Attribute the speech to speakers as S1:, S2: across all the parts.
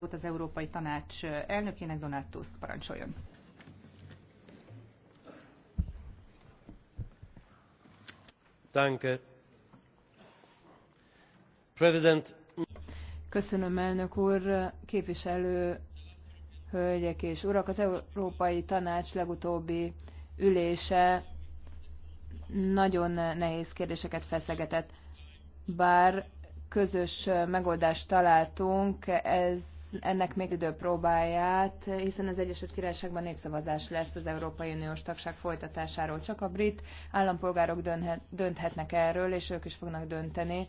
S1: szót az Európai Tanács elnökének, Donald Tusk parancsoljon.
S2: Danke. President.
S3: Köszönöm, elnök úr, képviselő hölgyek és urak. Az Európai Tanács legutóbbi ülése nagyon nehéz kérdéseket feszegetett. Bár közös megoldást találtunk, ez ennek még időpróbáját, hiszen az Egyesült Királyságban népszavazás lesz az Európai Uniós tagság folytatásáról. Csak a brit állampolgárok dönthetnek erről, és ők is fognak dönteni.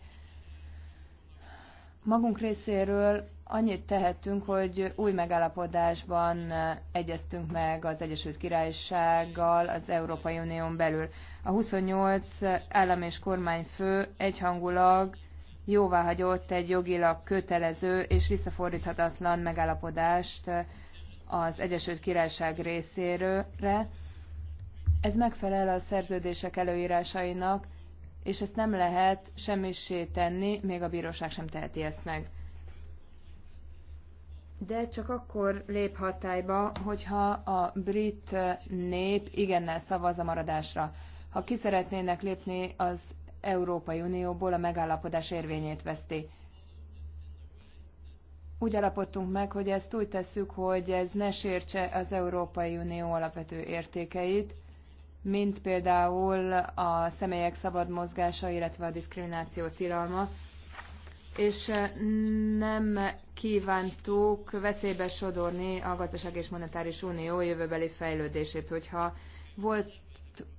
S3: Magunk részéről annyit tehetünk, hogy új megállapodásban egyeztünk meg az Egyesült Királysággal az Európai Unión belül. A 28 állam és kormányfő egyhangulag jóváhagyott egy jogilag kötelező és visszafordíthatatlan megállapodást az Egyesült Királyság részére. Ez megfelel a szerződések előírásainak, és ezt nem lehet semmissé tenni, még a bíróság sem teheti ezt meg. De csak akkor lép hatályba, hogyha a brit nép igennel szavaz a maradásra. Ha ki szeretnének lépni az Európai Unióból a megállapodás érvényét veszti. Úgy alapodtunk meg, hogy ezt úgy tesszük, hogy ez ne sértse az Európai Unió alapvető értékeit, mint például a személyek szabad mozgása, illetve a diszkrimináció tilalma, és eh, nem kívántuk veszélybe sodorni a gazdaság és monetáris unió jövőbeli fejlődését, hogyha volt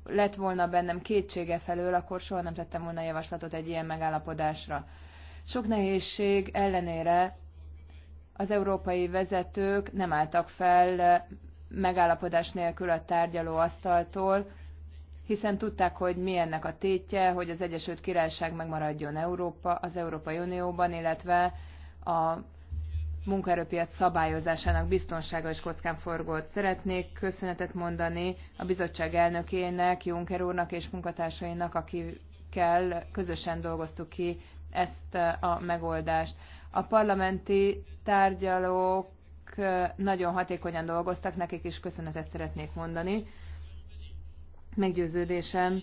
S3: lett, volna bennem kétsége felől, akkor soha nem tettem volna javaslatot egy ilyen megállapodásra. Sok nehézség ellenére az európai vezetők nem álltak fel eh, megállapodás nélkül a asztaltól, hiszen tudták, hogy mi ennek a tétje, hogy az Egyesült Királyság megmaradjon Európa, az Európai Unióban, illetve a munkaerőpiac szabályozásának biztonsága is kockán forgott. Szeretnék köszönetet mondani a bizottság elnökének, Juncker úrnak és munkatársainak, akikkel közösen dolgoztuk ki ezt a megoldást. A parlamenti tárgyalók nagyon hatékonyan dolgoztak, nekik is köszönetet szeretnék mondani. Meggyőződésem,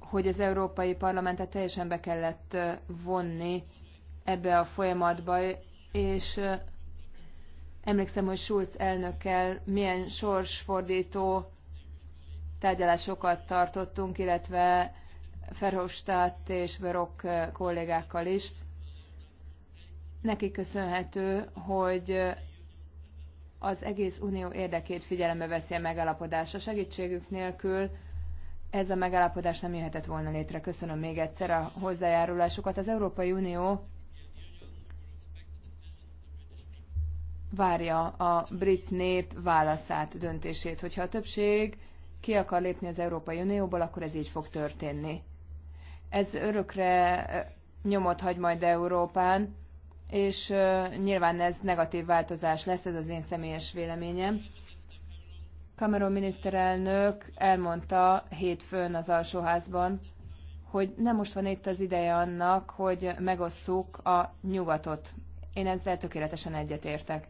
S3: hogy az Európai Parlamentet teljesen be kellett vonni ebbe a folyamatba, és emlékszem, hogy Schulz elnökkel milyen sorsfordító tárgyalásokat tartottunk, illetve Ferhofstadt és Verok kollégákkal is. Neki köszönhető, hogy az egész unió érdekét figyelembe veszi a megállapodás. A segítségük nélkül ez a megállapodás nem jöhetett volna létre. Köszönöm még egyszer a hozzájárulásukat. Az Európai Unió várja a brit nép válaszát, döntését. Hogyha a többség ki akar lépni az Európai Unióból, akkor ez így fog történni. Ez örökre nyomot hagy majd Európán, és nyilván ez negatív változás lesz, ez az én személyes véleményem. Cameron miniszterelnök elmondta hétfőn az alsóházban, hogy nem most van itt az ideje annak, hogy megosszuk a nyugatot. Én ezzel tökéletesen egyetértek.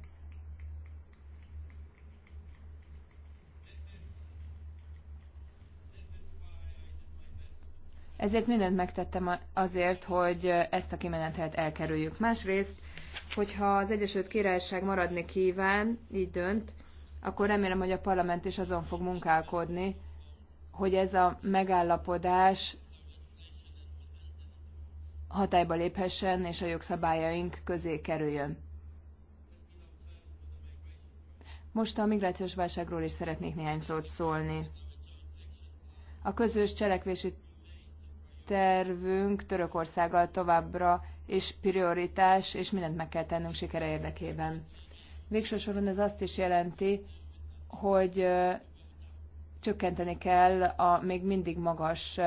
S3: Ezért mindent megtettem azért, hogy ezt a kimenetelt elkerüljük. Másrészt, hogyha az Egyesült Királyság maradni kíván, így dönt, akkor remélem, hogy a parlament is azon fog munkálkodni, hogy ez a megállapodás hatályba léphessen, és a jogszabályaink közé kerüljön. Most a migrációs válságról is szeretnék néhány szót szólni. A közös cselekvési tervünk Törökországgal továbbra is prioritás, és mindent meg kell tennünk sikere érdekében. Végső soron ez azt is jelenti, hogy csökkenteni kell a még mindig magas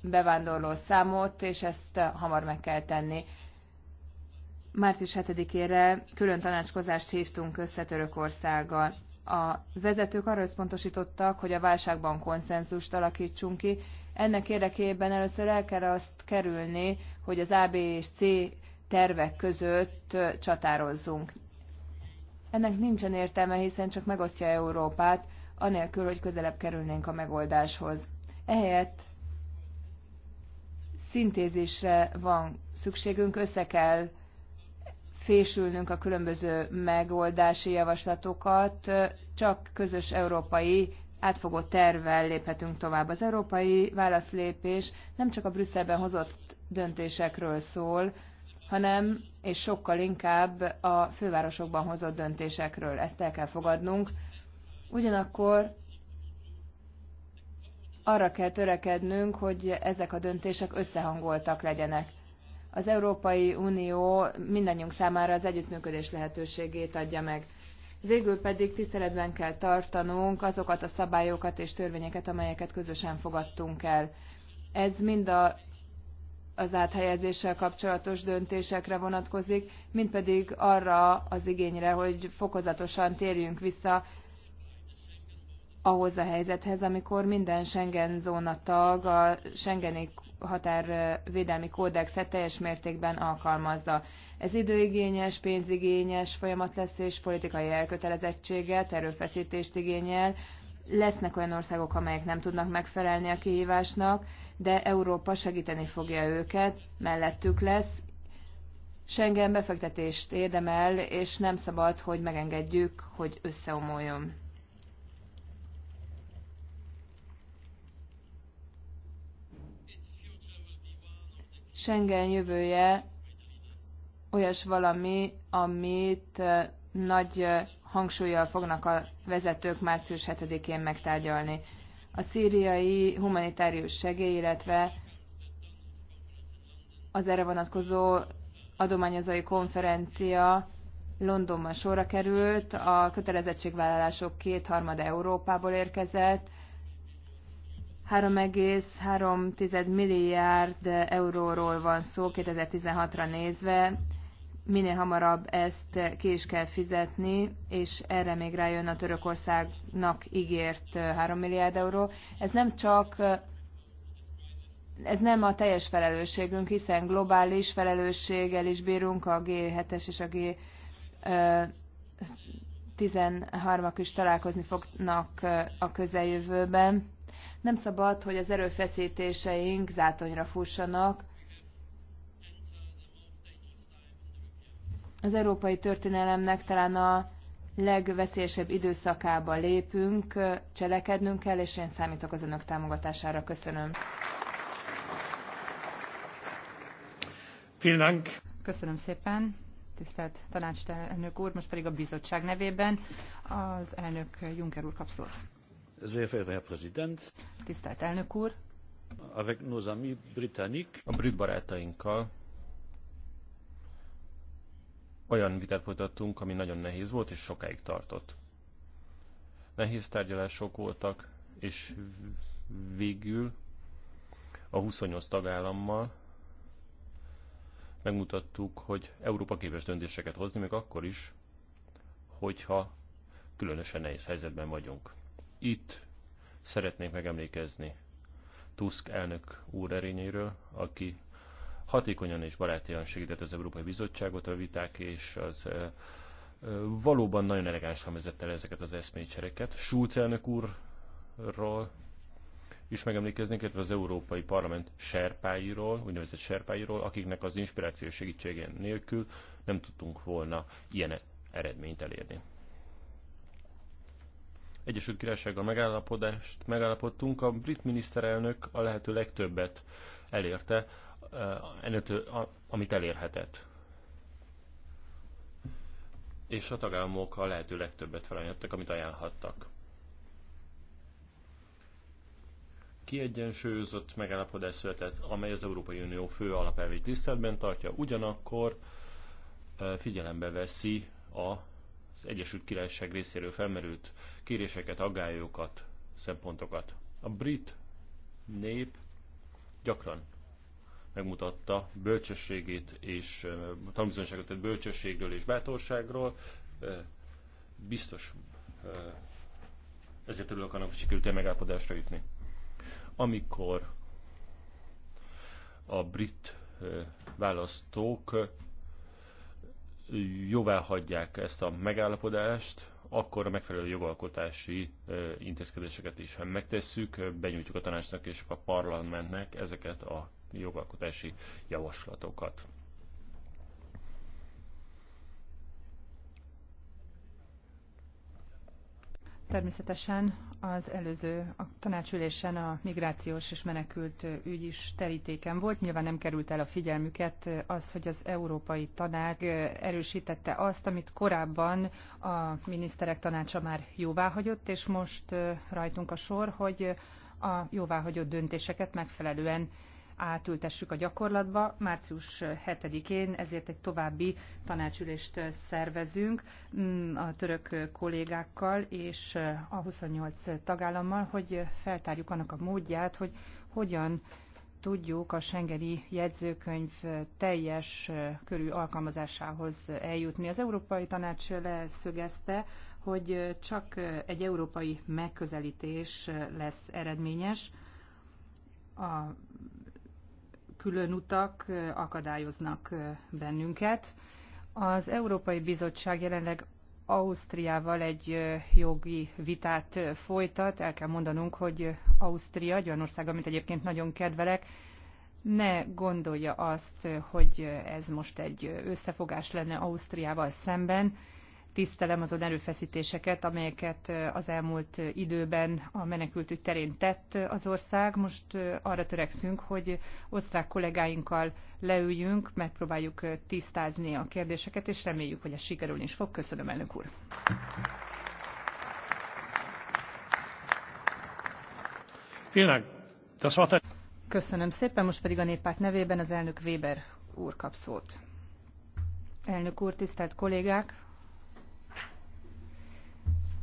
S3: bevándorló számot, és ezt hamar meg kell tenni. Március 7-ére külön tanácskozást hívtunk össze Törökországgal. A vezetők arra összpontosítottak, hogy a válságban konszenzust alakítsunk ki, ennek érdekében először el kell azt kerülni, hogy az A, és C tervek között csatározzunk. Ennek nincsen értelme, hiszen csak megosztja Európát, anélkül, hogy közelebb kerülnénk a megoldáshoz. Ehelyett szintézisre van szükségünk, össze kell fésülnünk a különböző megoldási javaslatokat, csak közös európai átfogó tervvel léphetünk tovább. Az európai válaszlépés nem csak a Brüsszelben hozott döntésekről szól, hanem és sokkal inkább a fővárosokban hozott döntésekről. Ezt el kell fogadnunk. Ugyanakkor arra kell törekednünk, hogy ezek a döntések összehangoltak legyenek. Az Európai Unió mindannyiunk számára az együttműködés lehetőségét adja meg. Végül pedig tiszteletben kell tartanunk azokat a szabályokat és törvényeket, amelyeket közösen fogadtunk el. Ez mind a az áthelyezéssel kapcsolatos döntésekre vonatkozik, mint pedig arra az igényre, hogy fokozatosan térjünk vissza ahhoz a helyzethez, amikor minden Schengen zóna tag a Schengeni határvédelmi kódexet teljes mértékben alkalmazza. Ez időigényes, pénzigényes folyamat lesz, és politikai elkötelezettséget, erőfeszítést igényel. Lesznek olyan országok, amelyek nem tudnak megfelelni a kihívásnak, de Európa segíteni fogja őket, mellettük lesz. Schengen befektetést érdemel, és nem szabad, hogy megengedjük, hogy összeomoljon. Schengen jövője olyas valami, amit nagy hangsúlyjal fognak a vezetők március 7-én megtárgyalni. A szíriai humanitárius segély, illetve az erre vonatkozó adományozói konferencia Londonban sorra került, a kötelezettségvállalások kétharmada Európából érkezett, 3,3 milliárd euróról van szó 2016-ra nézve, minél hamarabb ezt ki is kell fizetni, és erre még rájön a Törökországnak ígért 3 milliárd euró. Ez nem csak ez nem a teljes felelősségünk, hiszen globális felelősséggel is bírunk a G7-es és a G 13-ak is találkozni fognak a közeljövőben. Nem szabad, hogy az erőfeszítéseink zátonyra fussanak, az európai történelemnek talán a legveszélyesebb időszakába lépünk, cselekednünk kell, és én számítok az önök támogatására. Köszönöm. Köszönöm szépen, tisztelt
S1: tanácselnök úr, most pedig a bizottság nevében az elnök Juncker úr kap szót. Tisztelt elnök úr!
S4: A brit barátainkkal olyan vitát folytattunk, ami nagyon nehéz volt és sokáig tartott. Nehéz tárgyalások voltak, és végül a 28 tagállammal megmutattuk, hogy Európa képes döntéseket hozni, még akkor is, hogyha különösen nehéz helyzetben vagyunk. Itt szeretnék megemlékezni Tusk elnök úr erényéről, aki hatékonyan és barátian segített az Európai Bizottságot a viták, és az valóban nagyon elegánsan vezette el ezeket az eszmécsereket. Schulz elnök úrról is megemlékeznék, illetve az Európai Parlament serpáiról, úgynevezett serpáiról, akiknek az inspiráció segítsége nélkül nem tudtunk volna ilyen eredményt elérni. Egyesült Királysággal megállapodást megállapodtunk, a brit miniszterelnök a lehető legtöbbet elérte Eh, előtt, amit elérhetett. És a tagállamok a lehető legtöbbet felajánlottak, amit ajánlhattak. Kiegyensúlyozott megállapodás született, amely az Európai Unió fő alapelvét tiszteletben tartja, ugyanakkor eh, figyelembe veszi a az Egyesült Királyság részéről felmerült kéréseket, aggályokat, szempontokat. A brit nép gyakran megmutatta bölcsességét és tanulmányosságot tehát bölcsességről és bátorságról. Biztos ezért örülök annak, hogy sikerült megállapodásra jutni. Amikor a brit választók jóvá hagyják ezt a megállapodást, akkor a megfelelő jogalkotási intézkedéseket is megtesszük, benyújtjuk a tanácsnak és a parlamentnek ezeket a jogalkotási javaslatokat.
S1: Természetesen az előző a tanácsülésen a migrációs és menekült ügy is terítéken volt. Nyilván nem került el a figyelmüket az, hogy az Európai Tanács erősítette azt, amit korábban a miniszterek tanácsa már jóváhagyott, és most rajtunk a sor, hogy a jóváhagyott döntéseket megfelelően átültessük a gyakorlatba. Március 7-én ezért egy további tanácsülést szervezünk mm, a török kollégákkal és a 28 tagállammal, hogy feltárjuk annak a módját, hogy hogyan tudjuk a Schengeni jegyzőkönyv teljes körű alkalmazásához eljutni. Az Európai Tanács leszögezte, hogy csak egy európai megközelítés lesz eredményes a külön utak akadályoznak bennünket. Az Európai Bizottság jelenleg Ausztriával egy jogi vitát folytat. El kell mondanunk, hogy Ausztria, egy olyan ország, amit egyébként nagyon kedvelek, ne gondolja azt, hogy ez most egy összefogás lenne Ausztriával szemben tisztelem azon erőfeszítéseket, amelyeket az elmúlt időben a menekültügy terén tett az ország. Most arra törekszünk, hogy osztrák kollégáinkkal leüljünk, megpróbáljuk tisztázni a kérdéseket, és reméljük, hogy ez sikerülni is fog. Köszönöm, elnök úr! Köszönöm szépen, most pedig a néppárt nevében az elnök Weber úr kap szót. Elnök úr, tisztelt kollégák!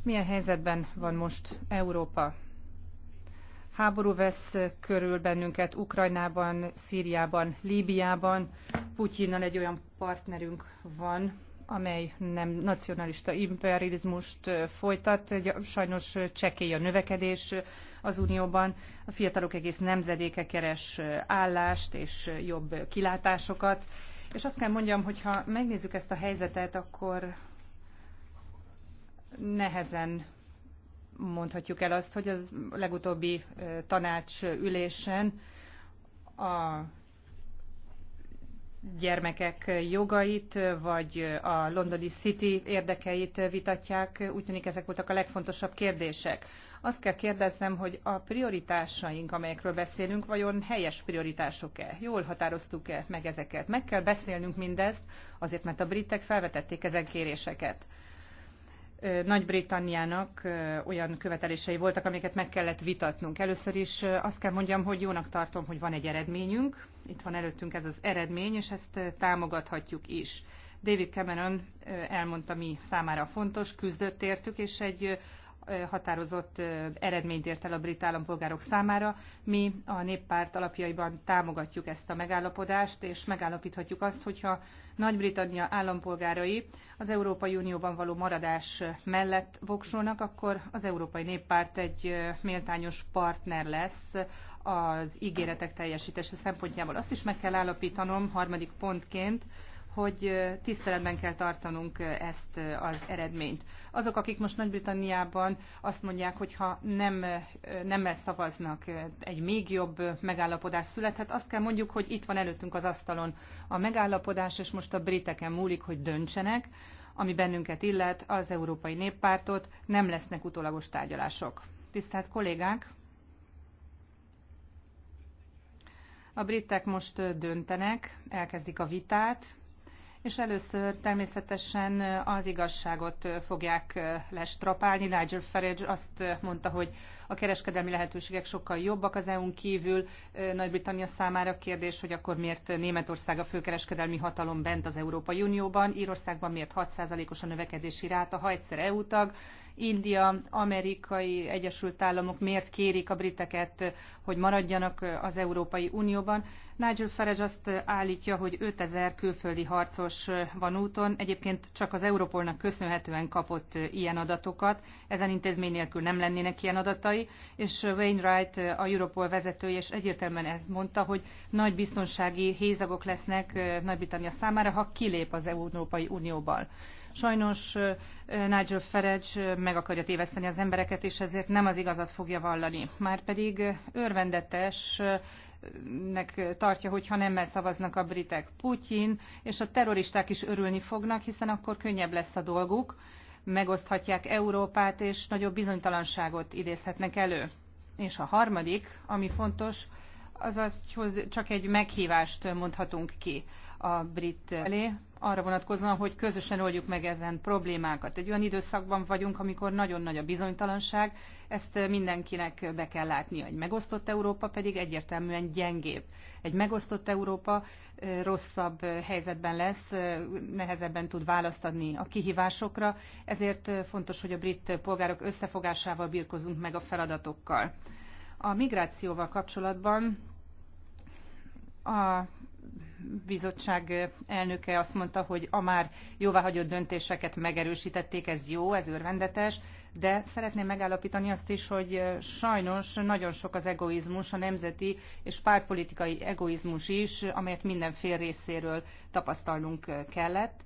S1: Milyen helyzetben van most Európa? Háború vesz körül bennünket Ukrajnában, Szíriában, Líbiában. Putyinnal egy olyan partnerünk van, amely nem nacionalista imperializmust folytat. Sajnos csekély a növekedés az Unióban. A fiatalok egész nemzedéke keres állást és jobb kilátásokat. És azt kell mondjam, hogy ha megnézzük ezt a helyzetet, akkor nehezen mondhatjuk el azt, hogy az legutóbbi tanács ülésen a gyermekek jogait, vagy a londoni City érdekeit vitatják. Úgy tűnik ezek voltak a legfontosabb kérdések. Azt kell kérdeznem, hogy a prioritásaink, amelyekről beszélünk, vajon helyes prioritások-e? Jól határoztuk-e meg ezeket? Meg kell beszélnünk mindezt, azért mert a britek felvetették ezen kéréseket. Nagy-Britanniának olyan követelései voltak, amiket meg kellett vitatnunk. Először is azt kell mondjam, hogy jónak tartom, hogy van egy eredményünk. Itt van előttünk ez az eredmény, és ezt támogathatjuk is. David Cameron elmondta mi számára fontos, küzdött értük, és egy határozott eredményt ért el a brit állampolgárok számára. Mi a néppárt alapjaiban támogatjuk ezt a megállapodást, és megállapíthatjuk azt, hogyha Nagy-Britannia állampolgárai az Európai Unióban való maradás mellett voksolnak, akkor az Európai Néppárt egy méltányos partner lesz az ígéretek teljesítése szempontjából. Azt is meg kell állapítanom harmadik pontként, hogy tiszteletben kell tartanunk ezt az eredményt. Azok, akik most Nagy-Britanniában azt mondják, hogy ha nem, nem szavaznak, egy még jobb megállapodás születhet, azt kell mondjuk, hogy itt van előttünk az asztalon a megállapodás, és most a briteken múlik, hogy döntsenek, ami bennünket illet, az Európai Néppártot, nem lesznek utólagos tárgyalások. Tisztelt kollégák! A britek most döntenek, elkezdik a vitát, és először természetesen az igazságot fogják lestrapálni. Nigel Farage azt mondta, hogy a kereskedelmi lehetőségek sokkal jobbak az EU-n kívül. Nagy-Britannia számára kérdés, hogy akkor miért Németország a főkereskedelmi hatalom bent az Európai Unióban, Írországban miért 6%-os a növekedési ráta, ha egyszer EU tag, India, amerikai Egyesült Államok miért kérik a briteket, hogy maradjanak az Európai Unióban. Nigel Farage azt állítja, hogy 5000 külföldi harcos van úton. Egyébként csak az Európolnak köszönhetően kapott ilyen adatokat. Ezen intézmény nélkül nem lennének ilyen adatai. És Wainwright, a Europol vezetője, és egyértelműen ezt mondta, hogy nagy biztonsági hézagok lesznek Nagy-Britannia számára, ha kilép az Európai Unióból. Sajnos Nigel Farage meg akarja téveszteni az embereket, és ezért nem az igazat fogja vallani. Márpedig örvendetes nek tartja, hogyha nemmel szavaznak a britek Putyin, és a terroristák is örülni fognak, hiszen akkor könnyebb lesz a dolguk, megoszthatják Európát, és nagyobb bizonytalanságot idézhetnek elő. És a harmadik, ami fontos, hogy csak egy meghívást mondhatunk ki a brit elé, arra vonatkozóan, hogy közösen oldjuk meg ezen problémákat. Egy olyan időszakban vagyunk, amikor nagyon nagy a bizonytalanság, ezt mindenkinek be kell látni. Egy megosztott Európa pedig egyértelműen gyengébb. Egy megosztott Európa rosszabb helyzetben lesz, nehezebben tud választ adni a kihívásokra, ezért fontos, hogy a brit polgárok összefogásával birkozunk meg a feladatokkal. A migrációval kapcsolatban a bizottság elnöke azt mondta, hogy a már jóváhagyott döntéseket megerősítették, ez jó, ez örvendetes, de szeretném megállapítani azt is, hogy sajnos nagyon sok az egoizmus, a nemzeti és pártpolitikai egoizmus is, amelyet minden fél részéről tapasztalnunk kellett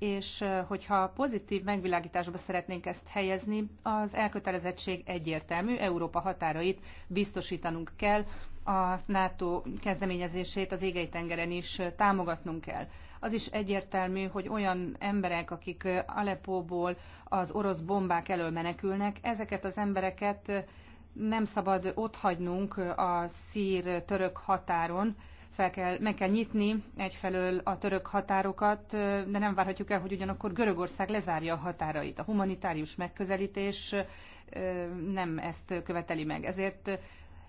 S1: és hogyha pozitív megvilágításba szeretnénk ezt helyezni, az elkötelezettség egyértelmű, Európa határait biztosítanunk kell, a NATO kezdeményezését az égei tengeren is támogatnunk kell. Az is egyértelmű, hogy olyan emberek, akik Aleppóból az orosz bombák elől menekülnek, ezeket az embereket nem szabad otthagynunk a szír-török határon, fel kell, meg kell nyitni egyfelől a török határokat, de nem várhatjuk el, hogy ugyanakkor Görögország lezárja a határait. A humanitárius megközelítés nem ezt követeli meg. Ezért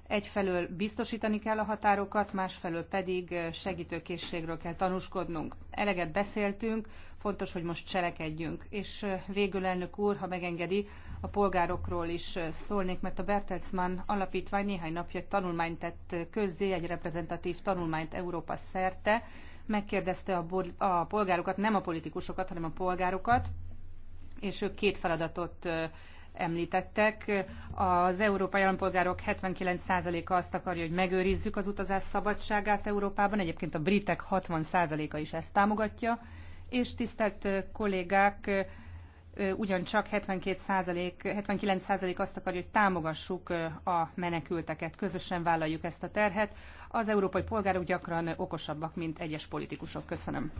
S1: egyfelől biztosítani kell a határokat, másfelől pedig segítőkészségről kell tanúskodnunk. Eleget beszéltünk, fontos, hogy most cselekedjünk. És végül, elnök úr, ha megengedi, a polgárokról is szólnék, mert a Bertelsmann alapítvány néhány napja egy tanulmányt tett közzé, egy reprezentatív tanulmányt Európa szerte. Megkérdezte a, a polgárokat, nem a politikusokat, hanem a polgárokat, és ők két feladatot említettek. Az európai állampolgárok 79%-a azt akarja, hogy megőrizzük az utazás szabadságát Európában, egyébként a britek 60%-a is ezt támogatja és tisztelt kollégák, ugyancsak 72%, 79% azt akarja, hogy támogassuk a menekülteket, közösen vállaljuk ezt a terhet. Az európai polgárok gyakran okosabbak, mint egyes politikusok. Köszönöm.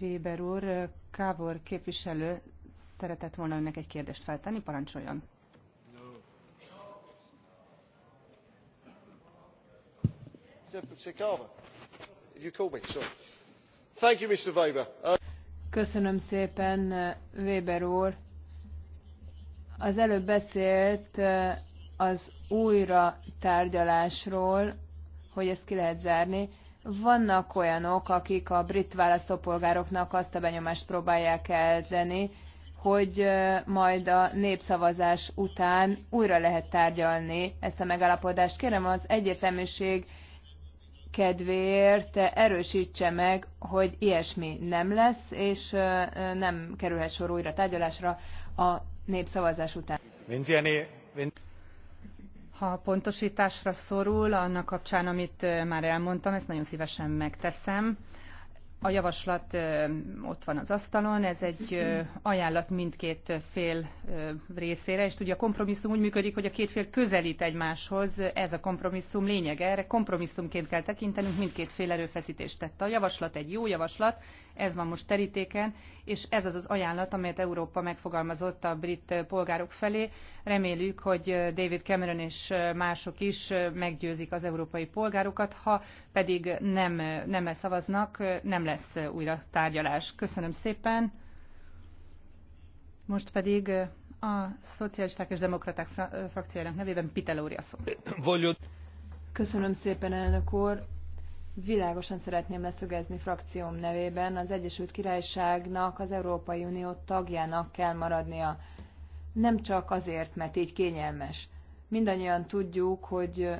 S1: Weber úr, Kávor képviselő szeretett volna önnek egy kérdést feltenni, parancsoljon.
S5: Uh,
S3: Köszönöm szépen, uh, Weber úr. Az előbb beszélt uh, az újratárgyalásról, hogy ezt ki lehet zárni. Vannak olyanok, akik a brit választópolgároknak azt a benyomást próbálják elteni hogy majd a népszavazás után újra lehet tárgyalni ezt a megállapodást. Kérem az egyértelműség kedvéért erősítse meg, hogy ilyesmi nem lesz, és nem kerülhet sor újra tárgyalásra a népszavazás után. Ha
S1: pontosításra szorul, annak kapcsán, amit már elmondtam, ezt nagyon szívesen megteszem. A javaslat ott van az asztalon, ez egy ajánlat mindkét fél részére, és ugye a kompromisszum úgy működik, hogy a két fél közelít egymáshoz, ez a kompromisszum lényege, erre kompromisszumként kell tekintenünk, mindkét fél erőfeszítést tette. A javaslat egy jó javaslat, ez van most terítéken, és ez az az ajánlat, amelyet Európa megfogalmazott a brit polgárok felé. Reméljük, hogy David Cameron és mások is meggyőzik az európai polgárokat, ha pedig nem, nem -e szavaznak, nem lesz újra tárgyalás. Köszönöm szépen. Most pedig a szocialisták és demokraták frakciójának nevében Pitelória szó.
S3: Köszönöm szépen, elnök úr. Világosan szeretném leszögezni frakcióm nevében, az Egyesült Királyságnak az Európai Unió tagjának kell maradnia. Nem csak azért, mert így kényelmes. Mindannyian tudjuk, hogy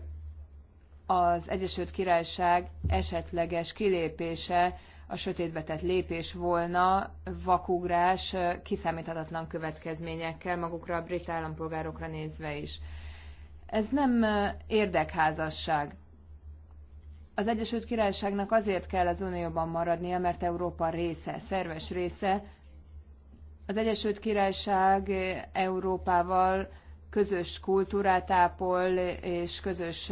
S3: az Egyesült Királyság esetleges kilépése a sötétbe tett lépés volna, vakugrás kiszámíthatatlan következményekkel magukra a brit állampolgárokra nézve is. Ez nem érdekházasság az Egyesült Királyságnak azért kell az Unióban maradnia, mert Európa része, szerves része. Az Egyesült Királyság Európával közös kultúrát ápol, és közös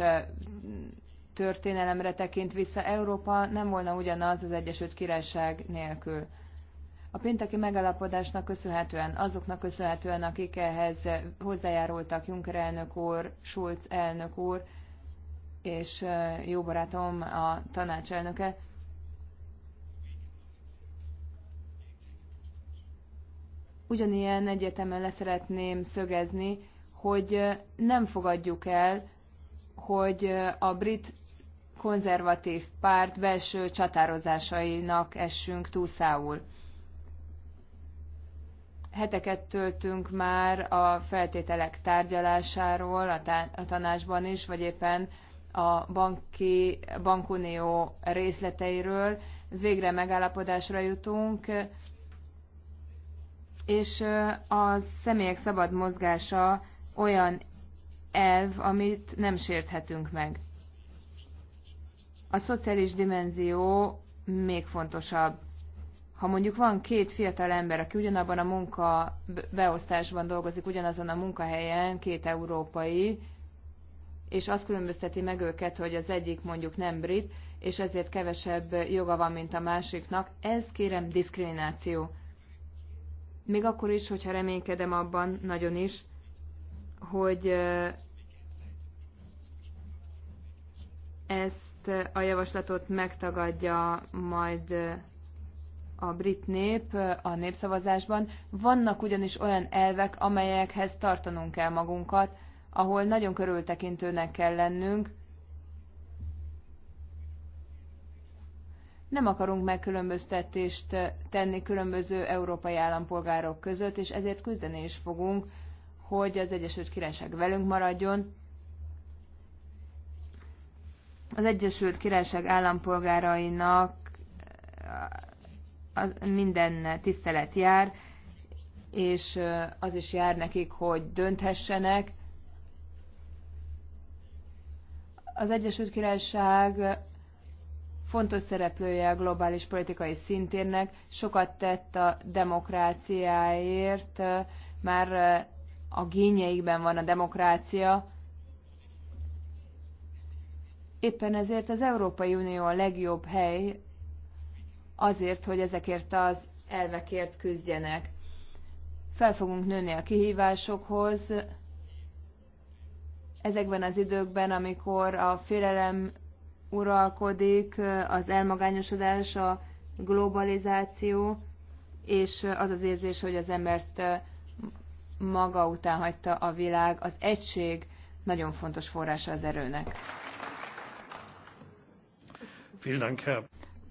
S3: történelemre tekint vissza. Európa nem volna ugyanaz az Egyesült Királyság nélkül. A pénteki megalapodásnak köszönhetően, azoknak köszönhetően, akik ehhez hozzájárultak, Juncker elnök úr, Schulz elnök úr, és jó barátom a tanácselnöke, ugyanilyen egyetemen leszeretném szögezni, hogy nem fogadjuk el, hogy a brit konzervatív párt belső csatározásainak essünk túlszául. Heteket töltünk már a feltételek tárgyalásáról a, tá- a tanácsban is, vagy éppen a banki, bankunió részleteiről. Végre megállapodásra jutunk, és a személyek szabad mozgása olyan elv, amit nem sérthetünk meg. A szociális dimenzió még fontosabb. Ha mondjuk van két fiatal ember, aki ugyanabban a munka beosztásban dolgozik, ugyanazon a munkahelyen, két európai, és azt különbözteti meg őket, hogy az egyik mondjuk nem brit, és ezért kevesebb joga van, mint a másiknak. Ez kérem diszkrimináció. Még akkor is, hogyha reménykedem abban nagyon is, hogy ezt a javaslatot megtagadja majd a brit nép a népszavazásban. Vannak ugyanis olyan elvek, amelyekhez tartanunk kell magunkat, ahol nagyon körültekintőnek kell lennünk. Nem akarunk megkülönböztetést tenni különböző európai állampolgárok között, és ezért küzdeni is fogunk, hogy az Egyesült Királyság velünk maradjon. Az Egyesült Királyság állampolgárainak minden tisztelet jár, és az is jár nekik, hogy dönthessenek, Az Egyesült Királyság fontos szereplője a globális politikai szintérnek, sokat tett a demokráciáért, már a gényeikben van a demokrácia. Éppen ezért az Európai Unió a legjobb hely azért, hogy ezekért az elvekért küzdjenek. Fel fogunk nőni a kihívásokhoz, Ezekben az időkben, amikor a félelem uralkodik, az elmagányosodás, a globalizáció, és az az érzés, hogy az embert maga után hagyta a világ, az egység nagyon fontos forrása az erőnek.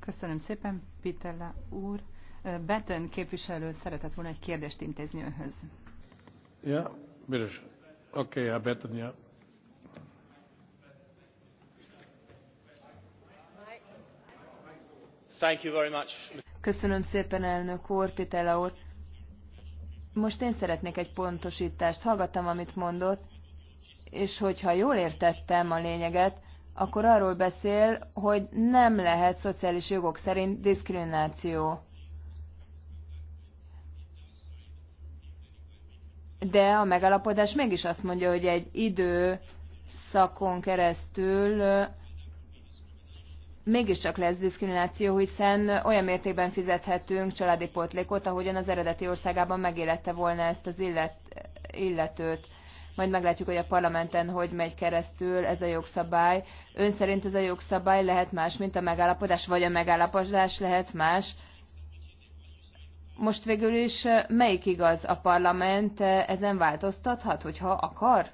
S3: Köszönöm
S1: szépen, Pitella úr. Betten képviselő szeretett volna egy kérdést intézni önhöz.
S6: Ja, bírás. Oké, okay, Betten, ja.
S3: Köszönöm szépen, elnök úr, Pitella úr. Most én szeretnék egy pontosítást. Hallgattam, amit mondott, és hogyha jól értettem a lényeget, akkor arról beszél, hogy nem lehet szociális jogok szerint diszkrimináció. De a megállapodás mégis azt mondja, hogy egy idő szakon keresztül mégiscsak lesz diszkrimináció, hiszen olyan mértékben fizethetünk családi pótlékot, ahogyan az eredeti országában megélette volna ezt az illet, illetőt. Majd meglátjuk, hogy a parlamenten hogy megy keresztül ez a jogszabály. Ön szerint ez a jogszabály lehet más, mint a megállapodás, vagy a megállapodás lehet más? Most végül is melyik igaz a parlament? Ezen változtathat, hogyha akar?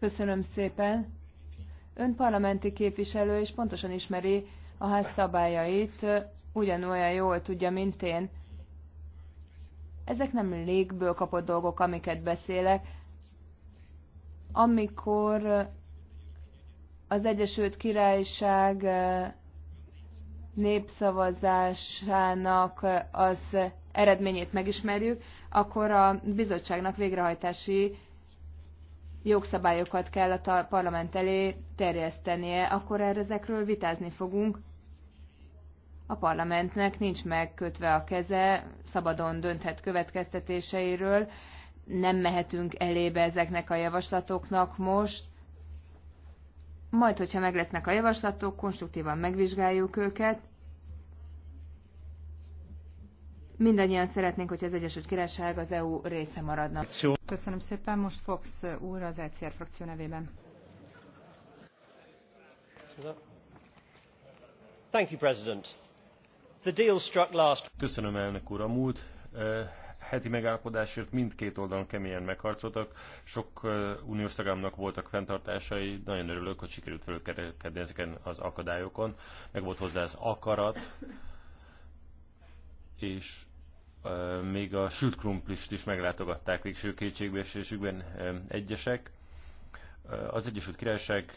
S3: Köszönöm szépen. Ön parlamenti képviselő, és pontosan ismeri a ház szabályait, ugyanolyan jól tudja, mint én. Ezek nem légből kapott dolgok, amiket beszélek. Amikor az Egyesült Királyság eh, népszavazásának az eredményét megismerjük, akkor a bizottságnak végrehajtási jogszabályokat kell a parlament elé terjesztenie, akkor erre ezekről vitázni fogunk. A parlamentnek nincs megkötve a keze, szabadon dönthet következtetéseiről, nem mehetünk elébe ezeknek a javaslatoknak most. Majd, hogyha meg lesznek a javaslatok, konstruktívan megvizsgáljuk őket, Mindannyian szeretnénk, hogy az Egyesült Királyság az EU része maradna. Köszönöm szépen, most Fox úr az ECR frakció nevében.
S5: Thank you, President. The deal
S4: struck last... Köszönöm, elnök úr. A múlt eh, heti megállapodásért mindkét oldalon keményen megharcoltak. Sok eh, uniós tagámnak voltak fenntartásai, nagyon örülök, hogy sikerült felülkerekedni ezeken az akadályokon. Meg volt hozzá az akarat, és még a sült krumplist is meglátogatták végső kétségbeesésükben egyesek. Az Egyesült Királyság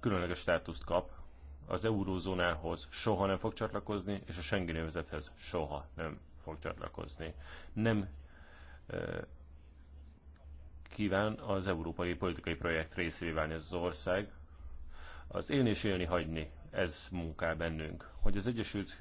S4: különleges státuszt kap, az eurózónához soha nem fog csatlakozni, és a Schengen övezethez soha nem fog csatlakozni. Nem kíván az európai politikai projekt részévé válni ez az ország. Az élni és élni hagyni, ez munká bennünk. Hogy az Egyesült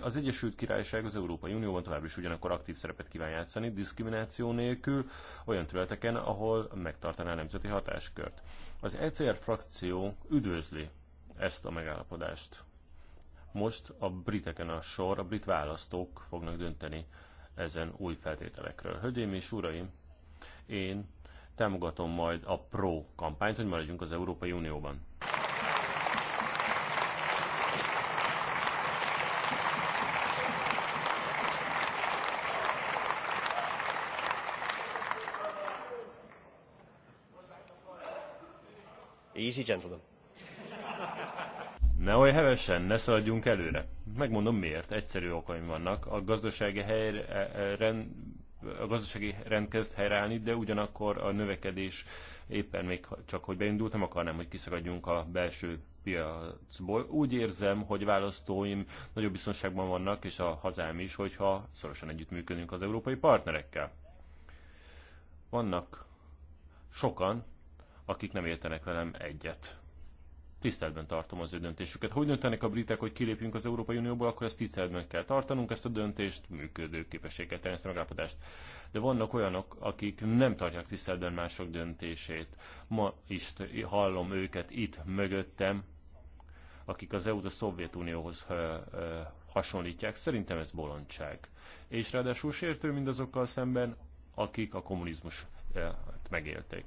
S4: az Egyesült Királyság az Európai Unióban tovább is ugyanakkor aktív szerepet kíván játszani, diszkrimináció nélkül, olyan területeken, ahol megtartaná a nemzeti hatáskört. Az ECR frakció üdvözli ezt a megállapodást. Most a briteken a sor, a brit választók fognak dönteni ezen új feltételekről. Hölgyeim és uraim, én támogatom majd a pro kampányt, hogy maradjunk az Európai Unióban. easy, gentlemen. Ne olyan hevesen, ne szaladjunk előre. Megmondom miért, egyszerű okaim vannak. A gazdasági, helyre, e, e, rend, a gazdasági rend kezd helyreállni, de ugyanakkor a növekedés éppen még csak, hogy beindult, nem akarnám, hogy kiszakadjunk a belső piacból. Úgy érzem, hogy választóim nagyobb biztonságban vannak, és a hazám is, hogyha szorosan együttműködünk az európai partnerekkel. Vannak sokan, akik nem értenek velem egyet. Tiszteletben tartom az ő döntésüket. Hogy döntenek a britek, hogy kilépjünk az Európai Unióból, akkor ezt tiszteletben kell tartanunk, ezt a döntést, működő képességet, természetesen megállapodást. De vannak olyanok, akik nem tartják tiszteletben mások döntését. Ma is hallom őket itt mögöttem, akik az EU-t a Szovjetunióhoz hasonlítják. Szerintem ez bolondság. És ráadásul sértő mindazokkal szemben, akik a kommunizmus megélték.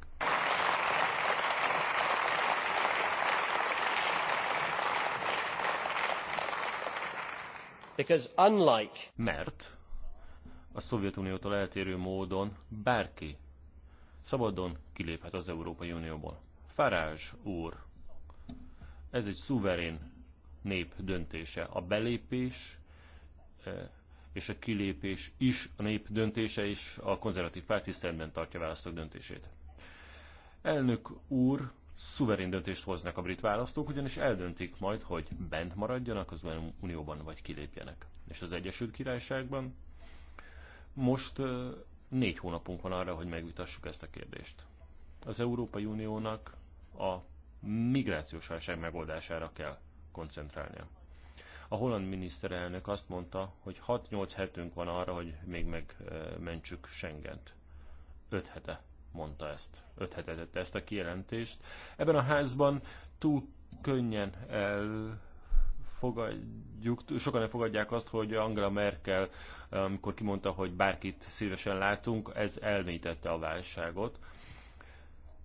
S4: Because unlike... Mert a Szovjetuniótól eltérő módon bárki szabadon kiléphet az Európai Unióból. Farázs úr, ez egy szuverén nép döntése. A belépés eh, és a kilépés is a nép döntése, és a konzervatív párt tiszteletben tartja választók döntését. Elnök úr, szuverén döntést hoznak a brit választók, ugyanis eldöntik majd, hogy bent maradjanak az Unióban, vagy kilépjenek. És az Egyesült Királyságban most négy hónapunk van arra, hogy megvitassuk ezt a kérdést. Az Európai Uniónak a migrációs válság megoldására kell koncentrálnia. A holland miniszterelnök azt mondta, hogy 6-8 hetünk van arra, hogy még megmentsük Schengent. 5 hete mondta ezt, öt ezt a kijelentést. Ebben a házban túl könnyen elfogadjuk, sokan elfogadják azt, hogy Angela Merkel, amikor kimondta, hogy bárkit szívesen látunk, ez elmélyítette a válságot,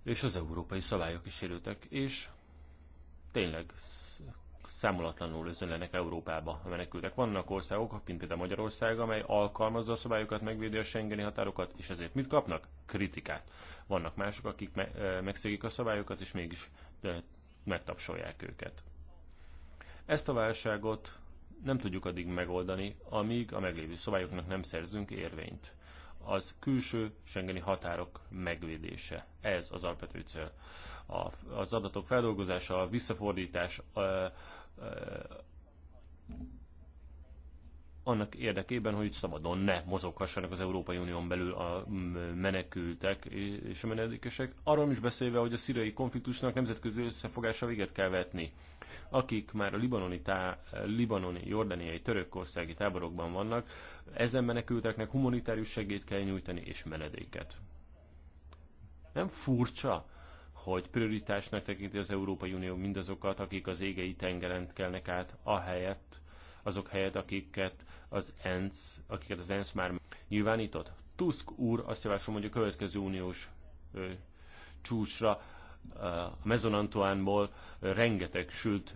S4: és az európai szabályok is élőtek és tényleg számolatlanul özönlenek Európába a menekültek. Vannak országok, mint például Magyarország, amely alkalmazza a szabályokat, megvédi a Schengeni határokat, és ezért mit kapnak? Kritikát. Vannak mások, akik me- megszegik a szabályokat, és mégis megtapsolják őket. Ezt a válságot nem tudjuk addig megoldani, amíg a meglévő szabályoknak nem szerzünk érvényt. Az külső Schengeni határok megvédése. Ez az alapvető cél. A, az adatok feldolgozása, a visszafordítás, annak érdekében, hogy szabadon ne mozoghassanak az Európai Unión belül a menekültek és a menedékesek. Arról is beszélve, hogy a szíriai konfliktusnak nemzetközi összefogásra véget kell vetni. Akik már a libanoni, tá, libanoni jordániai, törökországi táborokban vannak, ezen menekülteknek humanitárius segélyt kell nyújtani és menedéket. Nem furcsa, hogy prioritásnak tekinti az Európai Unió mindazokat, akik az égei tengeren kelnek át, ahelyett, azok helyett, akiket az ENSZ, akiket az ENSZ már nyilvánított. Tusk úr azt javaslom, hogy a következő uniós ö, csúcsra a Mezon Antoánból rengeteg sült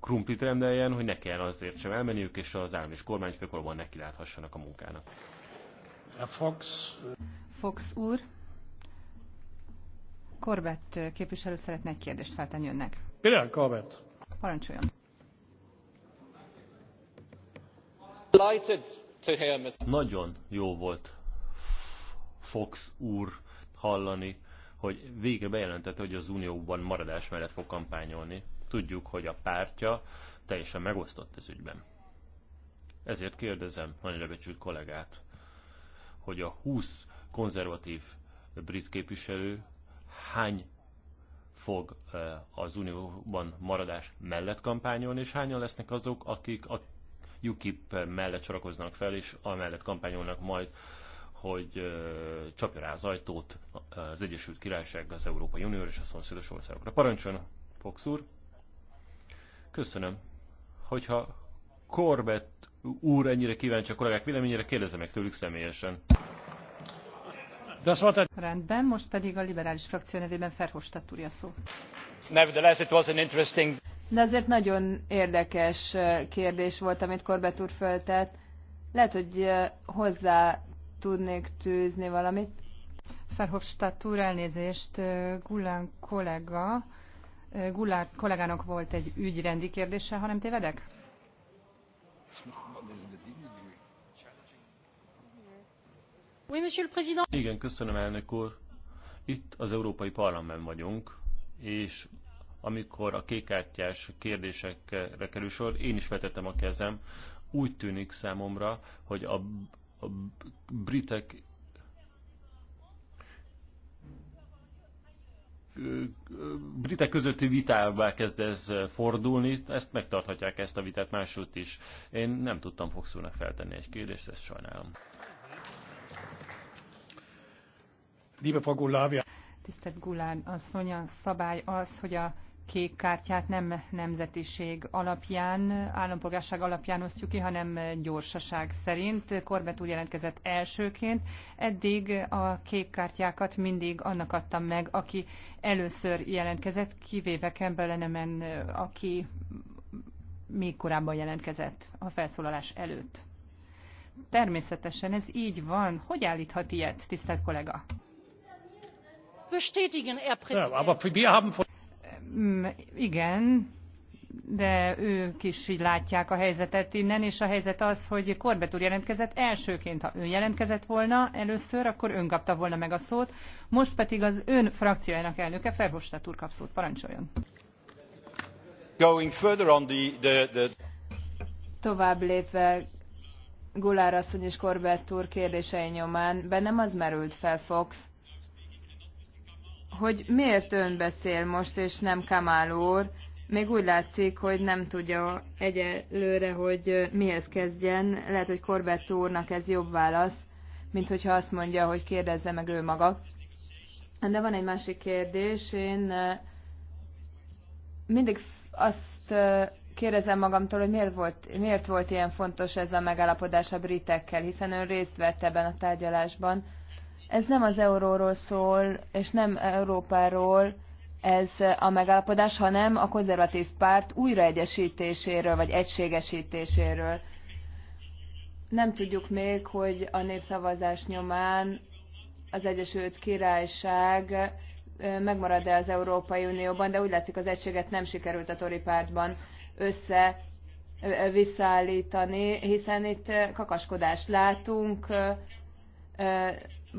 S4: krumplit rendeljen, hogy ne kell azért sem elmenniük, és az állam és kormányfőkorban neki láthassanak a munkának.
S6: Fox. Fox úr.
S1: Korbett képviselő szeretne egy kérdést feltenni önnek.
S6: Például Korbett. Parancsoljon.
S4: Nagyon jó volt Fox úr hallani, hogy végre bejelentette, hogy az Unióban maradás mellett fog kampányolni. Tudjuk, hogy a pártja teljesen megosztott ez ügyben. Ezért kérdezem nagyra becsült kollégát, hogy a 20 konzervatív brit képviselő hány fog az unióban maradás mellett kampányolni, és hányan lesznek azok, akik a UKIP mellett sorakoznak fel, és amellett kampányolnak majd, hogy csapja rá az ajtót az Egyesült Királyság, az Európai Unió és a szomszédos országokra. Parancsoljon, Fox úr! Köszönöm. Hogyha Corbett úr ennyire kíváncsi a kollégák véleményére, kérdezze meg tőlük személyesen.
S3: Rendben, most pedig a liberális frakció nevében Ferhofstadt szó. De azért nagyon érdekes kérdés volt, amit Corbett úr föltett. Lehet, hogy hozzá tudnék tűzni valamit.
S1: Ferhofstadt úr, elnézést, Gulán kollega, Gulán kollégának volt egy ügyrendi kérdése, hanem tévedek?
S4: Igen, köszönöm, elnök úr. Itt az Európai Parlament vagyunk, és amikor a kékkártyás kérdésekre kerül sor, én is vetettem a kezem. Úgy tűnik számomra, hogy a, a britek britek közötti vitába kezd ez fordulni, ezt megtarthatják ezt a vitát máshogy is. Én nem tudtam Foxulnak feltenni egy kérdést, ezt sajnálom.
S6: Liebe Frau Gulavia.
S1: Tisztelt Gulán asszony, a szabály az, hogy a kék kártyát nem nemzetiség alapján, állampolgárság alapján osztjuk ki, hanem gyorsaság szerint. Korbet úr jelentkezett elsőként. Eddig a kék kártyákat mindig annak adtam meg, aki először jelentkezett, kivéve Kembelenemen, aki még korábban jelentkezett a felszólalás előtt. Természetesen ez így van. Hogy állíthat ilyet, tisztelt kollega?
S6: bestätigen, Herr Präsident. Mm,
S1: igen, de ők is így látják a helyzetet innen, és a helyzet az, hogy Korbet úr jelentkezett elsőként, ha ő jelentkezett volna először, akkor ön kapta volna meg a szót, most pedig az ön frakciójának elnöke, Ferhofstadt úr kap szót, parancsoljon.
S6: Going further on the, the, the...
S3: Tovább lépve Gulár asszony és Korbett úr kérdései nyomán, bennem az merült fel, Fox, hogy miért ön beszél most, és nem Kamál úr. Még úgy látszik, hogy nem tudja egyelőre, hogy mihez kezdjen. Lehet, hogy Corbett úrnak ez jobb válasz, mint hogyha azt mondja, hogy kérdezze meg ő maga. De van egy másik kérdés. Én mindig azt kérdezem magamtól, hogy miért volt, miért volt ilyen fontos ez a megállapodás a britekkel, hiszen ön részt vett ebben a tárgyalásban ez nem az euróról szól, és nem Európáról ez a megállapodás, hanem a konzervatív párt újraegyesítéséről, vagy egységesítéséről. Nem tudjuk még, hogy a népszavazás nyomán az Egyesült Királyság megmarad-e az Európai Unióban, de úgy látszik az egységet nem sikerült a Tori pártban össze visszaállítani, hiszen itt kakaskodást látunk,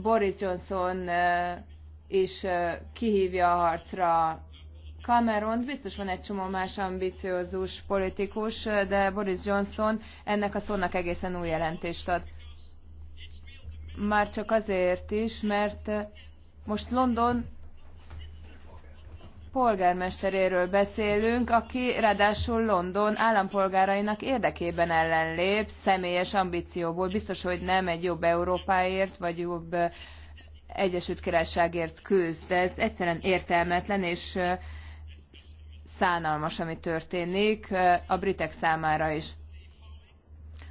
S3: Boris Johnson is kihívja a harcra Cameron, biztos van egy csomó más ambiciózus politikus, de Boris Johnson ennek a szónak egészen új jelentést ad. Már csak azért is, mert most London polgármesteréről beszélünk, aki ráadásul London állampolgárainak érdekében ellenlép, személyes ambícióból, biztos, hogy nem egy jobb Európáért, vagy jobb eh, Egyesült Királyságért küzd, de ez egyszerűen értelmetlen, és eh, szánalmas, ami történik eh, a britek számára is.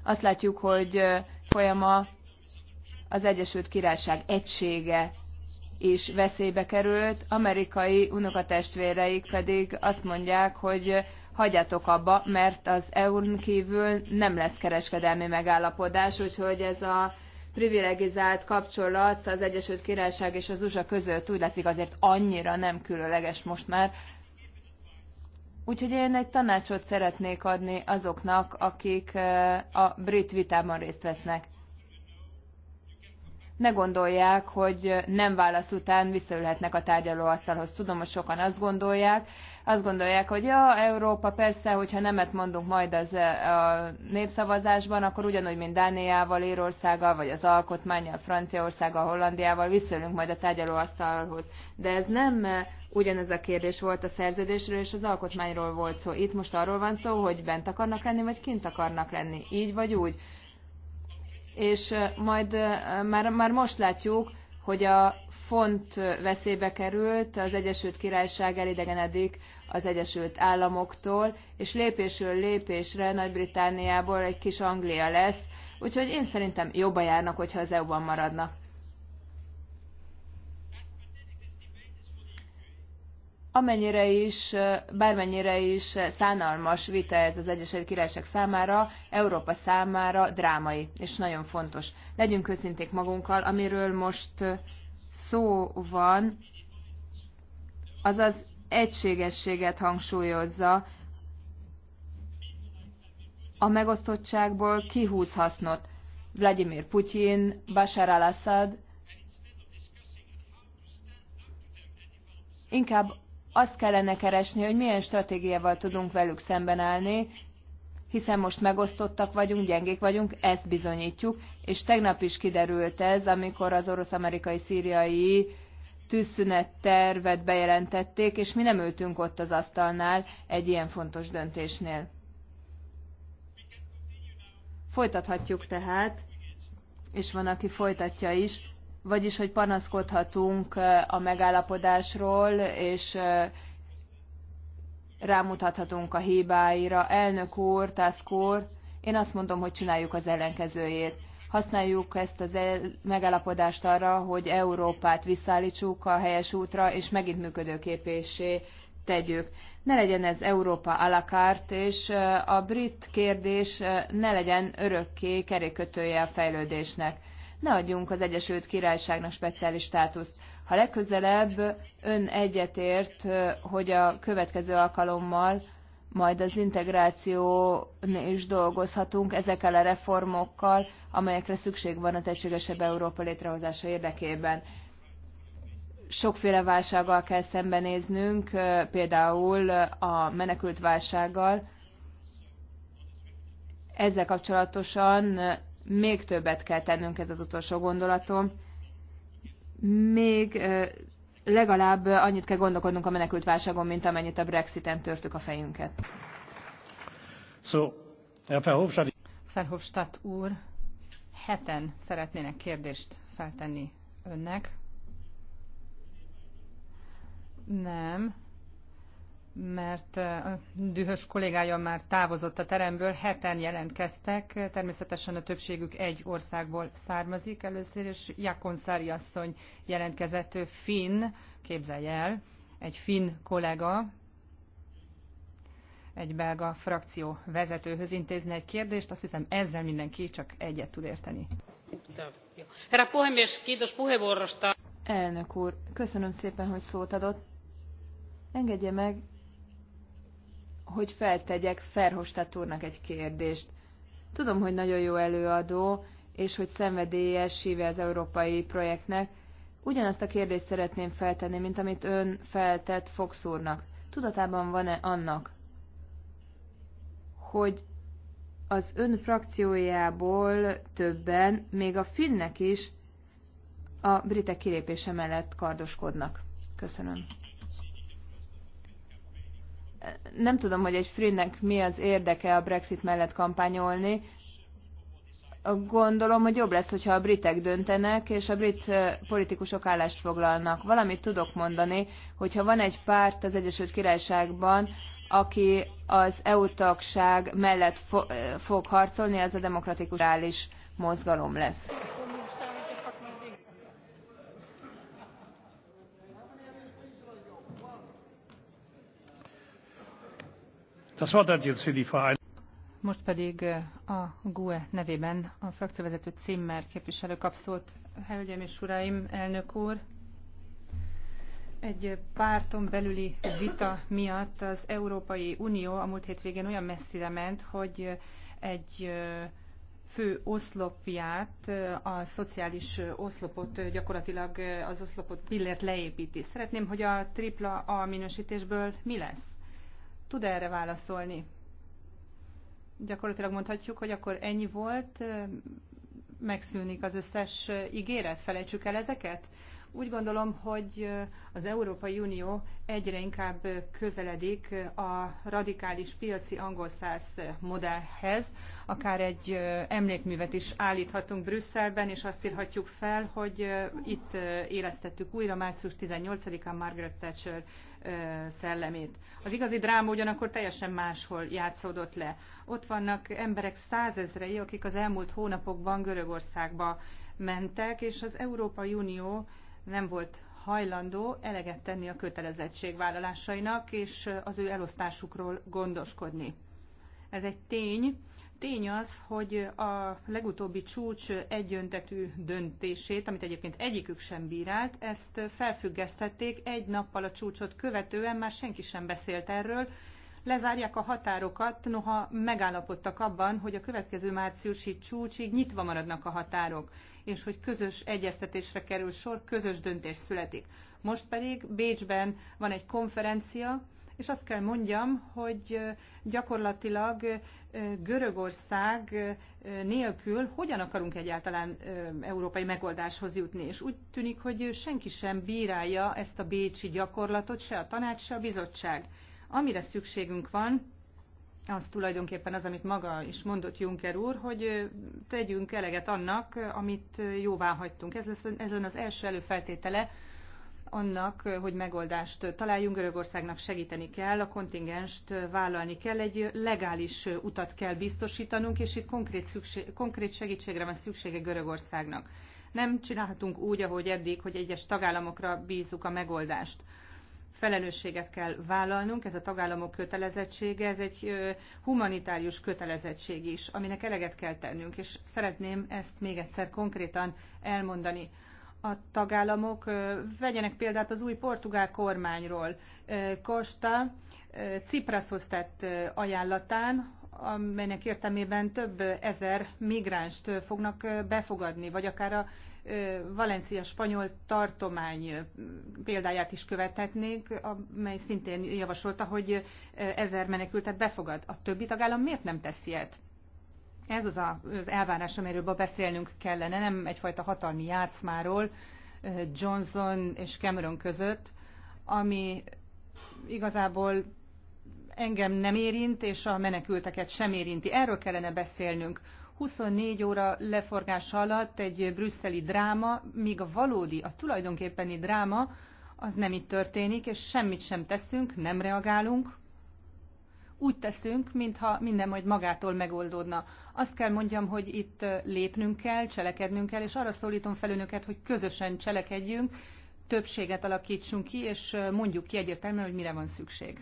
S3: Azt látjuk, hogy folyama az Egyesült Királyság egysége is veszélybe került, amerikai unokatestvéreik pedig azt mondják, hogy hagyjátok abba, mert az EU-n kívül nem lesz kereskedelmi megállapodás, úgyhogy ez a privilegizált kapcsolat az Egyesült Királyság és az USA között úgy látszik azért annyira nem különleges most már. Úgyhogy én egy tanácsot szeretnék adni azoknak, akik eh, a brit vitában részt vesznek ne gondolják, hogy nem válasz után visszaülhetnek a tárgyalóasztalhoz. Tudom, hogy sokan azt gondolják, azt gondolják, hogy ja, Európa persze, hogyha nemet mondunk majd az e, a népszavazásban, akkor ugyanúgy, mint Dániával, Írországgal, vagy az alkotmányjal, Franciaországgal, Hollandiával visszaülünk majd a tárgyalóasztalhoz. De ez nem e, ugyanez a kérdés volt a szerződésről és az alkotmányról volt szó. Itt most arról van szó, hogy bent akarnak lenni, vagy kint akarnak lenni. Így vagy úgy és majd már, már most látjuk, hogy a font veszélybe került, az Egyesült Királyság elidegenedik az Egyesült Államoktól, és lépésről lépésre Nagy-Britániából egy kis Anglia lesz, úgyhogy én szerintem jobban járnak, hogyha az EU-ban maradnak. amennyire is, bármennyire is szánalmas vita ez az Egyesült Királyság számára, Európa számára drámai, és nagyon fontos. Legyünk őszinték magunkkal, amiről most szó van, az az egységességet hangsúlyozza, a megosztottságból kihúz hasznot. Vladimir Putyin, Bashar al-Assad, inkább azt kellene keresni, hogy milyen stratégiával tudunk velük szemben állni, hiszen most megosztottak vagyunk, gyengék vagyunk, ezt bizonyítjuk, és tegnap is kiderült ez, amikor az orosz-amerikai-szíriai tűzszünet tervet bejelentették, és mi nem ültünk ott az asztalnál egy ilyen fontos döntésnél. Folytathatjuk tehát, és van, aki folytatja is, vagyis hogy panaszkodhatunk a megállapodásról, és rámutathatunk a hibáira. Elnök úr, Tusk úr, én azt mondom, hogy csináljuk az ellenkezőjét. Használjuk ezt az megállapodást arra, hogy Európát visszaállítsuk a helyes útra, és megint működőképésé tegyük. Ne legyen ez Európa à la carte, és a brit kérdés ne legyen örökké kerékötője a fejlődésnek ne adjunk az Egyesült Királyságnak speciális státuszt. Ha legközelebb ön egyetért, hogy a következő alkalommal majd az integráció is dolgozhatunk ezekkel a reformokkal, amelyekre szükség van az egységesebb Európa létrehozása érdekében. Sokféle válsággal kell szembenéznünk, például a menekült válsággal. Ezzel kapcsolatosan még többet kell tennünk, ez az utolsó gondolatom. Még legalább annyit kell gondolkodnunk a menekült válságon, mint amennyit a Brexiten törtük a fejünket.
S6: So, Verhofstadt...
S3: Verhofstadt úr,
S1: heten szeretnének kérdést feltenni önnek. Nem, mert a dühös kollégája már távozott a teremből, heten jelentkeztek, természetesen a többségük egy országból származik először, és Szári asszony jelentkezett, finn, képzelj el, egy finn kollega, egy belga frakció vezetőhöz intézni egy kérdést, azt hiszem ezzel mindenki csak
S3: egyet tud érteni. Elnök úr, köszönöm szépen, hogy szót adott. Engedje meg, hogy feltegyek Ferhostat úrnak egy kérdést. Tudom, hogy nagyon jó előadó, és hogy szenvedélyes híve az európai projektnek. Ugyanazt a kérdést szeretném feltenni, mint amit ön feltett Fox úrnak. Tudatában van-e annak, hogy az ön frakciójából többen, még a finnek is a britek kilépése mellett kardoskodnak? Köszönöm nem tudom, hogy egy Freennek mi az érdeke a Brexit mellett kampányolni. Gondolom, hogy jobb lesz, hogyha a britek döntenek, és a brit politikusok állást foglalnak. Valamit tudok mondani, hogyha van egy párt az Egyesült Királyságban, aki az EU-tagság mellett fo- fog harcolni, az a demokratikus állás mozgalom lesz.
S1: Most pedig eh, a GUE nevében a frakcióvezető Cimmer képviselő kap szót. Hölgyeim és uraim, elnök úr! Egy párton belüli vita miatt az Európai Unió a múlt hétvégén olyan messzire ment, hogy eh, egy eh, fő oszlopját, a szociális oszlopot, gyakorlatilag az oszlopot pillért leépíti. Szeretném, hogy a tripla A minősítésből mi lesz? tud -e erre válaszolni? Gyakorlatilag mondhatjuk, hogy akkor ennyi volt, megszűnik az összes ígéret, felejtsük el ezeket? Úgy gondolom, hogy az Európai Unió egyre inkább közeledik a radikális piaci angol száz modellhez. Akár egy emlékművet is állíthatunk Brüsszelben, és azt írhatjuk fel, hogy itt élesztettük újra március 18-án Margaret Thatcher szellemét. Az igazi dráma ugyanakkor teljesen máshol játszódott le. Ott vannak emberek százezrei, akik az elmúlt hónapokban Görögországba mentek, és az Európai Unió nem volt hajlandó eleget tenni a kötelezettségvállalásainak, és az ő elosztásukról gondoskodni. Ez egy tény. Tény az, hogy a legutóbbi csúcs egyöntetű döntését, amit egyébként egyikük sem bírált, ezt felfüggesztették egy nappal a csúcsot követően, már senki sem beszélt erről, lezárják a határokat, noha megállapodtak abban, hogy a következő márciusi csúcsig nyitva maradnak a határok, és hogy közös egyeztetésre kerül sor, közös döntés születik. Most pedig Bécsben van egy konferencia, és azt kell mondjam, hogy gyakorlatilag Görögország nélkül hogyan akarunk egyáltalán európai megoldáshoz jutni. És úgy tűnik, hogy senki sem bírálja ezt a bécsi gyakorlatot, se a tanács, se a bizottság. Amire szükségünk van, az tulajdonképpen az, amit maga is mondott Juncker úr, hogy tegyünk eleget annak, amit jóvá hagytunk. Ez, lesz, ez lenne az első előfeltétele annak, hogy megoldást találjunk. Görögországnak segíteni kell, a kontingenst vállalni kell, egy legális utat kell biztosítanunk, és itt konkrét, szükség, konkrét segítségre van szüksége Görögországnak. Nem csinálhatunk úgy, ahogy eddig, hogy egyes tagállamokra bízzuk a megoldást felelősséget kell vállalnunk, ez a tagállamok kötelezettsége, ez egy humanitárius kötelezettség is, aminek eleget kell tennünk, és szeretném ezt még egyszer konkrétan elmondani. A tagállamok vegyenek példát az új portugál kormányról. Costa Ciprashoz tett ajánlatán, amelynek értelmében több ezer migránst fognak befogadni, vagy akár a Valencia spanyol tartomány példáját is követhetnénk, amely szintén javasolta, hogy ezer menekültet befogad. A többi tagállam miért nem teszi ilyet? Ez az az elvárás, amiről beszélnünk kellene, nem egyfajta hatalmi játszmáról Johnson és Cameron között, ami igazából engem nem érint, és a menekülteket sem érinti. Erről kellene beszélnünk, 24 óra leforgása alatt egy brüsszeli dráma, míg a valódi, a tulajdonképpeni dráma, az nem itt történik, és semmit sem teszünk, nem reagálunk, úgy teszünk, mintha minden majd magától megoldódna. Azt kell mondjam, hogy itt lépnünk kell, cselekednünk kell, és arra szólítom fel önöket, hogy közösen cselekedjünk, többséget alakítsunk ki, és mondjuk ki egyértelműen, hogy mire van szükség.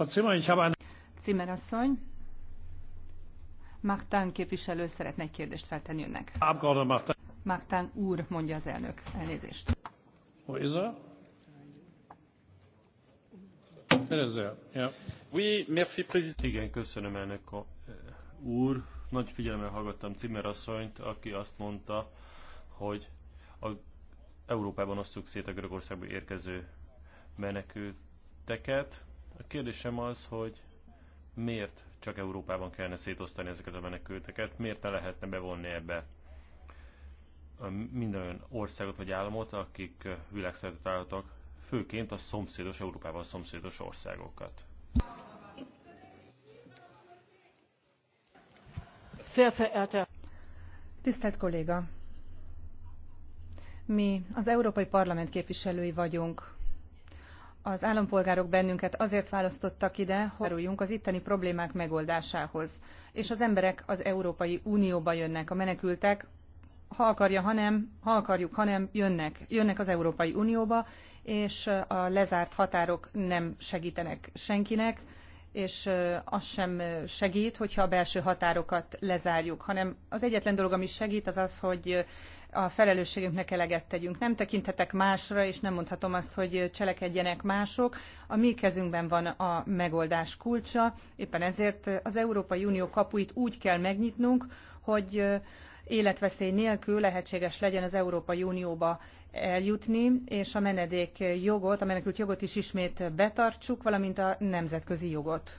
S6: Frau Zimmer, ich habe
S1: Zimmer asszony, képviselő szeretne egy kérdést feltenni önnek. Magtán úr, mondja az elnök. Elnézést.
S6: Er? Er?
S4: Igen, köszönöm ennek a úr. Nagy figyelemmel hallgattam Cimmer asszonyt, aki azt mondta, hogy a Európában osztjuk szét a Görögországba érkező menekülteket. A kérdésem az, hogy miért csak Európában kellene szétosztani ezeket a menekülteket, miért ne lehetne bevonni ebbe minden olyan országot vagy államot, akik világszerte találhatók, főként a szomszédos, a szomszédos országokat.
S1: Hát, e- Tisztelt kolléga! Mi az Európai Parlament képviselői vagyunk az állampolgárok bennünket azért választottak ide, hogy az itteni problémák megoldásához. És az emberek az Európai Unióba jönnek, a menekültek, ha akarja, hanem, ha akarjuk, hanem jönnek. Jönnek az Európai Unióba, és a lezárt határok nem segítenek senkinek, és az sem segít, hogyha a belső határokat lezárjuk, hanem az egyetlen dolog, ami segít, az az, hogy a felelősségünknek eleget tegyünk. Nem tekinthetek másra, és nem mondhatom azt, hogy cselekedjenek mások. A mi kezünkben van a megoldás kulcsa, éppen ezért az Európai Unió kapuit úgy kell megnyitnunk, hogy életveszély nélkül lehetséges legyen az Európai Unióba eljutni, és a menedék jogot, a menekült jogot is ismét betartsuk, valamint a nemzetközi jogot.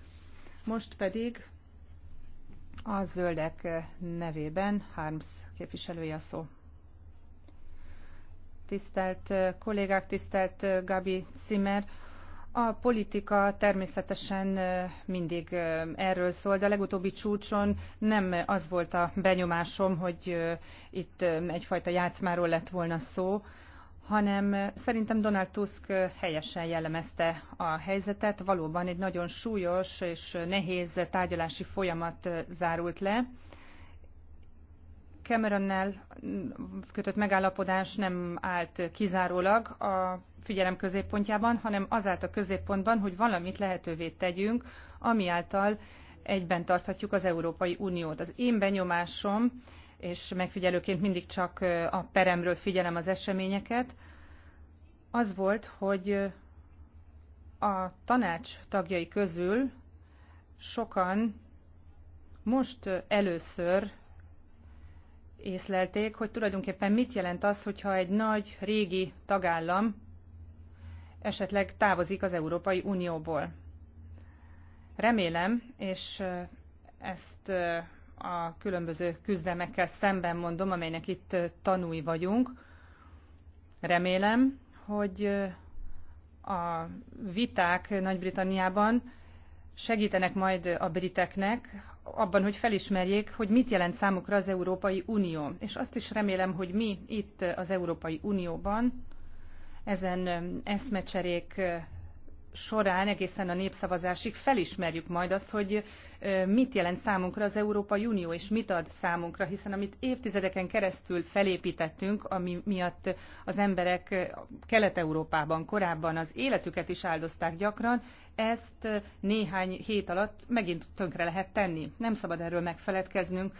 S1: Most pedig a zöldek nevében Harms képviselője a szó tisztelt kollégák, tisztelt Gabi Zimmer. A politika természetesen mindig erről szól, de a legutóbbi csúcson nem az volt a benyomásom, hogy itt egyfajta játszmáról lett volna szó, hanem szerintem Donald Tusk helyesen jellemezte a helyzetet. Valóban egy nagyon súlyos és nehéz tárgyalási folyamat zárult le Cameronnel kötött megállapodás nem állt kizárólag a figyelem középpontjában, hanem az állt a középpontban, hogy valamit lehetővé tegyünk, ami által egyben tarthatjuk az Európai Uniót. Az én benyomásom, és megfigyelőként mindig csak a peremről figyelem az eseményeket, az volt, hogy a tanács tagjai közül sokan most először észlelték, hogy tulajdonképpen mit jelent az, hogyha egy nagy, régi tagállam esetleg távozik az Európai Unióból. Remélem, és eh, ezt eh, a különböző küzdelmekkel szemben mondom, amelynek itt eh, tanúi vagyunk, remélem, hogy a viták Nagy-Britanniában segítenek majd a briteknek abban, hogy felismerjék, hogy mit jelent számukra az Európai Unió. És azt is remélem, hogy mi itt az Európai Unióban ezen eszmecserék során egészen a népszavazásig felismerjük majd azt, hogy mit jelent számunkra az Európai Unió, és mit ad számunkra, hiszen amit évtizedeken keresztül felépítettünk, ami miatt az emberek Kelet-Európában korábban az életüket is áldozták gyakran, ezt néhány hét alatt megint tönkre lehet tenni. Nem szabad erről megfeledkeznünk.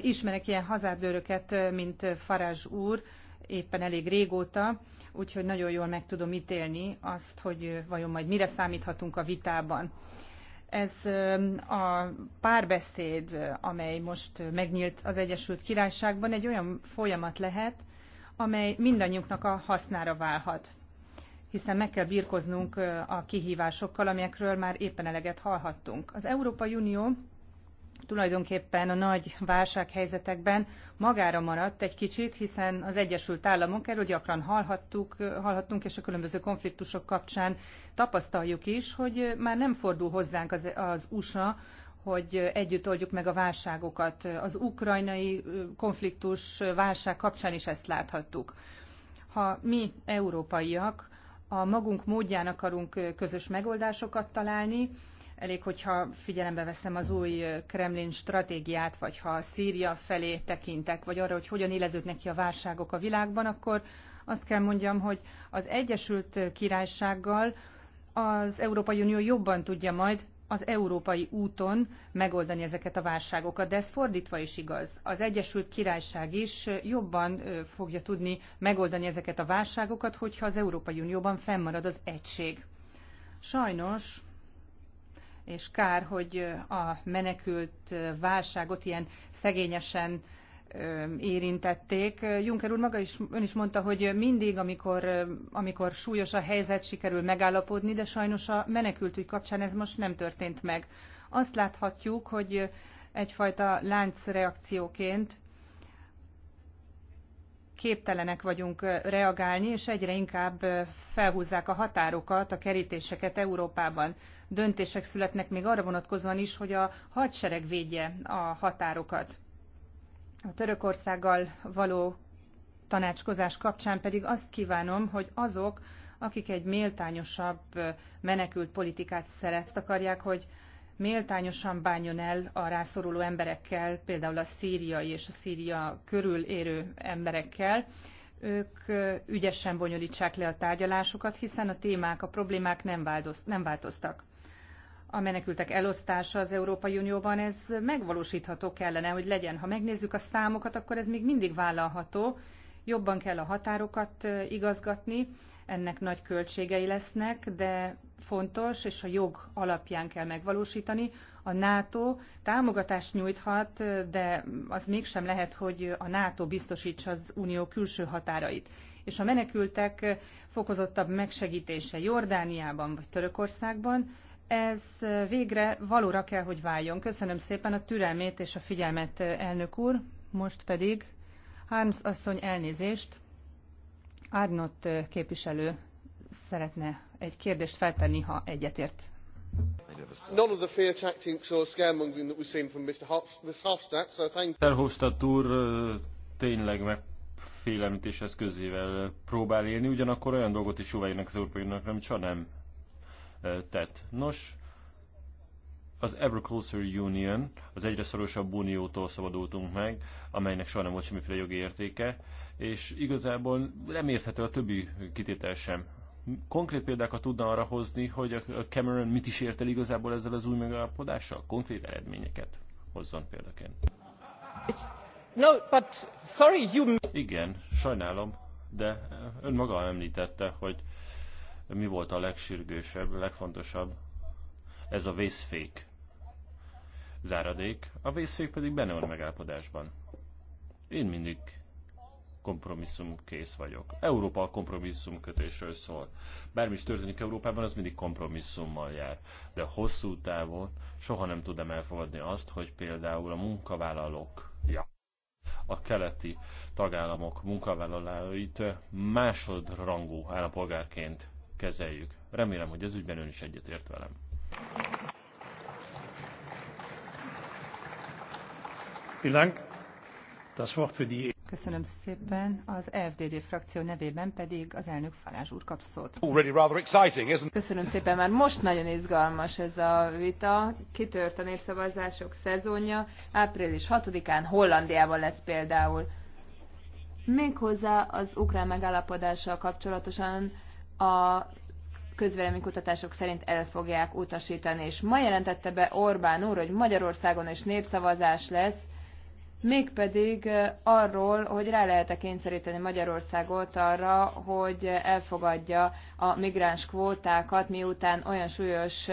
S1: Ismerek ilyen hazárdőröket, mint Farázs úr, éppen elég régóta, úgyhogy nagyon jól meg tudom ítélni azt, hogy vajon majd mire számíthatunk a vitában. Ez a párbeszéd, amely most megnyílt az Egyesült Királyságban, egy olyan folyamat lehet, amely mindannyiunknak a hasznára válhat hiszen meg kell birkoznunk a kihívásokkal, amelyekről már éppen eleget hallhattunk. Az Európai Unió tulajdonképpen a nagy válsághelyzetekben magára maradt egy kicsit, hiszen az Egyesült Államok, erről gyakran hallhattuk, hallhattunk, és a különböző konfliktusok kapcsán tapasztaljuk is, hogy már nem fordul hozzánk az, az USA, hogy együtt oldjuk meg a válságokat. Az ukrajnai konfliktus válság kapcsán is ezt láthattuk. Ha mi, európaiak, a magunk módján akarunk közös megoldásokat találni, Elég, hogyha figyelembe veszem az új Kremlin stratégiát, vagy ha Szíria felé tekintek, vagy arra, hogy hogyan éleződnek ki a válságok a világban, akkor azt kell mondjam, hogy az Egyesült Királysággal az Európai Unió jobban tudja majd az európai úton megoldani ezeket a válságokat, de ez fordítva is igaz. Az Egyesült Királyság is jobban fogja tudni megoldani ezeket a válságokat, hogyha az Európai Unióban fennmarad az egység. Sajnos és kár, hogy a menekült válságot ilyen szegényesen érintették. Juncker úr maga is, ön is mondta, hogy mindig, amikor, amikor súlyos a helyzet, sikerül megállapodni, de sajnos a menekültügy kapcsán ez most nem történt meg. Azt láthatjuk, hogy egyfajta láncreakcióként képtelenek vagyunk reagálni, és egyre inkább felhúzzák a határokat, a kerítéseket Európában döntések születnek még arra vonatkozóan is, hogy a hadsereg védje a határokat. A Törökországgal való tanácskozás kapcsán pedig azt kívánom, hogy azok, akik egy méltányosabb menekült politikát szeretnek, akarják, hogy méltányosan bánjon el a rászoruló emberekkel, például a szíriai és a szíria körül érő emberekkel, ők ügyesen bonyolítsák le a tárgyalásokat, hiszen a témák, a problémák nem, nem változtak a menekültek elosztása az Európai Unióban, ez megvalósítható kellene, hogy legyen. Ha megnézzük a számokat, akkor ez még mindig vállalható. Jobban kell a határokat igazgatni, ennek nagy költségei lesznek, de fontos, és a jog alapján kell megvalósítani. A NATO támogatást nyújthat, de az mégsem lehet, hogy a NATO biztosítsa az unió külső határait. És a menekültek fokozottabb megsegítése Jordániában vagy Törökországban ez végre valóra kell, hogy váljon. Köszönöm szépen a türelmét és a figyelmet, elnök úr. Most pedig Harms asszony elnézést. Árnott képviselő szeretne egy kérdést feltenni, ha egyetért.
S6: None of the fear tactics or scaremongering that we've seen from Mr. Hofstadt, so thank
S4: you. Hofstadt úr tényleg meg félemítés eszközével próbál élni, ugyanakkor olyan dolgot is jóváírnak az Európai Uniónak, amit soha nem tett. Nos, az Ever Closer Union, az egyre szorosabb uniótól szabadultunk meg, amelynek soha nem volt semmiféle jogi értéke, és igazából nem érthető a többi kitétel sem. Konkrét példákat tudna arra hozni, hogy a Cameron mit is ért el igazából ezzel az új megállapodással? Konkrét eredményeket hozzon példaként.
S2: No, but sorry,
S4: you... Igen, sajnálom, de ön maga említette, hogy mi volt a legsürgősebb, legfontosabb? Ez a vészfék záradék, a vészfék pedig benne van megállapodásban. Én mindig kész vagyok. Európa a kötésről szól. Bármi is történik Európában, az mindig kompromisszummal jár. De hosszú távon soha nem tudom elfogadni azt, hogy például a munkavállalók, ja, a keleti tagállamok munkavállalóit másodrangú állapolgárként kezeljük. Remélem, hogy ez ügyben ön is egyetért velem.
S6: E- Köszönöm
S1: szépen. Az FDD frakció nevében pedig az elnök Farázs úr kap szót.
S3: Köszönöm szépen, már most nagyon izgalmas ez a vita. Kitört a népszavazások szezonja. Április 6-án Hollandiában lesz például. Méghozzá az ukrán megállapodással kapcsolatosan a közvéleménykutatások szerint el fogják utasítani. És ma jelentette be Orbán úr, hogy Magyarországon is népszavazás lesz, mégpedig arról, hogy rá lehet -e kényszeríteni Magyarországot arra, hogy elfogadja a migráns kvótákat, miután olyan súlyos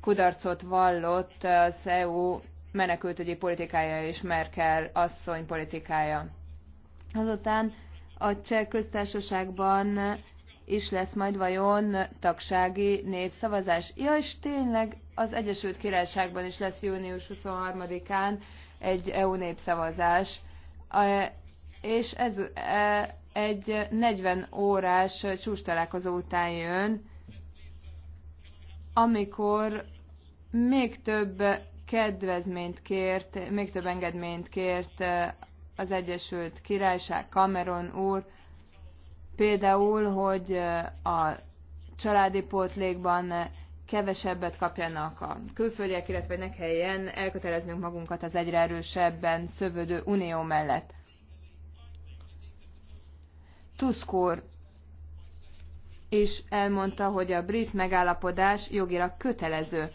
S3: kudarcot vallott az EU menekültügyi politikája és Merkel asszony politikája. Azután a cseh köztársaságban is lesz majd vajon tagsági népszavazás. Ja, és tényleg az Egyesült Királyságban is lesz június 23-án egy EU népszavazás, és ez e, egy 40 órás csúcs találkozó után jön, amikor még több kedvezményt kért, még több engedményt kért az Egyesült Királyság, Cameron úr, Például, hogy eh, a családi pótlékban eh, kevesebbet kapjanak a külföldiek, illetve ne kelljen elköteleznünk magunkat az egyre erősebben szövődő unió mellett. Tusk és is elmondta, hogy a brit megállapodás jogilag kötelező.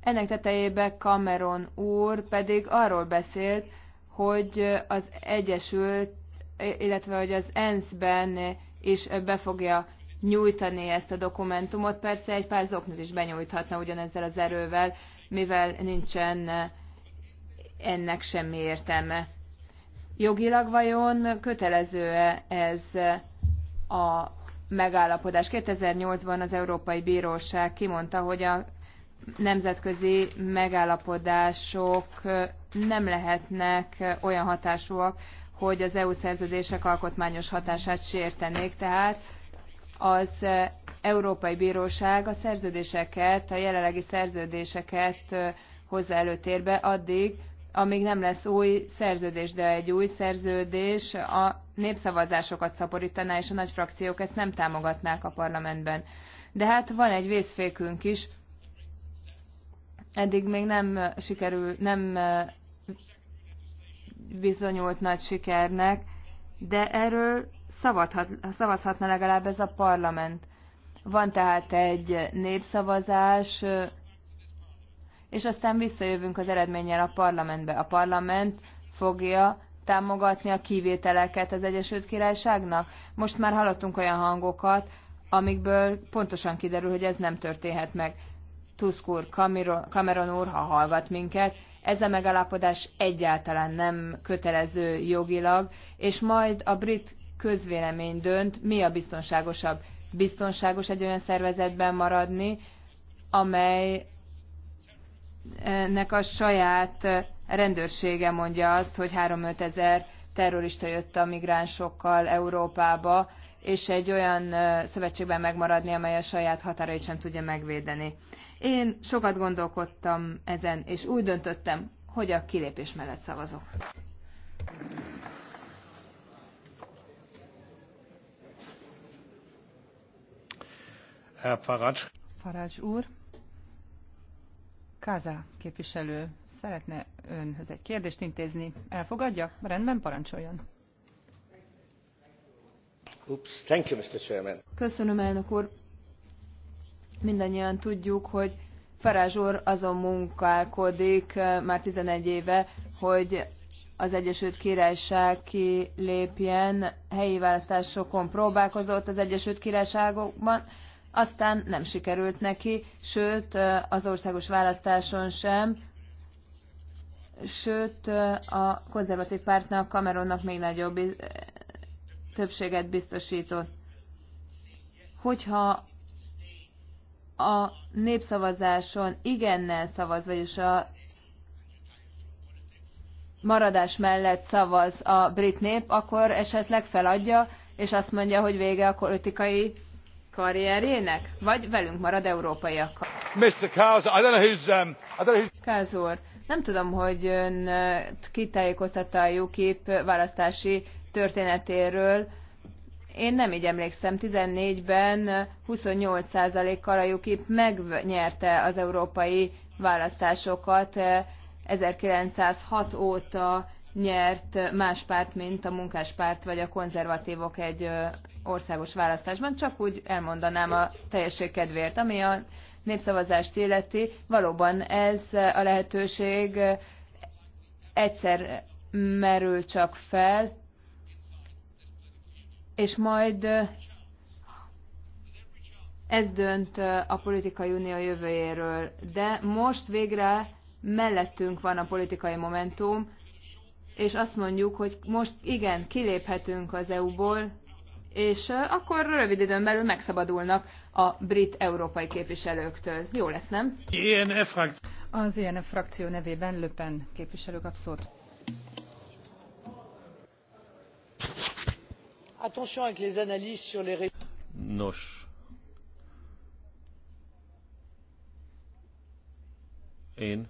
S3: Ennek tetejébe Cameron úr pedig arról beszélt, hogy az Egyesült illetve hogy az ENSZ-ben is be fogja nyújtani ezt a dokumentumot. Persze egy pár zoknot is benyújthatna ugyanezzel az erővel, mivel nincsen ennek semmi értelme. Jogilag vajon kötelező-e ez a megállapodás? 2008-ban az Európai Bíróság kimondta, hogy a nemzetközi megállapodások nem lehetnek olyan hatásúak, hogy az EU szerződések alkotmányos hatását sértenék, tehát az eh, Európai Bíróság a szerződéseket, a jelenlegi szerződéseket eh, hozza előtérbe addig, amíg nem lesz új szerződés, de egy új szerződés a népszavazásokat szaporítaná, és a nagy frakciók ezt nem támogatnák a parlamentben. De hát van egy vészfékünk is, eddig még nem eh, sikerül, nem bizonyult nagy sikernek, de erről szavazhat, szavazhatna legalább ez a parlament. Van tehát egy népszavazás, és aztán visszajövünk az eredménnyel a parlamentbe. A parlament fogja támogatni a kivételeket az Egyesült Királyságnak? Most már hallottunk olyan hangokat, amikből pontosan kiderül, hogy ez nem történhet meg. Tusk úr, Cameron úr, ha hallgat minket, ez a megállapodás egyáltalán nem kötelező jogilag, és majd a brit közvélemény dönt, mi a biztonságosabb. Biztonságos egy olyan szervezetben maradni, amelynek a saját eh, rendőrsége mondja azt, hogy 3-5 ezer terrorista jött a migránsokkal Európába, és egy olyan szövetségben megmaradni, amely a saját határait sem tudja megvédeni. Én sokat gondolkodtam ezen, és úgy döntöttem, hogy a kilépés mellett szavazok.
S6: Herr Farage. Farage úr,
S1: Káza képviselő szeretne önhöz egy kérdést intézni. Elfogadja? Rendben,
S3: parancsoljon.
S6: Oops, thank you, Mr. Chairman.
S3: Köszönöm, elnök úr. Mindannyian tudjuk, hogy Farázs úr azon munkálkodik eh, már 11 éve, hogy az Egyesült Királyság kilépjen, helyi választásokon próbálkozott az Egyesült Királyságokban, aztán nem sikerült neki, sőt eh, az országos választáson sem, sőt eh, a konzervatív pártnak, Cameronnak még nagyobb többséget biztosított. Hogyha a népszavazáson igennel szavaz, vagyis a maradás mellett szavaz a brit nép, akkor esetleg feladja, és azt mondja, hogy vége a politikai karrierjének? Vagy velünk marad Európaiak.
S6: Mr. Kázor, I don't know who's, um,
S3: I don't know Kázor, nem tudom, hogy ön kitájékoztatta a UKIP választási történetéről. Én nem így emlékszem, 14-ben 28%-kal a UKIP megnyerte az európai választásokat, 1906 óta nyert más párt, mint a munkáspárt vagy a konzervatívok egy országos választásban, csak úgy elmondanám a teljesség kedvéért, ami a népszavazást illeti, valóban ez a lehetőség egyszer merül csak fel, és majd ez dönt a politikai unió jövőjéről. De most végre mellettünk van a politikai momentum, és azt mondjuk, hogy most igen, kiléphetünk az EU-ból, és akkor rövid időn belül megszabadulnak a brit európai képviselőktől. Jó lesz, nem?
S1: Az ilyen frakció nevében Löpen képviselők abszolút.
S2: Attention avec les analyses sur les...
S4: Nos. Én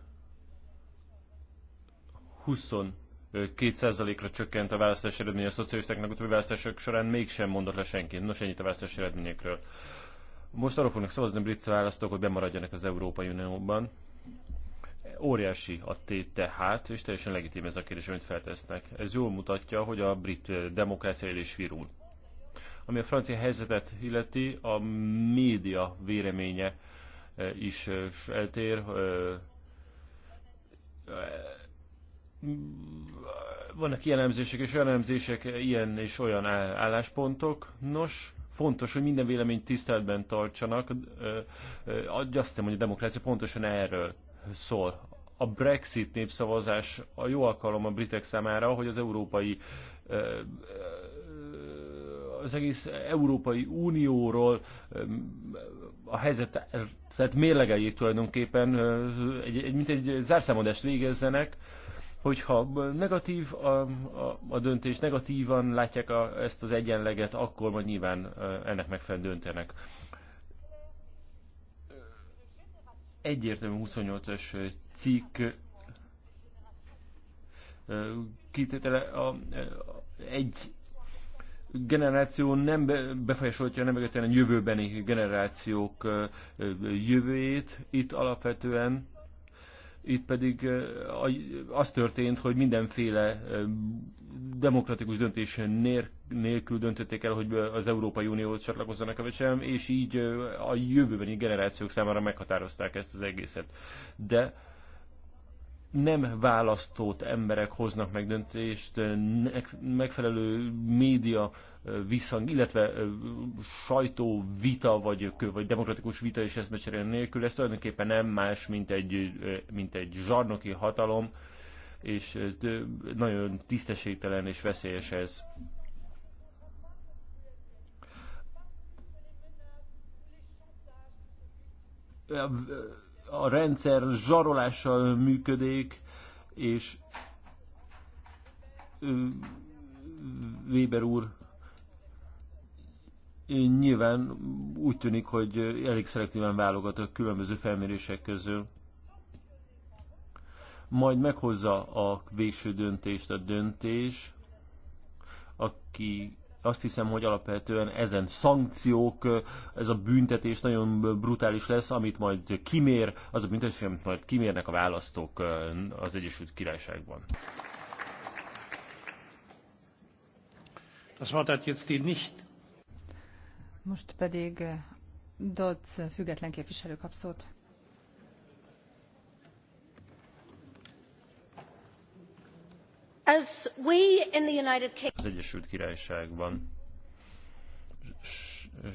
S4: 22%-ra csökkent a választás eredmény a szocialisták legutóbbi választások során, mégsem mondott le senki. Nos, ennyit a választás eredményekről. Most arról fognak szavazni a brit választók, hogy bemaradjanak az Európai Unióban. Óriási a tét tehát, és teljesen legitim ez a kérdés, amit feltesznek. Ez jól mutatja, hogy a brit eh, demokrácia élés virul. Ami a francia helyzetet illeti, a média véleménye eh, is eh, eltér. Vannak ilyen elemzések és olyan elemzések, ilyen és olyan álláspontok. Nos, fontos, hogy minden véleményt tiszteletben tartsanak. Azt hiszem, hogy a demokrácia pontosan erről szól. A Brexit népszavazás a jó alkalom a britek számára, hogy az európai eh, eh, az egész Európai Unióról eh, a helyzet tehát mérlegeljék tulajdonképpen, egy, egy, mint egy zárszámadást végezzenek, hogyha negatív a, a, a döntés, negatívan látják a, ezt az egyenleget, akkor majd nyilván ennek megfelelően döntenek. egyértelmű 28-as cikk kitétele a, egy generáció nem befolyásolja nem a jövőbeni generációk jövőjét. Itt alapvetően itt pedig az történt, hogy mindenféle demokratikus döntés nélkül döntötték el, hogy az Európai Unióhoz csatlakozzanak a sem, és így a jövőbeni generációk számára meghatározták ezt az egészet. De nem választott emberek hoznak meg döntést, megfelelő média visszhang, illetve sajtó vita vagy, vagy demokratikus vita és eszmecsere nélkül, ez tulajdonképpen nem más, mint egy, mint egy zsarnoki hatalom, és nagyon tisztességtelen és veszélyes ez.
S7: Ja, a
S4: rendszer zsarolással működik, és Weber úr nyilván úgy tűnik, hogy elég szelektíven válogat a különböző felmérések közül. Majd meghozza a végső döntést a döntés, aki azt hiszem, hogy alapvetően ezen szankciók, ez a büntetés nagyon brutális lesz, amit majd kimér, az a büntetés, amit majd kimérnek a választók az Egyesült Királyságban.
S6: Das Wort jetzt die nicht.
S1: Most pedig Dodds független képviselő kap szót.
S5: Az
S4: Egyesült Királyságban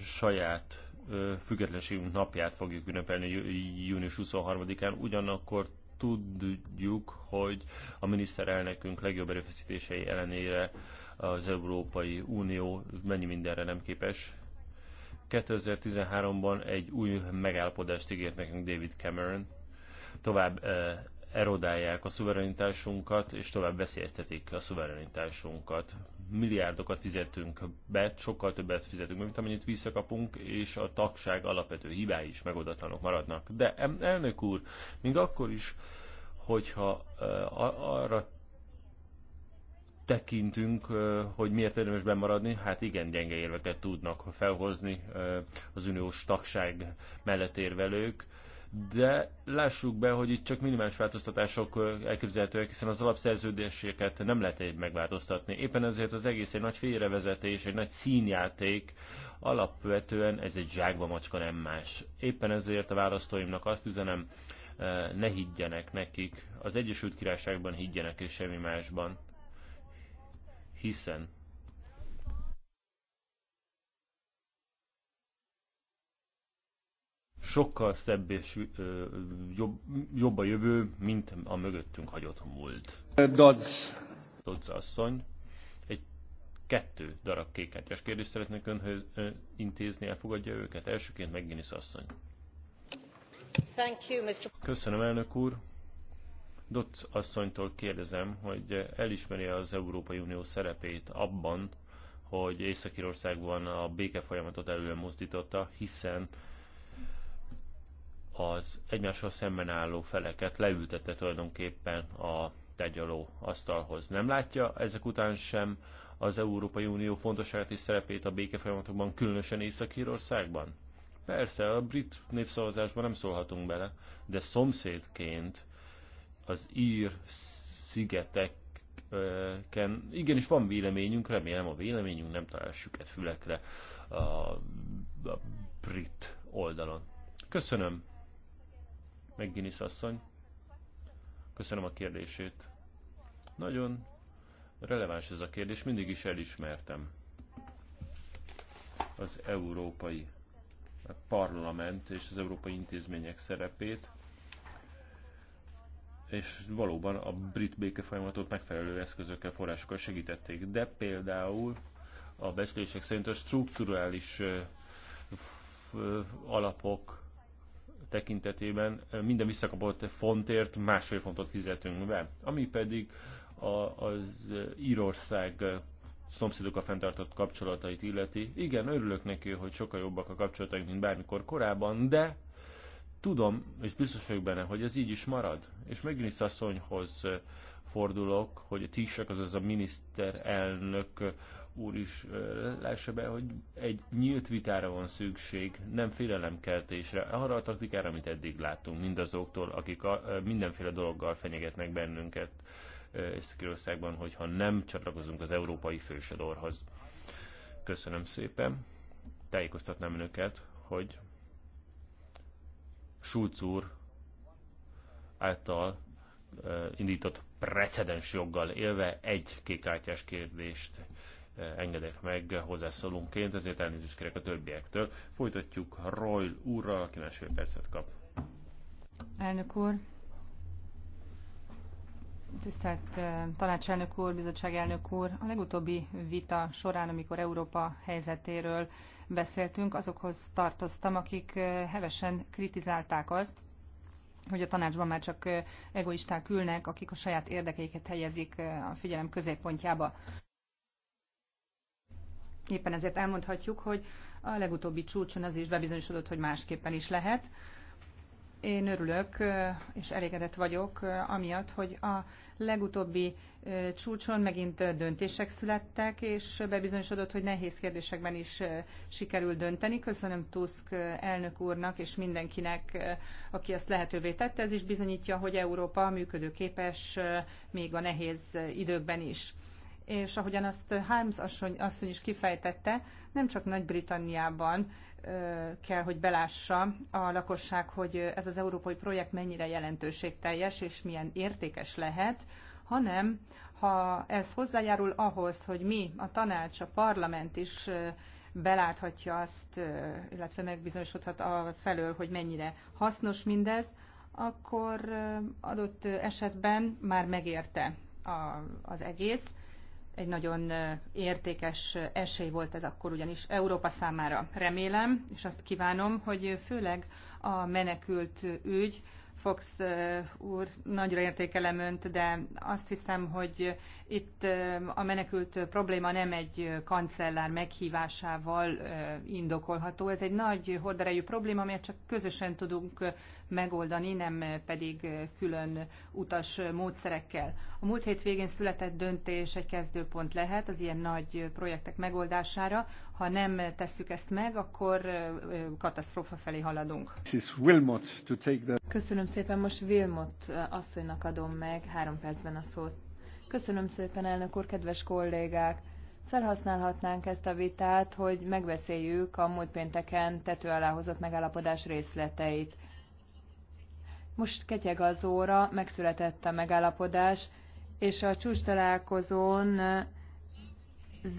S4: saját függetlenségünk napját fogjuk ünnepelni június 23-án, ugyanakkor tudjuk, hogy a miniszterelnökünk legjobb erőfeszítései ellenére az Európai Unió mennyi mindenre nem képes. 2013-ban egy új megállapodást ígért nekünk David Cameron, tovább erodálják a szuverenitásunkat, és tovább veszélyeztetik a szuverenitásunkat. Milliárdokat fizetünk be, sokkal többet fizetünk, mint amennyit visszakapunk, és a tagság alapvető hibái is megoldatlanok maradnak. De elnök úr, még akkor is, hogyha arra tekintünk, hogy miért érdemes bemaradni, hát igen gyenge érveket tudnak felhozni az uniós tagság mellett érvelők, de lássuk be, hogy itt csak minimális változtatások elképzelhetőek, hiszen az alapszerződéseket nem lehet egy megváltoztatni. Éppen ezért az egész egy nagy félrevezetés, egy nagy színjáték, alapvetően ez egy zsákba macska, nem más. Éppen ezért a választóimnak azt üzenem, ne higgyenek nekik, az Egyesült Királyságban higgyenek és semmi másban, hiszen sokkal szebb és ö, jobb, jobb a jövő, mint a mögöttünk hagyott múlt. Dodds. Dodds asszony. Egy kettő darab kékkártyás kérdést szeretnék önhöz ö, intézni, elfogadja őket. Elsőként megginisz asszony.
S5: Thank you, Mr.
S4: Köszönöm, elnök úr. Dodds asszonytól kérdezem, hogy elismeri az Európai Unió szerepét abban, hogy Észak-Írországban a béke folyamatot előre mozdította, hiszen az egymással szemben álló feleket leültette tulajdonképpen a tegyaló asztalhoz. Nem látja ezek után sem az Európai Unió fontosságát és szerepét a béke folyamatokban különösen Észak-Hírországban? Persze, a brit népszavazásban nem szólhatunk bele, de szomszédként az ír szigeteken igenis van véleményünk, remélem a véleményünk nem talál süket fülekre a, a brit oldalon. Köszönöm! McGinnis asszony. Köszönöm a kérdését. Nagyon releváns ez a kérdés, mindig is elismertem. Az Európai Parlament és az Európai Intézmények szerepét, és valóban a brit békefolyamatot megfelelő eszközökkel, forrásokkal segítették. De például a beszélések szerint a strukturális alapok tekintetében minden visszakapott fontért másfél fontot fizetünk be. Ami pedig a, az Írország szomszédokkal fenntartott kapcsolatait illeti. Igen, örülök neki, hogy sokkal jobbak a kapcsolataink, mint bármikor korábban, de tudom, és biztos vagyok benne, hogy ez így is marad. És megint asszonyhoz fordulok, hogy a Tisek, azaz a miniszterelnök úr is lássa be, hogy egy nyílt vitára van szükség, nem félelemkeltésre, arra a taktikára, amit eddig láttunk mindazoktól, akik a, mindenféle dologgal fenyegetnek bennünket Észak-Írországban, hogyha nem csatlakozunk az európai fősodorhoz. Köszönöm szépen. Tájékoztatnám önöket, hogy Schulz úr által indított precedens joggal élve egy kékkártyás kérdést engedek meg hozzászólónként, ezért elnézést kérek a többiektől. Folytatjuk Royl úrral, aki másfél percet kap.
S1: Elnök úr, Tisztelt tanácselnök úr, bizottságelnök úr! A legutóbbi vita során, amikor Európa helyzetéről beszéltünk, azokhoz tartoztam, akik hevesen kritizálták azt, hogy a tanácsban már csak egoisták ülnek, akik a saját érdekeiket helyezik a figyelem középpontjába. Éppen ezért elmondhatjuk, hogy a legutóbbi csúcson az is bebizonyosodott, hogy másképpen is lehet. Én örülök és elégedett vagyok amiatt, hogy a legutóbbi csúcson megint döntések születtek, és bebizonyosodott, hogy nehéz kérdésekben is sikerül dönteni. Köszönöm Tusk elnök úrnak és mindenkinek, aki ezt lehetővé tette. Ez is bizonyítja, hogy Európa működőképes még a nehéz időkben is és ahogyan azt Harms asszony, asszony is kifejtette, nem csak Nagy-Britanniában kell, hogy belássa a lakosság, hogy ez az európai projekt mennyire jelentőségteljes és milyen értékes lehet, hanem ha ez hozzájárul ahhoz, hogy mi, a tanács, a parlament is beláthatja azt, illetve megbizonyosodhat a felől, hogy mennyire hasznos mindez, akkor adott esetben már megérte az egész, egy nagyon értékes esély volt ez akkor ugyanis Európa számára. Remélem, és azt kívánom, hogy főleg a menekült ügy, Fox úr, nagyra értékelem önt, de azt hiszem, hogy itt a menekült probléma nem egy kancellár meghívásával indokolható. Ez egy nagy horderejű probléma, amelyet csak közösen tudunk megoldani, nem pedig külön utas módszerekkel. A múlt hét végén született döntés egy kezdőpont lehet az ilyen nagy projektek megoldására. Ha nem tesszük ezt meg, akkor
S3: katasztrófa felé haladunk. Köszönöm szépen, most Wilmot asszonynak adom meg három percben a szót. Köszönöm szépen, elnök úr, kedves kollégák! Felhasználhatnánk ezt a vitát, hogy megbeszéljük a múlt pénteken tető alá hozott megállapodás részleteit. Most ketyeg az óra, megszületett a megállapodás, és a csúcs találkozón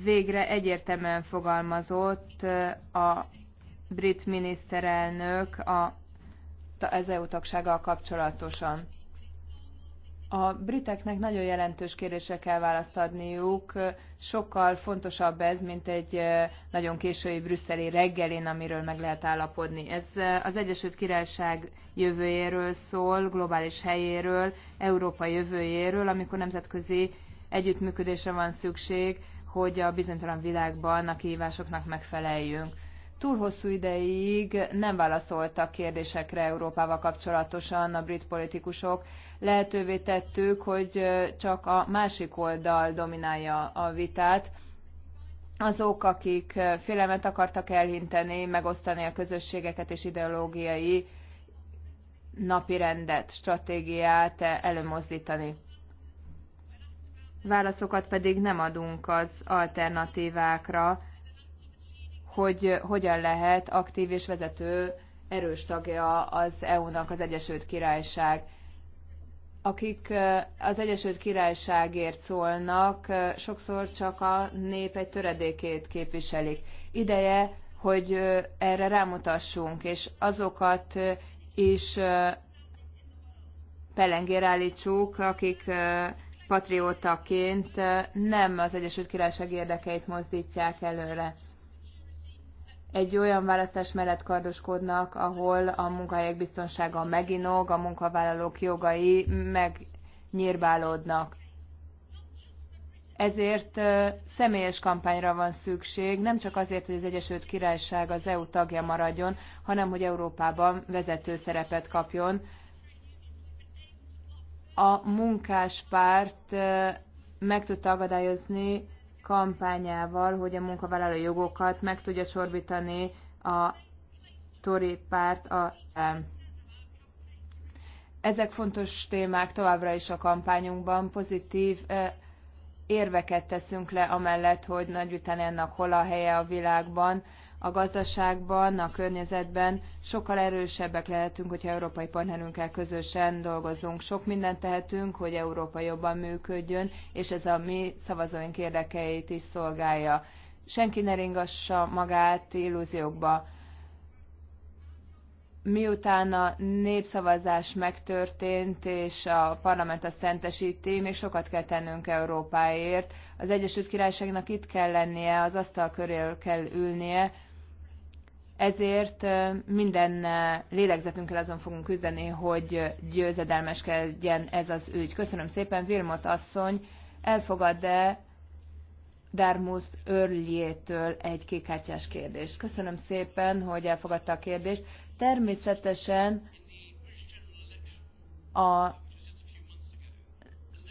S3: végre egyértelműen fogalmazott a brit miniszterelnök a, az EU tagsággal kapcsolatosan. A briteknek nagyon jelentős kérdésre kell választ adniuk, sokkal fontosabb ez, mint egy nagyon késői brüsszeli reggelin, amiről meg lehet állapodni. Ez az Egyesült Királyság jövőjéről szól, globális helyéről, Európa jövőjéről, amikor nemzetközi együttműködésre van szükség, hogy a bizonytalan világban a kihívásoknak megfeleljünk túl hosszú ideig nem válaszoltak kérdésekre Európával kapcsolatosan a brit politikusok. Lehetővé tettük, hogy csak a másik oldal dominálja a vitát. Azok, akik félelmet akartak elhinteni, megosztani a közösségeket és ideológiai napirendet, stratégiát előmozdítani. Válaszokat pedig nem adunk az alternatívákra, hogy hogyan lehet aktív és vezető erős tagja az EU-nak az Egyesült Királyság. Akik az Egyesült Királyságért szólnak, sokszor csak a nép egy töredékét képviselik. Ideje, hogy erre rámutassunk, és azokat is pelengér állítsuk, akik patriótaként nem az Egyesült Királyság érdekeit mozdítják előre egy olyan választás mellett kardoskodnak, ahol a munkahelyek biztonsága meginog, a munkavállalók jogai megnyírbálódnak. Ezért személyes kampányra van szükség, nem csak azért, hogy az Egyesült Királyság az EU tagja maradjon, hanem hogy Európában vezető szerepet kapjon. A munkáspárt meg tudta akadályozni kampányával, hogy a munkavállaló jogokat meg tudja csorbítani a Tory párt a ezek fontos témák továbbra is a kampányunkban. Pozitív érveket teszünk le amellett, hogy Nagy-Britanniának hol a helye a világban a gazdaságban, a környezetben sokkal erősebbek lehetünk, hogyha európai partnerünkkel közösen dolgozunk. Sok mindent tehetünk, hogy Európa jobban működjön, és ez a mi szavazóink érdekeit is szolgálja. Senki ne ringassa magát illúziókba. Miután a népszavazás megtörtént, és a parlament azt szentesíti, még sokat kell tennünk Európáért. Az Egyesült Királyságnak itt kell lennie, az asztal körül kell ülnie, ezért minden lélegzetünkkel azon fogunk küzdeni, hogy győzedelmeskedjen ez az ügy. Köszönöm szépen, Vilmot asszony, elfogad-e Darmus Örliétől egy kékkártyás kérdést? Köszönöm szépen, hogy elfogadta a kérdést. Természetesen a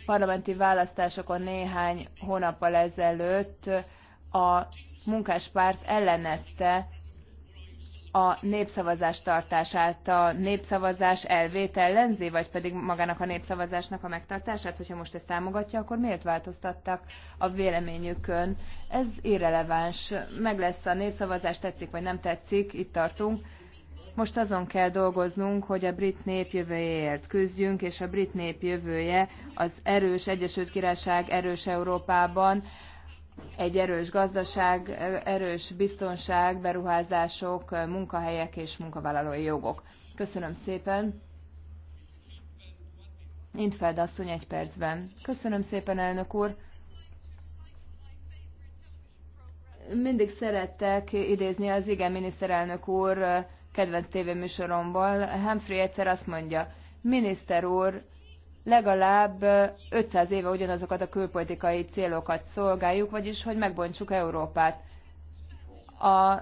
S3: parlamenti választásokon néhány hónappal ezelőtt a munkáspárt ellenezte a népszavazás tartását, a népszavazás elvét ellenzi, vagy pedig magának a népszavazásnak a megtartását, hogyha most ezt támogatja, akkor miért változtattak a véleményükön? Ez irreleváns. Meg lesz a népszavazás, tetszik vagy nem tetszik, itt tartunk. Most azon kell dolgoznunk, hogy a brit nép jövőjéért küzdjünk, és a brit nép jövője az erős Egyesült Királyság erős Európában egy erős gazdaság, erős biztonság, beruházások, munkahelyek és munkavállalói jogok. Köszönöm szépen. Intfeld asszony egy percben. Köszönöm szépen, elnök úr. Mindig szerettek idézni az igen miniszterelnök úr kedvenc tévéműsoromból. Humphrey egyszer azt mondja, miniszter úr, legalább 500 éve ugyanazokat a külpolitikai célokat szolgáljuk, vagyis hogy megbontsuk Európát. A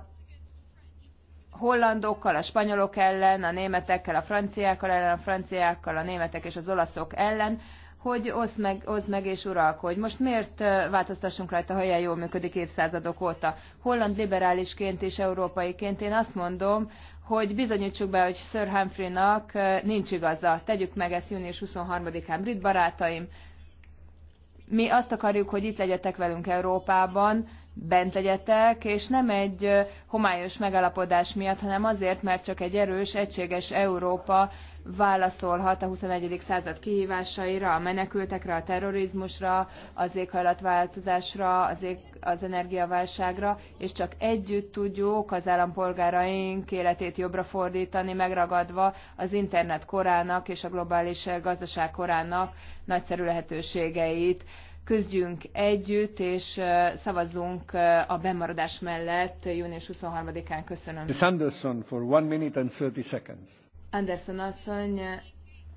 S3: hollandokkal, a spanyolok ellen, a németekkel, a franciákkal ellen, a franciákkal, a németek és az olaszok ellen, hogy oszd meg, oszd meg és uralkodj. Most miért változtassunk rajta, ha ilyen jól működik évszázadok óta? Holland liberálisként és európaiként én azt mondom, hogy bizonyítsuk be, hogy Sir Humphreynak nincs igaza. Tegyük meg ezt június 23-án, brit barátaim. Mi azt akarjuk, hogy itt legyetek velünk Európában, bent legyetek, és nem egy homályos megalapodás miatt, hanem azért, mert csak egy erős, egységes Európa válaszolhat a 21. század kihívásaira, a menekültekre, a terrorizmusra, az éghajlatváltozásra, az, ég, az energiaválságra, és csak együtt tudjuk az állampolgáraink életét jobbra fordítani, megragadva az internet korának és a globális gazdaság korának nagyszerű lehetőségeit küzdjünk együtt, és szavazzunk a bemaradás mellett június 23-án. Köszönöm.
S6: Sanderson for one minute and 30 seconds.
S3: Anderson asszony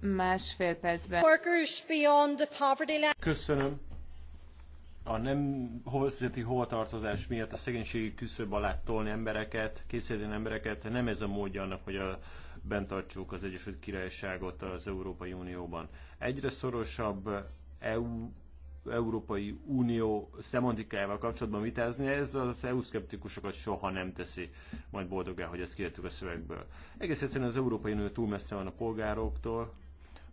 S3: másfél percben.
S6: Köszönöm. A nem
S4: hozzáti hovatartozás miatt a szegénységi küszöb alá tolni embereket, készíteni embereket, nem ez a módja annak, hogy a, bentartsuk az Egyesült Királyságot az Európai Unióban. Egyre szorosabb EU Európai Unió szemantikájával kapcsolatban vitázni, ez az EU-szkeptikusokat soha nem teszi majd boldogá, hogy ezt kivettük a szövegből. Egész egyszerűen az Európai Unió túl messze van a polgároktól,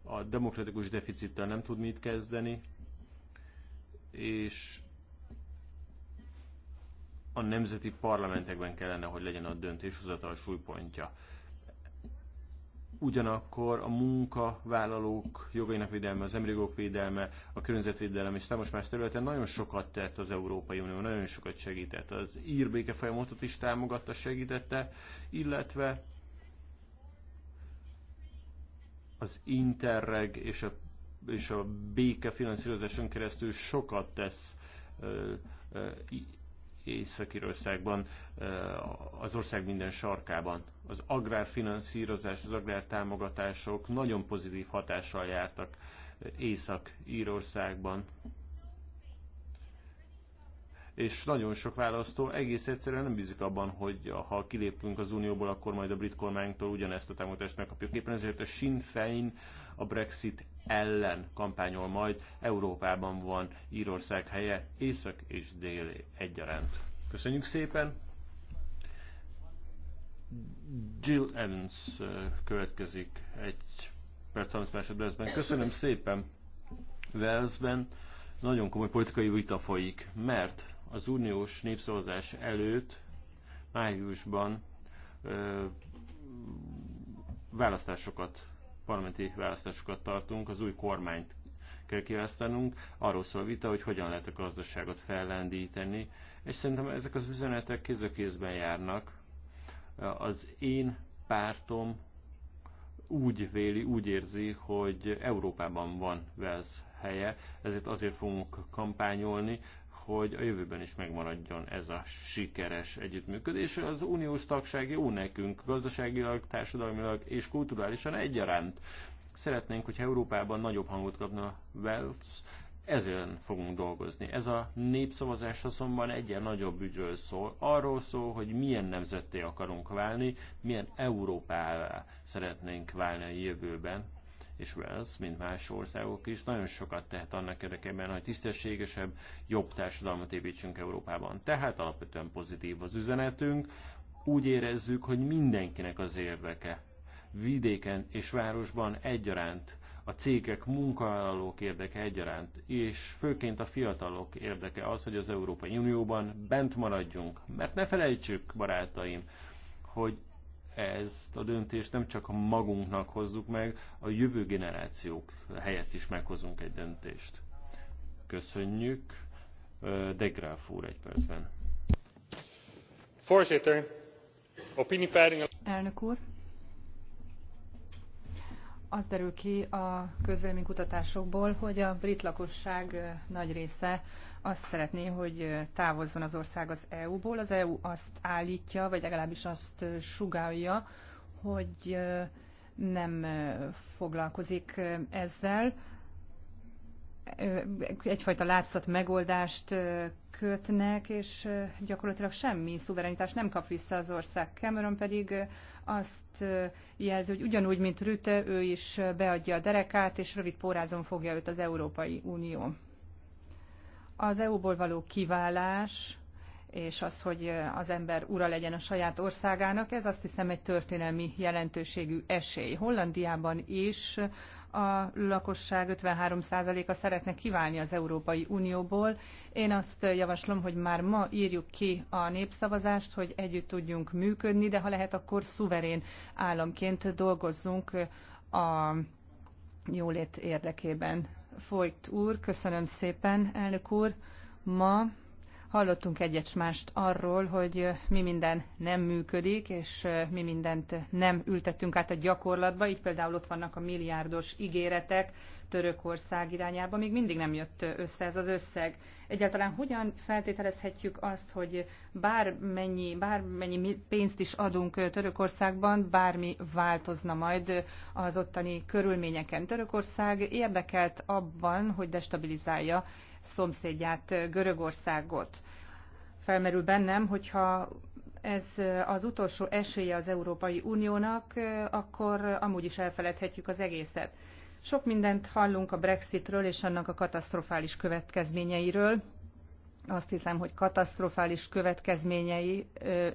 S4: a demokratikus deficittel nem tud mit kezdeni, és a nemzeti parlamentekben kellene, hogy legyen a döntéshozatal súlypontja ugyanakkor a munkavállalók jogainak védelme, az emberjogok védelme, a környezetvédelem és számos más területen nagyon sokat tett az Európai Unió, nagyon sokat segített. Az ír folyamatot is támogatta, segítette, illetve az Interreg és a, és a béke finanszírozáson keresztül sokat tesz ö, Észak-Írországban, az ország minden sarkában az agrárfinanszírozás, az agrártámogatások nagyon pozitív hatással jártak Észak-Írországban. És nagyon sok választó egész egyszerűen nem bízik abban, hogy ha kilépünk az Unióból, akkor majd a brit kormánytól ugyanezt a támogatást megkapjuk. Éppen ezért a Sinn Féin a Brexit ellen kampányol majd. Európában van Írország helye, észak és dél egyaránt. Köszönjük szépen! Jill Evans következik egy perc 30 másodpercben. Köszönöm szépen! Wellsben. nagyon komoly politikai vita folyik, mert az uniós népszavazás előtt májusban ö, választásokat, parlamenti választásokat tartunk, az új kormányt kell kiválasztanunk. Arról szól a vita, hogy hogyan lehet a gazdaságot fellendíteni, és szerintem ezek az üzenetek kéz a kézben járnak az én pártom úgy véli, úgy érzi, hogy Európában van Wales helye, ezért azért fogunk kampányolni, hogy a jövőben is megmaradjon ez a sikeres együttműködés. Az uniós tagság jó nekünk, gazdaságilag, társadalmilag és kulturálisan egyaránt. Szeretnénk, hogy Európában nagyobb hangot kapna Wales, ezen fogunk dolgozni. Ez a népszavazás azonban egyen nagyobb ügyről szól. Arról szól, hogy milyen nemzetté akarunk válni, milyen Európává szeretnénk válni a jövőben. És Wales, mint más országok is, nagyon sokat tehet annak érdekében, hogy tisztességesebb, jobb társadalmat építsünk Európában. Tehát alapvetően pozitív az üzenetünk. Úgy érezzük, hogy mindenkinek az érdeke vidéken és városban egyaránt a cégek, munkavállalók érdeke egyaránt, és főként a fiatalok érdeke az, hogy az Európai Unióban bent maradjunk. Mert ne felejtsük, barátaim, hogy ezt a döntést nem csak magunknak hozzuk meg, a jövő generációk helyett is meghozunk egy döntést. Köszönjük. De Graaf úr egy percben.
S1: Elnök úr, az derül ki a kutatásokból, hogy a brit lakosság nagy része azt szeretné, hogy távozzon az ország az EU-ból. Az EU azt állítja, vagy legalábbis azt sugálja, hogy nem foglalkozik ezzel. Egyfajta látszat megoldást kötnek, és gyakorlatilag semmi szuverenitást nem kap vissza az ország. Cameron pedig azt jelzi, hogy ugyanúgy, mint Rüte, ő is beadja a derekát, és rövid pórázon fogja őt az Európai Unió. Az EU-ból való kiválás és az, hogy az ember ura legyen a saját országának, ez azt hiszem egy történelmi jelentőségű esély. Hollandiában is a lakosság 53%-a szeretne kiválni az Európai Unióból. Én azt javaslom, hogy már ma írjuk ki a népszavazást, hogy együtt tudjunk működni, de ha lehet, akkor szuverén államként dolgozzunk a jólét érdekében. Folyt úr, köszönöm szépen, elnök úr. Ma Hallottunk egyet mást arról, hogy mi minden nem működik, és mi mindent nem ültettünk át a gyakorlatba. Így például ott vannak a milliárdos ígéretek Törökország irányába. Még mindig nem jött össze ez az összeg. Egyáltalán hogyan feltételezhetjük azt, hogy bármennyi, bármennyi pénzt is adunk Törökországban, bármi változna majd az ottani körülményeken. Törökország érdekelt abban, hogy destabilizálja szomszédját, Görögországot. Felmerül bennem, hogyha ez az utolsó esélye az Európai Uniónak, akkor amúgy is elfeledhetjük az egészet. Sok mindent hallunk a Brexitről és annak a katasztrofális következményeiről, azt hiszem, hogy katasztrofális következményei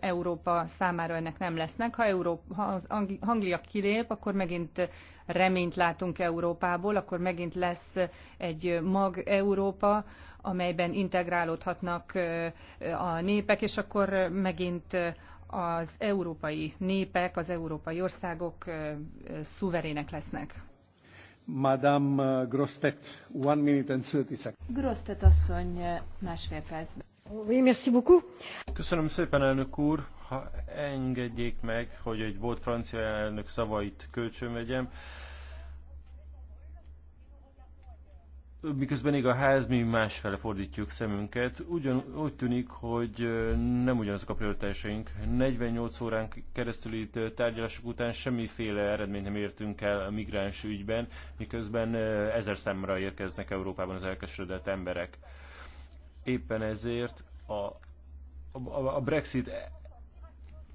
S1: Európa számára ennek nem lesznek. Ha, Európa, ha az Anglia kilép, akkor megint reményt látunk Európából, akkor megint lesz egy mag Európa, amelyben integrálódhatnak a népek, és akkor megint az európai népek, az európai országok szuverének lesznek.
S6: Madame uh, Grostet, one minute and 30 seconds.
S3: Grostet asszony uh, másfél percben.
S5: Oui, merci beaucoup.
S4: Köszönöm szépen, elnök úr. Ha engedjék meg, hogy egy volt francia elnök szavait kölcsönvegyem. vegyem miközben ég a ház, mi másfele fordítjuk szemünket. Ugyan, úgy tűnik, hogy nem ugyanazok a prioritásaink. 48 órán itt tárgyalások után semmiféle eredményt nem értünk el a migráns ügyben, miközben ezer számra érkeznek Európában az elkeseredett emberek. Éppen ezért a, a, a Brexit e,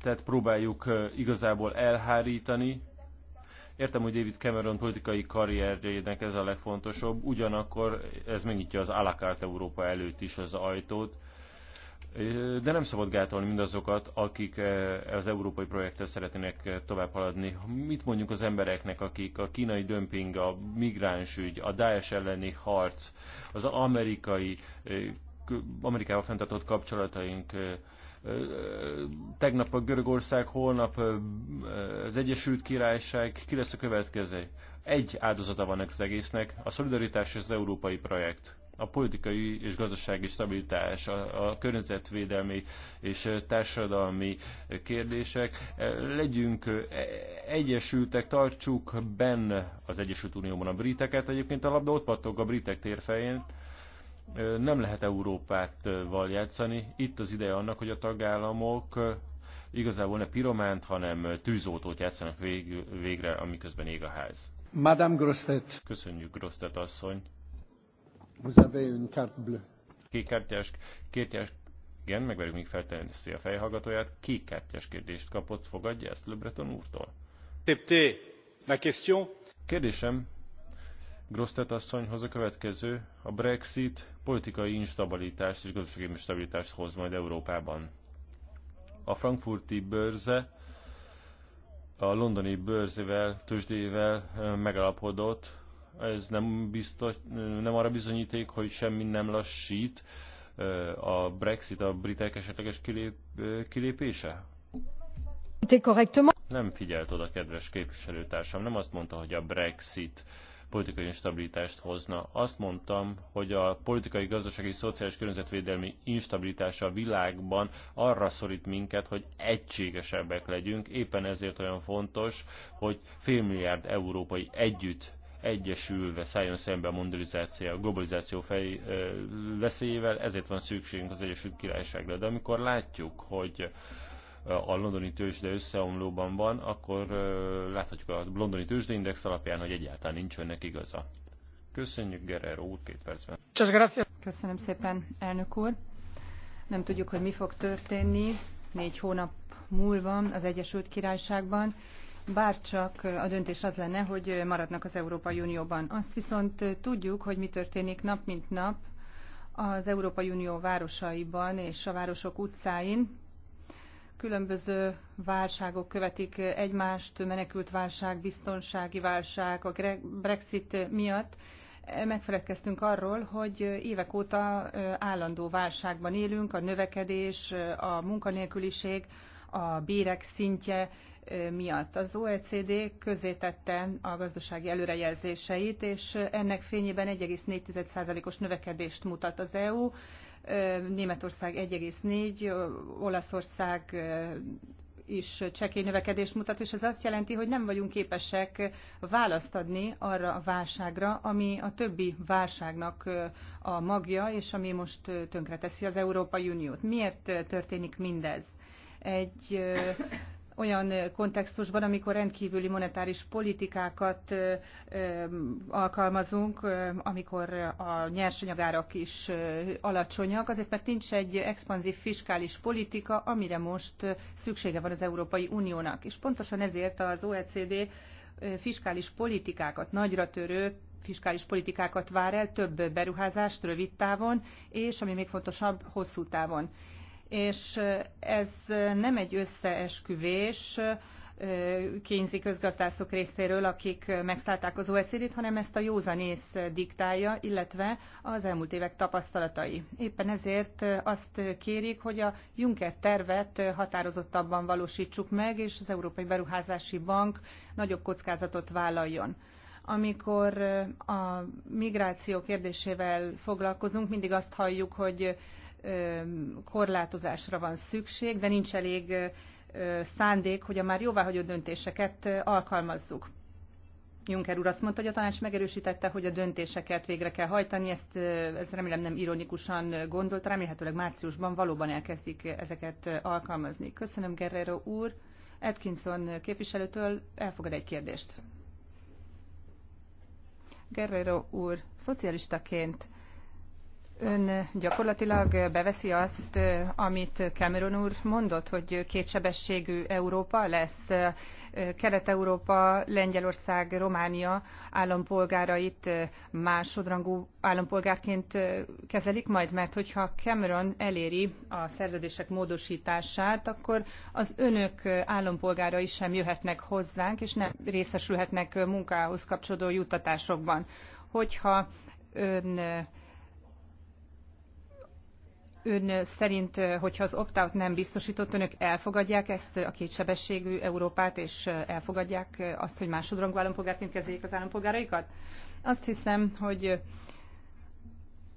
S4: tehát próbáljuk igazából elhárítani, Értem, hogy David Cameron politikai karrierjének ez a legfontosabb, ugyanakkor ez megnyitja az alakárt Európa előtt is az ajtót, de nem szabad gátolni mindazokat, akik az európai projekttel szeretnének tovább haladni. Mit mondjuk az embereknek, akik a kínai dömping, a migránsügy, a Daesh elleni harc, az amerikai, Amerikával fenntartott kapcsolataink tegnap a Görögország, holnap az Egyesült Királyság, ki lesz a következő? Egy áldozata van az egésznek, a szolidaritás és az európai projekt a politikai és gazdasági stabilitás, a, a környezetvédelmi és társadalmi kérdések. Legyünk egyesültek, tartsuk benne az Egyesült Unióban a briteket. Egyébként a labda ott pattog a britek térfején, nem lehet Európát játszani. Itt az ideje annak, hogy a tagállamok igazából ne pirománt, hanem tűzoltót játszanak vég, végre, amiközben ég a ház.
S6: Madame Grostet. Köszönjük,
S4: Grostet asszony.
S6: Vous avez une carte bleue.
S4: Kék kártyás, kértyás, igen, megverjük, míg feltenni a fejhallgatóját. Kék kártyás kérdést kapott, fogadja ezt Löbreton úrtól? ma question. Kérdésem Grosztet asszonyhoz a következő, a Brexit politikai instabilitást és gazdasági instabilitást hoz majd Európában. A frankfurti bőrze a londoni bőrzével, tőzsdével megalapodott. Ez nem, biztos, nem arra bizonyíték, hogy semmi nem lassít a Brexit, a britek esetleges kilép, kilépése? Nem figyelt oda, kedves képviselőtársam. Nem azt mondta, hogy a Brexit politikai instabilitást hozna. Azt mondtam, hogy a politikai, gazdasági, szociális környezetvédelmi instabilitása a világban arra szorít minket, hogy egységesebbek legyünk. Éppen ezért olyan fontos, hogy félmilliárd európai együtt egyesülve szálljon szembe a mondalizáció, a globalizáció fej, ö, veszélyével, ezért van szükségünk az Egyesült Királyságra. De amikor látjuk, hogy a londoni tőzsde összeomlóban van, akkor láthatjuk a londoni tőzsdeindex alapján, hogy egyáltalán nincs önnek igaza. Köszönjük, Gerer úr, két percben.
S1: Köszönöm szépen, elnök úr. Nem tudjuk, hogy mi fog történni négy hónap múlva az Egyesült Királyságban, bár csak a döntés az lenne, hogy maradnak az Európai Unióban. Azt viszont tudjuk, hogy mi történik nap mint nap az Európai Unió városaiban és a városok utcáin, különböző válságok követik egymást, menekült válság, biztonsági válság, a Brexit miatt megfeledkeztünk arról, hogy évek óta állandó válságban élünk, a növekedés, a munkanélküliség, a bérek szintje miatt. Az OECD közzétette a gazdasági előrejelzéseit, és ennek fényében 1,4%-os növekedést mutat az EU, Németország 1,4, Olaszország is csekély növekedést mutat, és ez azt jelenti, hogy nem vagyunk képesek választ adni arra a válságra, ami a többi válságnak a magja, és ami most tönkreteszi az Európai Uniót. Miért történik mindez? Egy olyan kontextusban, amikor rendkívüli monetáris politikákat alkalmazunk, amikor a nyersanyagárak is alacsonyak, azért mert nincs egy expanzív fiskális politika, amire most szüksége van az Európai Uniónak. És pontosan ezért az OECD fiskális politikákat, nagyra törő fiskális politikákat vár el, több beruházást rövid távon, és ami még fontosabb, hosszú távon és ez nem egy összeesküvés kényzi közgazdászok részéről, akik megszállták az OECD-t, hanem ezt a józanész diktálja, illetve az elmúlt évek tapasztalatai. Éppen ezért azt kérik, hogy a Juncker tervet határozottabban valósítsuk meg, és az Európai Beruházási Bank nagyobb kockázatot vállaljon amikor a migráció kérdésével foglalkozunk, mindig azt halljuk, hogy korlátozásra van szükség, de nincs elég szándék, hogy a már jóváhagyott döntéseket alkalmazzuk. Juncker úr azt mondta, hogy a tanács megerősítette, hogy a döntéseket végre kell hajtani, ezt, ez remélem nem ironikusan gondolt, remélhetőleg márciusban valóban elkezdik ezeket alkalmazni. Köszönöm Guerrero úr. Atkinson képviselőtől elfogad egy kérdést. Guerrero úr, szocialistaként Ön gyakorlatilag beveszi azt, amit Cameron úr mondott, hogy kétsebességű Európa lesz. Kelet-Európa, Lengyelország, Románia állampolgárait másodrangú állampolgárként kezelik majd, mert hogyha Cameron eléri a szerződések módosítását, akkor az önök állampolgárai sem jöhetnek hozzánk, és nem részesülhetnek munkához kapcsolódó juttatásokban. Hogyha ön Ön szerint, hogyha az opt-out nem biztosított, önök elfogadják ezt a kétsebességű Európát, és elfogadják azt, hogy másodrangú állampolgárként kezeljék az állampolgáraikat? Azt hiszem, hogy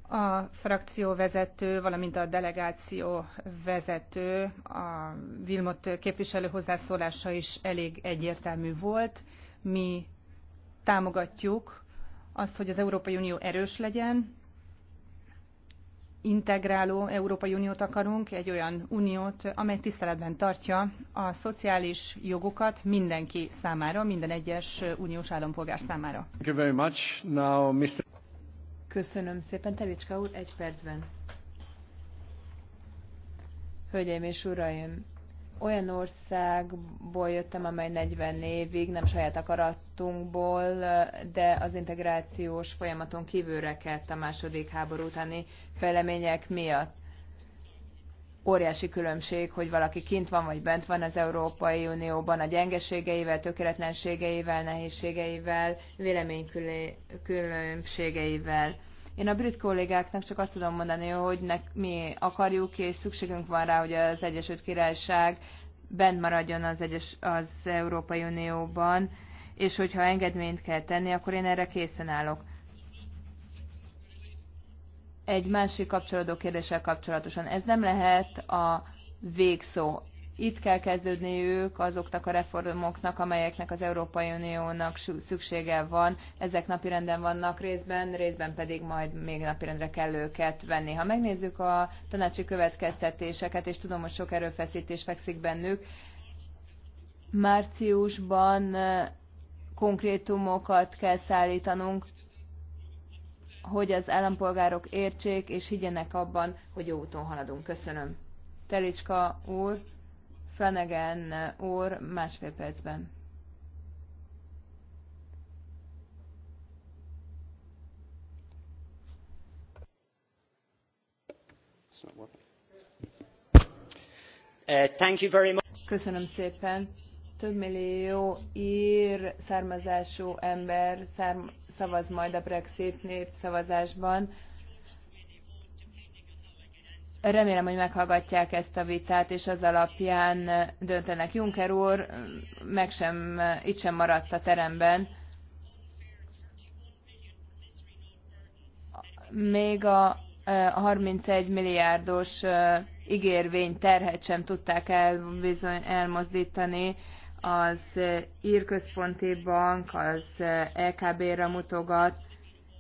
S1: a frakció vezető, valamint a delegáció vezető, a Vilmot képviselő hozzászólása is elég egyértelmű volt. Mi támogatjuk azt, hogy az Európai Unió erős legyen, integráló Európai Uniót akarunk, egy olyan uniót, amely tiszteletben tartja a szociális jogokat mindenki számára, minden egyes uniós állampolgár számára.
S6: Thank you very much. Now, Mr.
S3: Köszönöm szépen, Telicska úr, egy percben. Hölgyeim és uraim, olyan országból jöttem, amely 40 évig nem saját akaratunkból, de az integrációs folyamaton kívülre kelt a második háború utáni fejlemények miatt. Óriási különbség, hogy valaki kint van vagy bent van az Európai Unióban, a gyengeségeivel, tökéletlenségeivel, nehézségeivel, véleménykülönbségeivel. Én a brit kollégáknak csak azt tudom mondani, hogy nek, mi akarjuk, és szükségünk van rá, hogy az Egyesült Királyság bent maradjon az, egyes, az Európai Unióban, és hogyha engedményt kell tenni, akkor én erre készen állok. Egy másik kapcsolódó kérdéssel kapcsolatosan. Ez nem lehet a végszó itt kell kezdődni ők azoknak a reformoknak, amelyeknek az Európai Uniónak szüksége van. Ezek napirenden vannak részben, részben pedig majd még napirendre kell őket venni. Ha megnézzük a tanácsi következtetéseket, és tudom, hogy sok erőfeszítés fekszik bennük, márciusban konkrétumokat kell szállítanunk, hogy az állampolgárok értsék és higgyenek abban, hogy jó úton haladunk. Köszönöm. Telicska úr. Flanagan úr másfél percben. Uh, Köszönöm szépen. Több millió ír származású ember szám, szavaz majd a Brexit népszavazásban. Remélem, hogy meghallgatják ezt a vitát, és az alapján döntenek. Juncker úr meg sem, itt sem maradt a teremben. Még a 31 milliárdos ígérvény terhet sem tudták el, bizony, elmozdítani. Az Írközponti Bank az LKB-ra mutogat,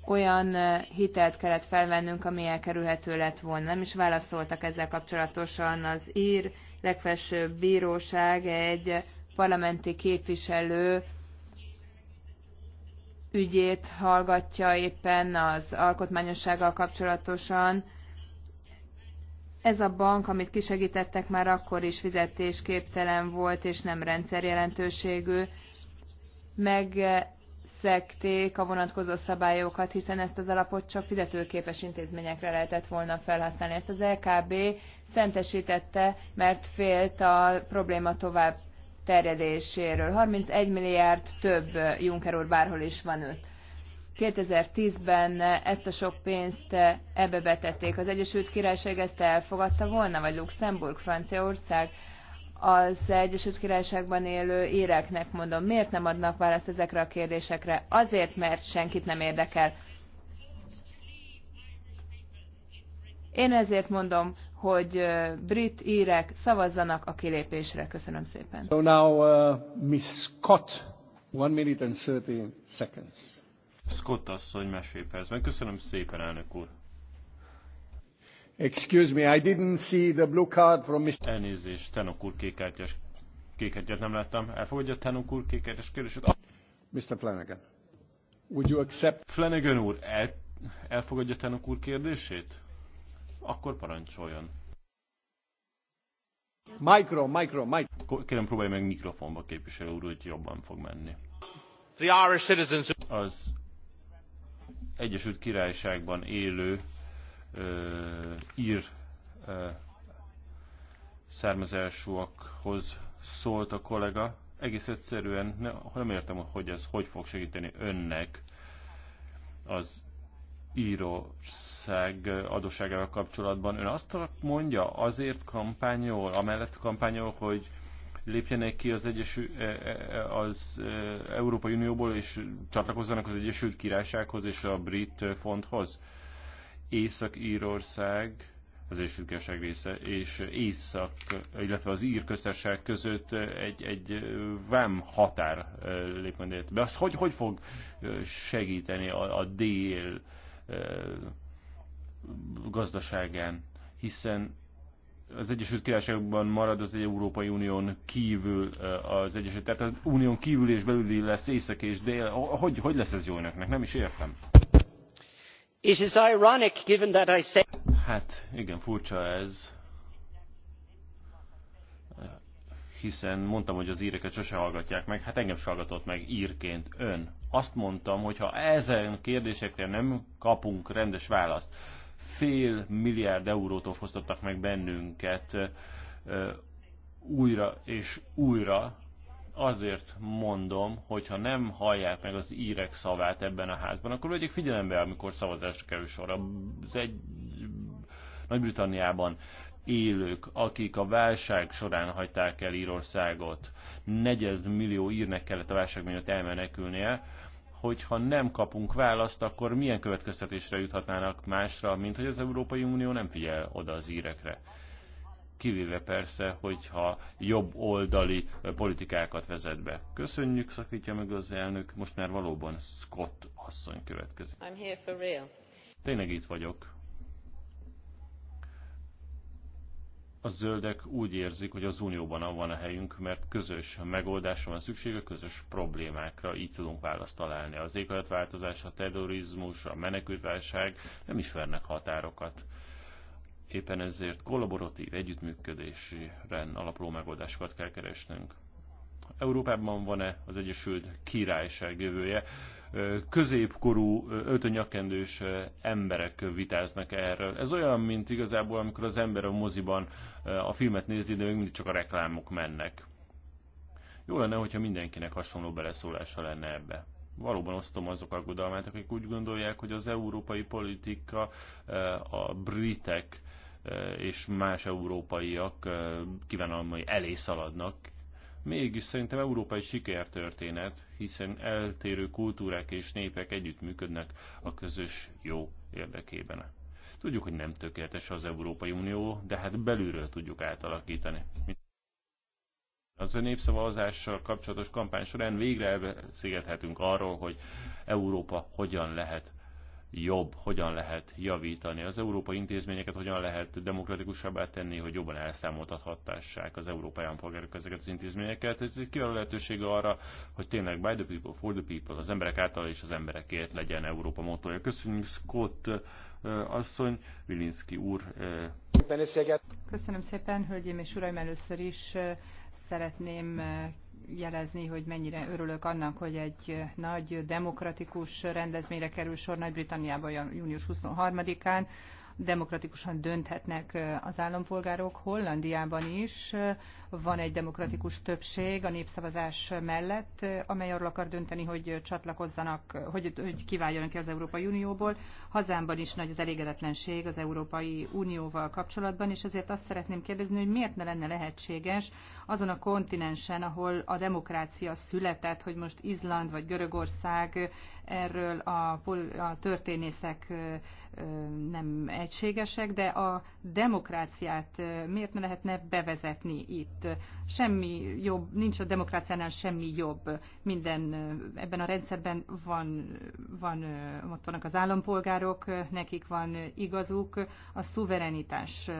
S3: olyan hitelt kellett felvennünk, ami elkerülhető lett volna. Nem is válaszoltak ezzel kapcsolatosan az ír legfelsőbb bíróság egy parlamenti képviselő ügyét hallgatja éppen az alkotmányossággal kapcsolatosan. Ez a bank, amit kisegítettek már akkor is fizetésképtelen volt és nem rendszerjelentőségű, meg szekték a vonatkozó szabályokat, hiszen ezt az alapot csak fizetőképes intézményekre lehetett volna felhasználni. Ezt az LKB szentesítette, mert félt a probléma tovább terjedéséről. 31 milliárd több Juncker úr bárhol is van őt. 2010-ben ezt a sok pénzt ebbe betették. Az Egyesült Királyság ezt elfogadta volna, vagy Luxemburg, Franciaország? az Egyesült Királyságban élő íreknek mondom, miért nem adnak választ ezekre a kérdésekre? Azért, mert senkit nem érdekel. Én ezért mondom, hogy brit írek szavazzanak a kilépésre. Köszönöm szépen.
S6: So now, uh, Miss Scott, one minute and 30 seconds. Scott asszony másfél
S4: percben. Köszönöm szépen, elnök úr.
S6: Excuse me, I didn't see the
S4: blue card from Mr. Elnézést, Tenok úr kékártyás kékártyát nem láttam. Elfogadja Tenok úr kékártyás kérdését? Mr. Flanagan, would you accept... Flanagan úr, el, elfogadja Tenok úr kérdését? Akkor parancsoljon. Micro, micro, micro. Kérem, próbálj meg mikrofonba, képviselő úr, hogy jobban fog menni. The Irish citizens... Az Egyesült Királyságban élő ír származásúakhoz szólt a kollega. Egész egyszerűen ne, nem értem, hogy ez hogy fog segíteni önnek az Írország adósságával kapcsolatban. Ön azt mondja, azért kampányol, amellett kampányol, hogy lépjenek ki az, Egyesü, e, e, e, az Európai Unióból, és csatlakozzanak az Egyesült Királysághoz és a brit fonthoz. Észak-Írország, az Észak-Írország része, és Észak, illetve az Ír köztársaság között egy, egy vám határ lép majd életbe. Az hogy, hogy fog segíteni a, a dél gazdaságán, hiszen az Egyesült Királyságokban marad az egy Európai Unión kívül az Egyesült, tehát az Unión kívül és belüli lesz észak és dél. Hogy, hogy lesz ez jó önöknek? Nem is értem.
S2: It is ironic given that I
S4: Hát igen, furcsa ez, hiszen mondtam, hogy az íreket sose hallgatják meg, hát engem se hallgatott meg írként ön. Azt mondtam, hogy ha ezen kérdésekre nem kapunk rendes választ, fél milliárd eurótól fosztottak meg bennünket újra és újra, azért mondom, hogy ha nem hallják meg az írek szavát ebben a házban, akkor vegyék figyelembe, amikor szavazásra kerül sor. Az egy Nagy-Britanniában élők, akik a válság során hagyták el Írországot, negyed millió írnek kellett a válság miatt elmenekülnie, hogyha nem kapunk választ, akkor milyen következtetésre juthatnának másra, mint hogy az Európai Unió nem figyel oda az írekre kivéve persze, hogyha jobb oldali politikákat vezet be. Köszönjük, szakítja meg az elnök, most már valóban Scott asszony következik. I'm here for real. Tényleg itt vagyok. A zöldek úgy érzik, hogy az unióban van a helyünk, mert közös megoldásra van szüksége, közös problémákra így tudunk választ találni. Az éghajlatváltozás, a terrorizmus, a menekültválság nem ismernek határokat Éppen ezért kollaboratív együttműködési rend alapuló megoldásokat kell keresnünk. Európában van-e az Egyesült Királyság jövője? Középkorú, öltönyakendős emberek vitáznak erről. Ez olyan, mint igazából, amikor az ember a moziban a filmet nézi, de még mindig csak a reklámok mennek. Jó lenne, hogyha mindenkinek hasonló beleszólása lenne ebbe. Valóban osztom azok aggodalmát, akik úgy gondolják, hogy az európai politika a britek Eh, és más európaiak eh, kívánalmai elé szaladnak. Mégis szerintem európai sikertörténet, hiszen eltérő kultúrák és népek együttműködnek a közös jó érdekében. Tudjuk, hogy nem tökéletes az Európai Unió, de hát belülről tudjuk átalakítani. Az a népszavazással kapcsolatos kampány során végre beszélgethetünk arról, hogy Európa hogyan lehet jobb, hogyan lehet javítani az európai intézményeket, hogyan lehet demokratikusabbá tenni, hogy jobban elszámoltathatássák az európai állampolgárok ezeket az intézményeket. Ez egy kiváló lehetőség arra, hogy tényleg by the people, for the people, az emberek által és az emberekért legyen Európa motorja. Köszönjük Scott eh, asszony, Vilinszki úr. Eh.
S1: Köszönöm szépen, hölgyeim és uraim, először is eh, szeretném jelezni, hogy mennyire örülök annak, hogy egy nagy demokratikus rendezményre kerül sor Nagy-Britanniában június 23-án, demokratikusan dönthetnek az állampolgárok. Hollandiában is van egy demokratikus többség a népszavazás mellett, amely arról akar dönteni, hogy csatlakozzanak, hogy, hogy kiváljanak ki az Európai Unióból. Hazámban is nagy az elégedetlenség az Európai Unióval kapcsolatban, és ezért azt szeretném kérdezni, hogy miért ne lenne lehetséges azon a kontinensen, ahol a demokrácia született, hogy most Izland vagy Görögország erről a, a történészek nem egységesek, de a demokráciát miért ne lehetne bevezetni itt? Semmi jobb, nincs a demokráciánál semmi jobb. Minden ebben a rendszerben van, van, ott vannak az állampolgárok, nekik van igazuk, a szuverenitás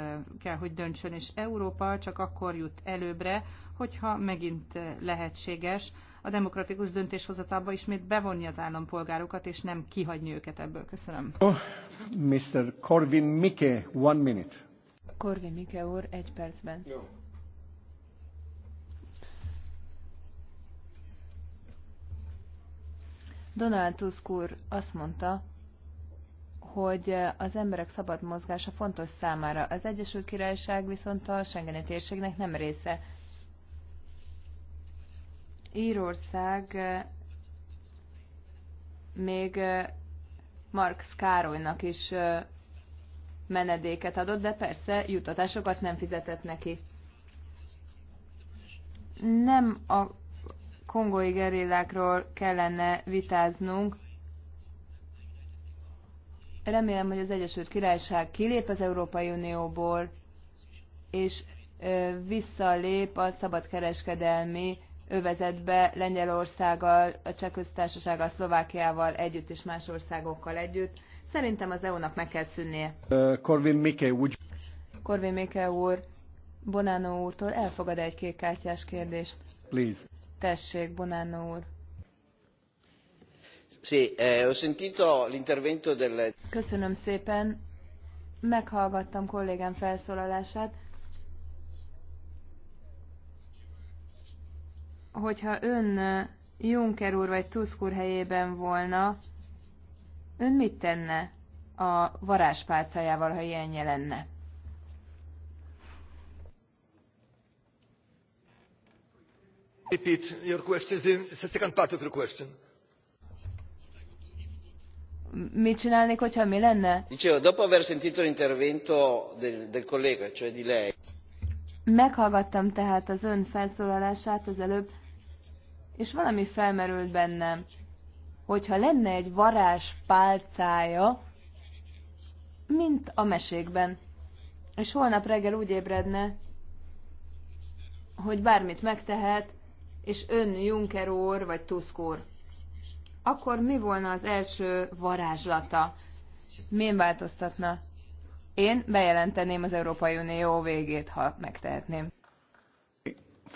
S1: kell, hogy döntsön, és Európa csak akkor jut előbbre, hogyha megint lehetséges, a demokratikus döntéshozatába ismét bevonni az állampolgárokat, és nem kihagyni őket ebből. Köszönöm.
S6: Oh, Mr. Corvin Mike, one minute.
S7: Corvin Mike úr, egy percben. Jó.
S3: Donald Tusk úr azt mondta, hogy az emberek szabad mozgása fontos számára. Az Egyesült Királyság viszont a Schengeni térségnek nem része. Írország még Marx Károlynak is menedéket adott, de persze jutatásokat nem fizetett neki. Nem a kongói gerillákról kellene vitáznunk. Remélem, hogy az Egyesült Királyság kilép az Európai Unióból, és visszalép a szabadkereskedelmi övezetbe Lengyelországgal, a Cseh Köztársasággal, Szlovákiával együtt és más országokkal együtt. Szerintem az EU-nak meg kell szűnnie.
S6: Korvin Mike úgy.
S3: Korvin Mike úr, Bonanno úrtól elfogad egy kék kártyás kérdést. Please. Tessék, Bonanno úr.
S2: Sí, eh, ho sentito l'intervento del...
S3: Köszönöm szépen. Meghallgattam kollégám felszólalását. hogyha ön Juncker úr vagy Tusk úr helyében volna, ön mit tenne a varázspálcájával, ha ilyenje lenne?
S5: Repeat your question. It's the second part of the question.
S3: Mit csinálnék, hogyha mi lenne?
S2: Dicevo, dopo aver sentito l'intervento del, del collega, cioè di lei.
S3: Meghallgattam tehát az ön felszólalását az előbb és valami felmerült bennem, hogyha lenne egy varázs pálcája, mint a mesékben, és holnap reggel úgy ébredne, hogy bármit megtehet, és ön Juncker úr vagy Tusk úr, akkor mi volna az első varázslata? Mién változtatna? Én bejelenteném az Európai Unió végét, ha megtehetném.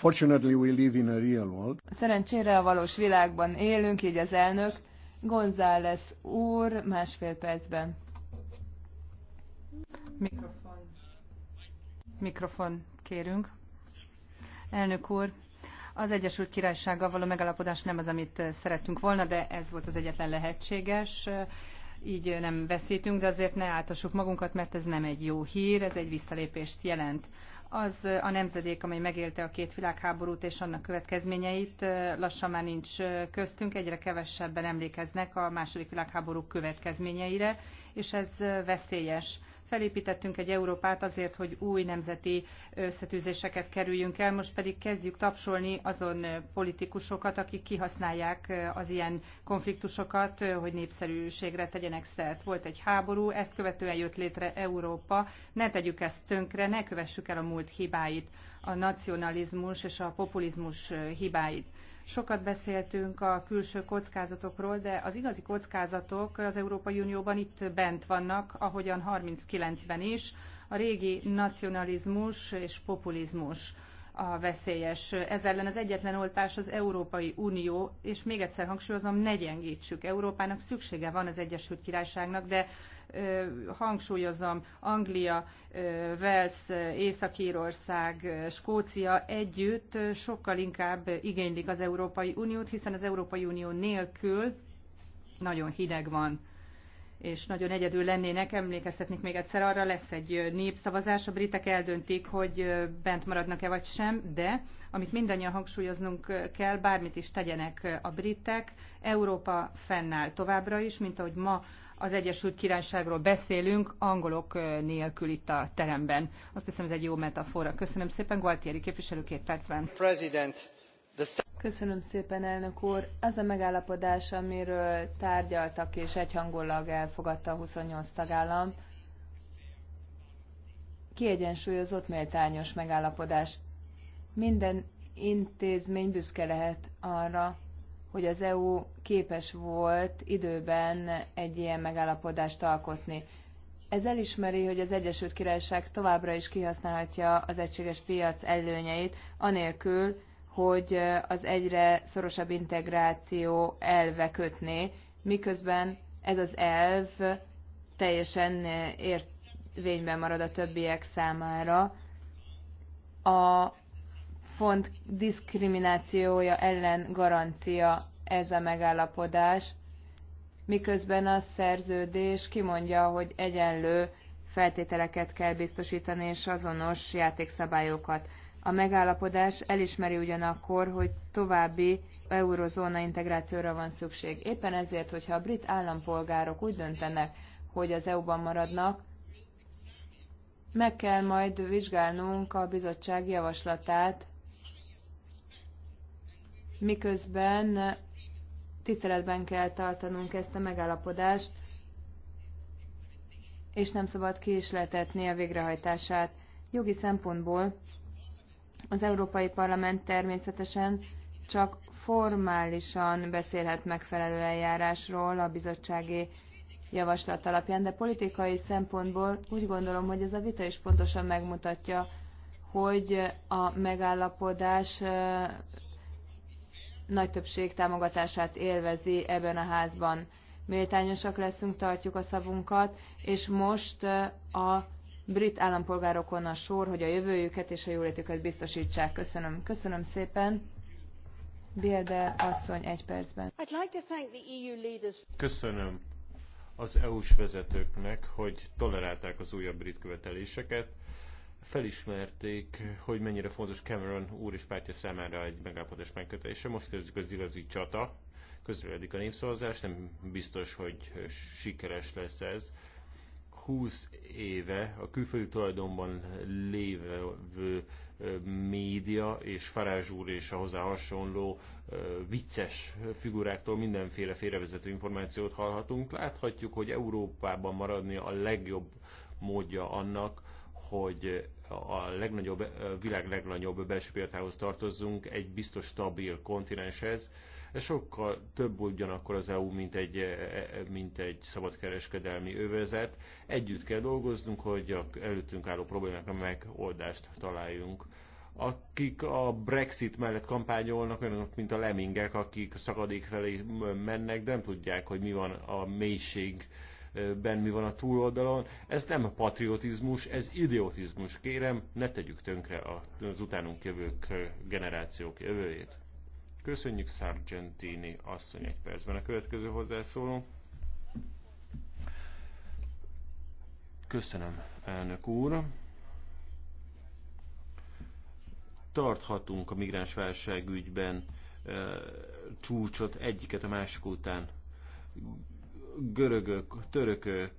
S6: Fortunately we live in a real world.
S3: Szerencsére a valós világban élünk, így az elnök. González úr, másfél percben.
S7: Mikrofon.
S3: Mikrofon
S1: kérünk. Elnök úr, az Egyesült Királysággal való megalapodás nem az, amit szerettünk volna, de ez volt az egyetlen lehetséges. Így nem veszítünk, de azért ne áltassuk magunkat, mert ez nem egy jó hír, ez egy visszalépést jelent az a nemzedék, amely megélte a két világháborút és annak következményeit, lassan már nincs köztünk, egyre kevesebben emlékeznek a második világháború következményeire, és ez veszélyes. Felépítettünk egy Európát azért, hogy új nemzeti összetűzéseket kerüljünk el, most pedig kezdjük tapsolni azon politikusokat, akik kihasználják az ilyen konfliktusokat, hogy népszerűségre tegyenek szert. Volt egy háború, ezt követően jött létre Európa, ne tegyük ezt tönkre, ne kövessük el a múlt hibáit, a nacionalizmus és a populizmus hibáit Sokat beszéltünk a külső kockázatokról, de az igazi kockázatok az Európai Unióban itt bent vannak, ahogyan 39-ben is, a régi nacionalizmus és populizmus a veszélyes. Ez ellen az egyetlen oltás az Európai Unió, és még egyszer hangsúlyozom, ne gyengítsük. Európának szüksége van az Egyesült Királyságnak, de ö, hangsúlyozom, Anglia, ö, Wales, Észak-Írország, Skócia együtt sokkal inkább igénylik az Európai Uniót, hiszen az Európai Unió nélkül nagyon hideg van és nagyon egyedül lennének, emlékeztetnék még egyszer arra, lesz egy népszavazás, a britek eldöntik, hogy bent maradnak-e vagy sem, de amit mindannyian hangsúlyoznunk kell, bármit is tegyenek a britek, Európa fennáll továbbra is, mint ahogy ma az Egyesült Királyságról beszélünk, angolok nélkül itt a teremben. Azt hiszem, ez egy jó metafora. Köszönöm szépen, Gualtieri képviselő két percben.
S3: President. Köszönöm szépen, elnök úr. Az a megállapodás, amiről tárgyaltak és egyhangulag elfogadta a 28 tagállam, kiegyensúlyozott méltányos megállapodás. Minden intézmény büszke lehet arra, hogy az EU képes volt időben egy ilyen megállapodást alkotni. Ez elismeri, hogy az Egyesült Királyság továbbra is kihasználhatja az egységes piac előnyeit, anélkül, hogy az egyre szorosabb integráció elve kötné, miközben ez az elv teljesen érvényben marad a többiek számára. A font diszkriminációja ellen garancia ez a megállapodás, miközben a szerződés kimondja, hogy egyenlő feltételeket kell biztosítani és azonos játékszabályokat. A megállapodás elismeri ugyanakkor, hogy további eurozóna integrációra van szükség. Éppen ezért, hogyha a brit állampolgárok úgy döntenek, hogy az EU-ban maradnak, meg kell majd vizsgálnunk a bizottság javaslatát, miközben tiszteletben kell tartanunk ezt a megállapodást, és nem szabad késletetni a végrehajtását. Jogi szempontból az Európai Parlament természetesen csak formálisan beszélhet megfelelő eljárásról a bizottsági javaslat alapján, de politikai szempontból úgy gondolom, hogy ez a vita is pontosan megmutatja, hogy a megállapodás nagy többség támogatását élvezi ebben a házban. Méltányosak leszünk, tartjuk a szavunkat, és most a brit állampolgárokon a sor, hogy a jövőjüket és a jólétüket biztosítsák. Köszönöm. Köszönöm szépen. Bielde asszony egy percben.
S5: E
S4: Köszönöm az EU-s vezetőknek, hogy tolerálták az újabb brit követeléseket, felismerték, hogy mennyire fontos Cameron úr és pártja számára egy megállapodás megkötése. Most kezdődik az igazi csata, közreledik a népszavazás, nem biztos, hogy sikeres lesz ez. 20 éve a külföldi tulajdonban lévő média és Farázs úr és a hozzá hasonló vicces figuráktól mindenféle félrevezető információt hallhatunk. Láthatjuk, hogy Európában maradni a legjobb módja annak, hogy a legnagyobb, világ legnagyobb belső piacához tartozzunk, egy biztos stabil kontinenshez, ez sokkal több ugyanakkor az EU, mint egy, e, e, mint egy szabadkereskedelmi övezet. Együtt kell dolgoznunk, hogy a előttünk álló problémákra megoldást találjunk akik a Brexit mellett kampányolnak, olyanok, mint a lemingek, akik a szakadék felé mennek, de nem tudják, hogy mi van a mélység e, ben mi van a túloldalon. Ez nem patriotizmus, ez idiotizmus. Kérem, ne tegyük tönkre az utánunk jövők generációk jövőjét. Köszönjük Sargentini asszony egy percben. A következő hozzászóló. Köszönöm, elnök úr. Tarthatunk a migráns válságügyben e, eh, csúcsot egyiket a másik után. Görögök, törökök,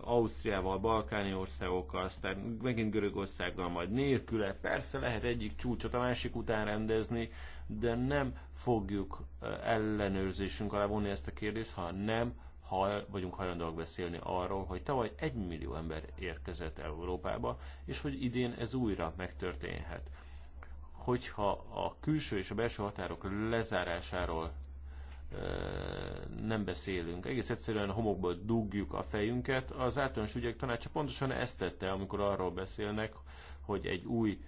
S4: Ausztriával, Balkáni országokkal, aztán megint Görögországgal, majd nélküle. Persze lehet egyik csúcsot a másik után rendezni, de nem fogjuk ellenőrzésünk alá vonni ezt a kérdést, ha nem ha vagyunk hajlandóak beszélni arról, hogy tavaly egy millió ember érkezett Európába, és hogy idén ez újra megtörténhet. Hogyha a külső és a belső határok lezárásáról nem beszélünk. Egész egyszerűen homokba dugjuk a fejünket. Az általános ügyek tanácsa pontosan ezt tette, amikor arról beszélnek, hogy egy új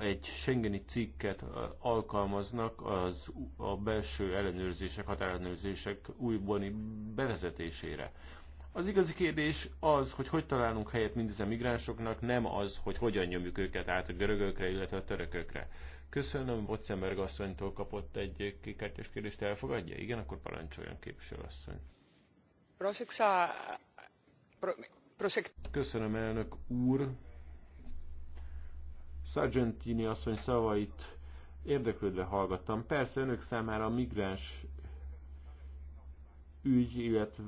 S4: egy Schengeni cikket alkalmaznak az a belső ellenőrzések, határellenőrzések újbóni bevezetésére. Az igazi kérdés az, hogy hogy találunk helyet mindezen migránsoknak, nem az, hogy hogyan nyomjuk őket át a görögökre, illetve a törökökre. Köszönöm, Bocemberg asszonytól kapott egy kikártyás kérdést, elfogadja? Igen, akkor parancsoljon asszony. Köszönöm, elnök úr. Sargentini asszony szavait érdeklődve hallgattam. Persze önök számára a migráns ügy, illetve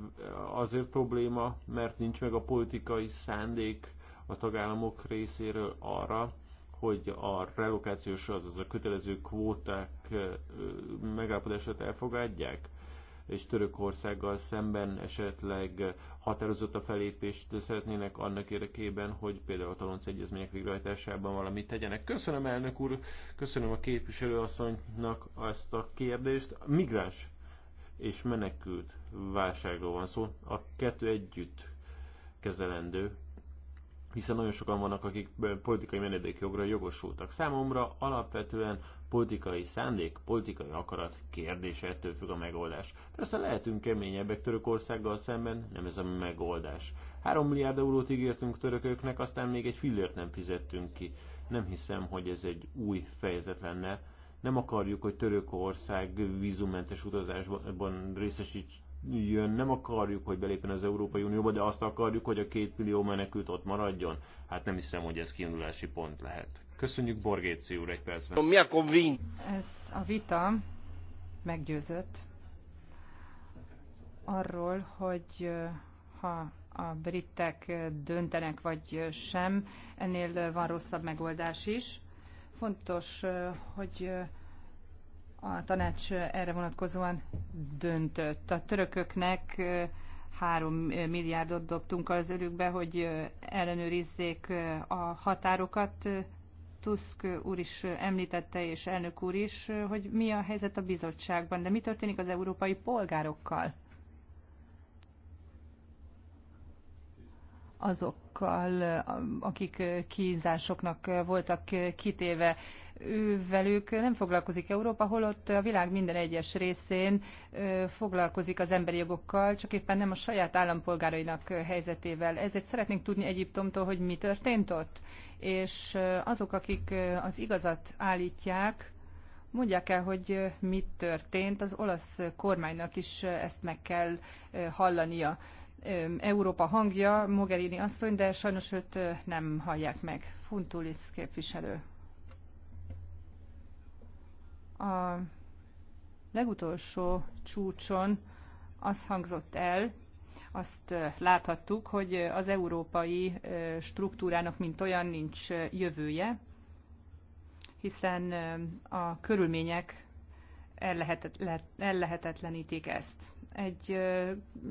S4: azért probléma, mert nincs meg a politikai szándék a tagállamok részéről arra, hogy a relokációs, azaz a kötelező kvóták megállapodását elfogadják és Törökországgal szemben esetleg határozott a felépést szeretnének annak érdekében, hogy például a talonc egyezmények végrehajtásában valamit tegyenek. Köszönöm elnök úr, köszönöm a képviselőasszonynak ezt a kérdést. Migráns és menekült válságról van szó. A kettő együtt kezelendő, hiszen nagyon sokan vannak, akik politikai menedékjogra jogosultak. Számomra alapvetően politikai szándék, politikai akarat kérdése, ettől függ a megoldás. Persze lehetünk keményebbek Törökországgal szemben, nem ez a megoldás. 3 milliárd eurót ígértünk törököknek, aztán még egy fillért nem fizettünk ki. Nem hiszem, hogy ez egy új fejezet lenne. Nem akarjuk, hogy Törökország vízummentes utazásban részesítjön, nem akarjuk, hogy belépjen az Európai Unióba, de azt akarjuk, hogy a két millió menekült ott maradjon. Hát nem hiszem, hogy ez kiindulási pont lehet. Köszönjük Borgéci úr egy percben.
S5: Mi a convin? Ez a
S1: vita meggyőzött arról, hogy ha a britek döntenek vagy sem, ennél van rosszabb megoldás is. Fontos, hogy a tanács erre vonatkozóan döntött. A törököknek három milliárdot dobtunk az örükbe, hogy ellenőrizzék a határokat, Tusk úr is említette, és elnök úr is, hogy mi a helyzet a bizottságban, de mi történik az európai polgárokkal? azokkal, akik kínzásoknak voltak kitéve. Ővelük nem foglalkozik Európa, holott a világ minden egyes részén foglalkozik az emberi jogokkal, csak éppen nem a saját állampolgárainak helyzetével. Ezért szeretnénk tudni Egyiptomtól, hogy mi történt ott, és azok, akik az igazat állítják, mondják el, hogy mit történt. Az olasz kormánynak is ezt meg kell hallania Európa hangja, Mogherini asszony, de sajnos őt nem hallják meg. Funtulis képviselő. A legutolsó csúcson az hangzott el, azt láthattuk, hogy az európai struktúrának mint olyan nincs jövője, hiszen a körülmények ellehetetlenítik ezt egy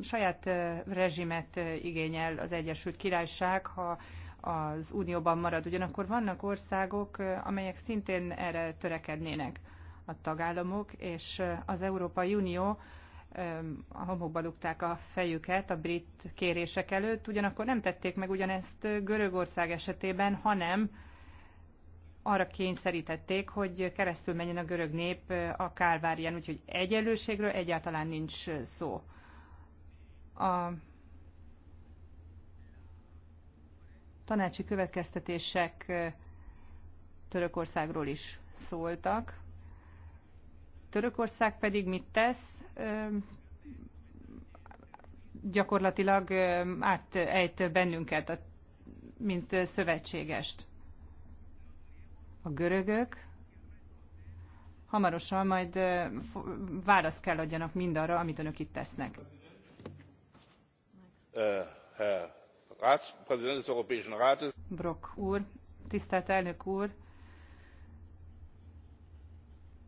S1: saját rezsimet igényel az Egyesült Királyság, ha az Unióban marad. Ugyanakkor vannak országok, amelyek szintén erre törekednének a tagállamok, és az Európai Unió a homokba a fejüket a brit kérések előtt, ugyanakkor nem tették meg ugyanezt Görögország esetében, hanem arra kényszerítették, hogy keresztül menjen a görög nép a Kálvárián, úgyhogy egyenlőségről egyáltalán nincs szó. A tanácsi következtetések Törökországról is szóltak. Törökország pedig mit tesz? Gyakorlatilag átejt bennünket, mint szövetségest a görögök hamarosan majd választ kell adjanak mindarra, amit önök itt tesznek. Brock úr, tisztelt elnök úr,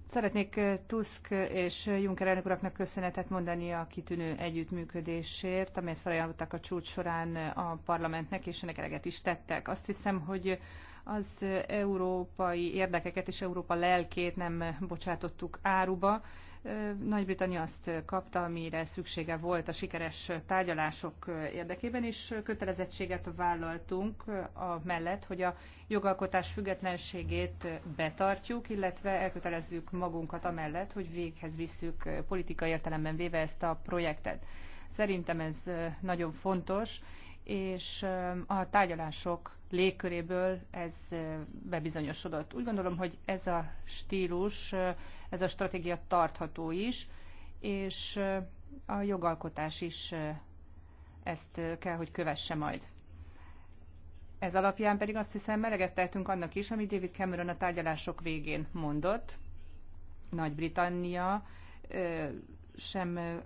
S1: Szeretnék Tusk és Juncker elnök uraknak köszönetet mondani a kitűnő együttműködésért, amelyet felajánlottak a csúcs során a parlamentnek, és ennek eleget is tettek. Azt hiszem, hogy az európai érdekeket és Európa lelkét nem bocsátottuk áruba. Nagy-Britannia azt kapta, amire szüksége volt a sikeres tárgyalások érdekében, és kötelezettséget vállaltunk a mellett, hogy a jogalkotás függetlenségét betartjuk, illetve elkötelezzük magunkat amellett, hogy véghez visszük politikai értelemben véve ezt a projektet. Szerintem ez nagyon fontos, és a tárgyalások légköréből ez bebizonyosodott. Úgy gondolom, hogy ez a stílus, ez a stratégia tartható is, és a jogalkotás is ezt kell, hogy kövesse majd. Ez alapján pedig azt hiszem melegetteltünk annak is, amit David Cameron a tárgyalások végén mondott. Nagy-Britannia sem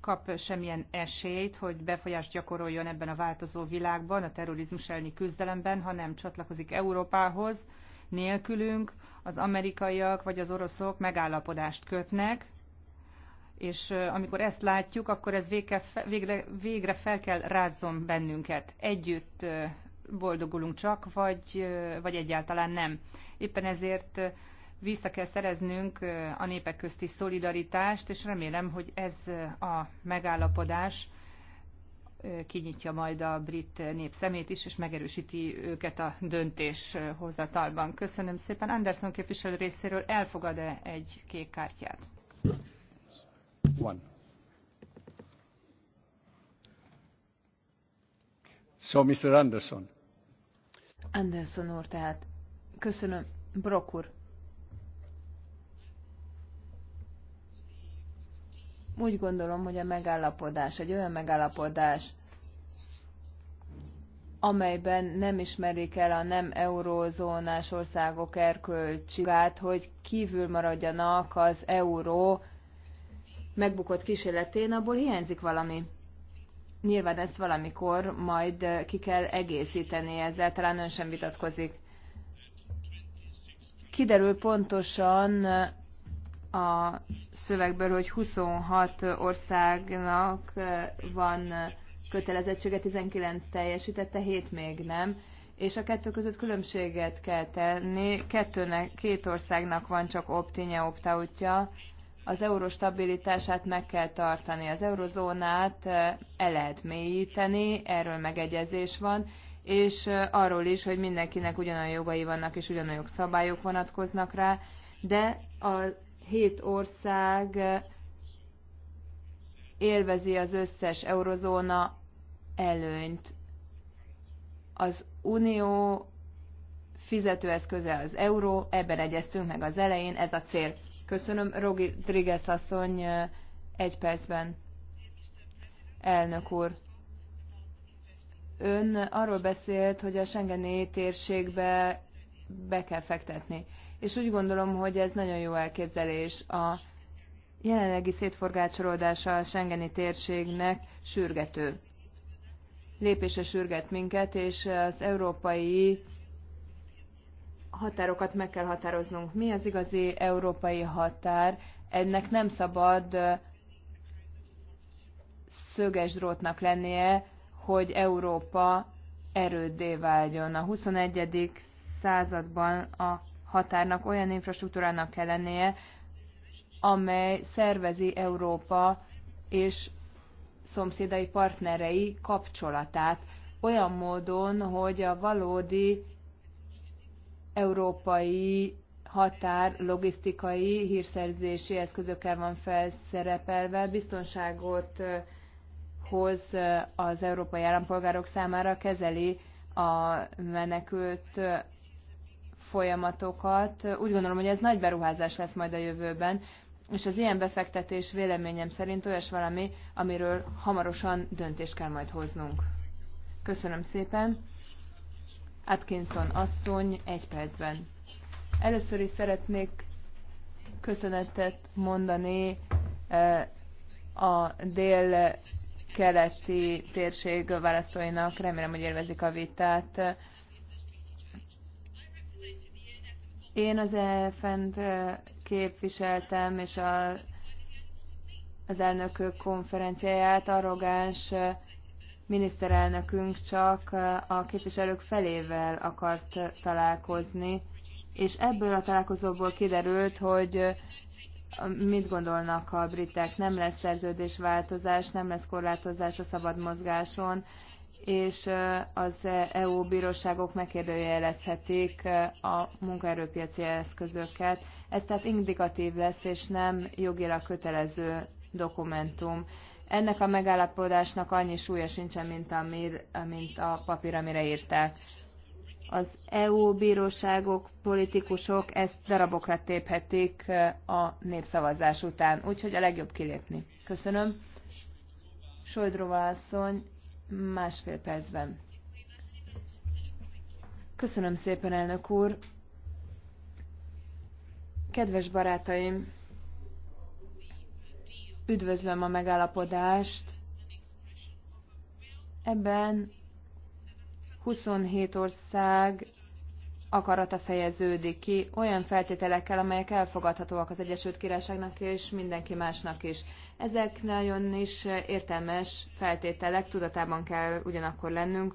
S1: kap semmilyen esélyt, hogy befolyást gyakoroljon ebben a változó világban, a terrorizmus elleni küzdelemben, ha nem csatlakozik Európához, nélkülünk az amerikaiak vagy az oroszok megállapodást kötnek, és amikor ezt látjuk, akkor ez végre, végre, végre fel kell rázzon bennünket. Együtt boldogulunk csak, vagy, vagy egyáltalán nem. Éppen ezért vissza kell szereznünk a népek közti szolidaritást, és remélem, hogy ez a megállapodás kinyitja majd a brit nép szemét is, és megerősíti őket a döntéshozatalban. Köszönöm szépen. Anderson képviselő részéről elfogad-e egy kék kártyát?
S6: One. So, Mr. Anderson.
S3: Anderson úr, tehát köszönöm. Brock úr, Úgy gondolom, hogy a megállapodás, egy olyan megállapodás, amelyben nem ismerik el a nem eurózónás országok erkölcsigát, hogy kívül maradjanak az euró megbukott kísérletén, abból hiányzik valami. Nyilván ezt valamikor majd ki kell egészíteni ezzel, talán ön sem vitatkozik. Kiderül pontosan, a szövegből, hogy 26 országnak van kötelezettsége, 19 teljesítette, 7 még nem, és a kettő között különbséget kell tenni. Kettőnek, két országnak van csak optinje, optautja, az euró stabilitását meg kell tartani, az eurozónát el lehet mélyíteni, erről megegyezés van, és arról is, hogy mindenkinek ugyanolyan jogai vannak, és ugyanolyan szabályok vonatkoznak rá, de a hét ország élvezi az összes eurozóna előnyt. Az unió fizetőeszköze az euró, ebben egyeztünk meg az elején, ez a cél. Köszönöm, Rogi Trigesz asszony, egy percben. Elnök úr. Ön arról beszélt, hogy a Schengeni térségbe be kell fektetni és úgy gondolom, hogy ez nagyon jó elképzelés. A jelenlegi szétforgácsolódása a Schengeni térségnek sürgető. Lépése sürget minket, és az európai határokat meg kell határoznunk. Mi az igazi európai határ? Ennek nem szabad szöges drótnak lennie, hogy Európa erőddé váljon. A 21. században a határnak olyan infrastruktúrának kell lennie, amely szervezi Európa és szomszédai partnerei kapcsolatát olyan módon, hogy a valódi európai határ logisztikai hírszerzési eszközökkel van felszerepelve, biztonságot hoz az európai állampolgárok számára, kezeli a menekült folyamatokat. Úgy gondolom, hogy ez nagy beruházás lesz majd a jövőben, és az ilyen befektetés véleményem szerint olyas valami, amiről hamarosan döntést kell majd hoznunk. Köszönöm szépen. Atkinson asszony egy percben. Először is szeretnék köszönetet mondani eh, a dél-keleti térség választóinak. Remélem, hogy élvezik a vitát. Én az EFN-t képviseltem, és a, az elnökök konferenciáját arrogáns miniszterelnökünk csak a képviselők felével akart találkozni, és ebből a találkozóból kiderült, hogy mit gondolnak a britek, nem lesz szerződésváltozás, nem lesz korlátozás a szabad mozgáson, és az EU bíróságok megkérdőjelezhetik a munkaerőpiaci eszközöket. Ez tehát indikatív lesz, és nem jogilag kötelező dokumentum. Ennek a megállapodásnak annyi súlya sincsen, mint, a, mint a papír, amire írták. Az EU bíróságok, politikusok ezt darabokra téphetik a népszavazás után, úgyhogy a legjobb kilépni. Köszönöm. Sojdrova asszony, másfél percben. Köszönöm szépen, elnök úr! Kedves barátaim! Üdvözlöm a megállapodást. Ebben 27 ország akarata fejeződik ki olyan feltételekkel, amelyek elfogadhatóak az Egyesült Királyságnak és mindenki másnak is. Ezek nagyon is értelmes feltételek, tudatában kell ugyanakkor lennünk,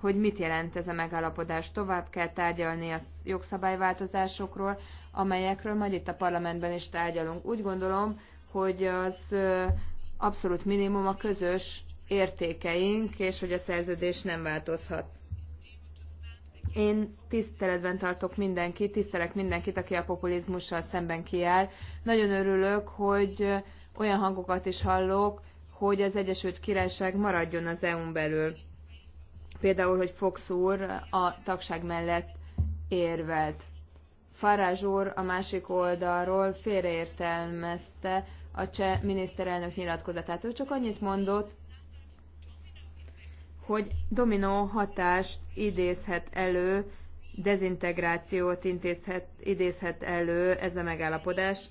S3: hogy mit jelent ez a megállapodás. Tovább kell tárgyalni a jogszabályváltozásokról, amelyekről majd itt a parlamentben is tárgyalunk. Úgy gondolom, hogy az abszolút minimum a közös értékeink, és hogy a szerződés nem változhat. Én tiszteletben tartok mindenkit, tisztelek mindenkit, aki a populizmussal szemben kiáll. Nagyon örülök, hogy olyan hangokat is hallok, hogy az Egyesült Királyság maradjon az EU-n belül. Például, hogy Fox úr a tagság mellett érvelt. Farázs úr a másik oldalról félreértelmezte a cseh miniszterelnök nyilatkozatát. Ő csak annyit mondott, hogy dominó hatást idézhet elő, dezintegrációt intézhet, idézhet elő ez a megállapodás,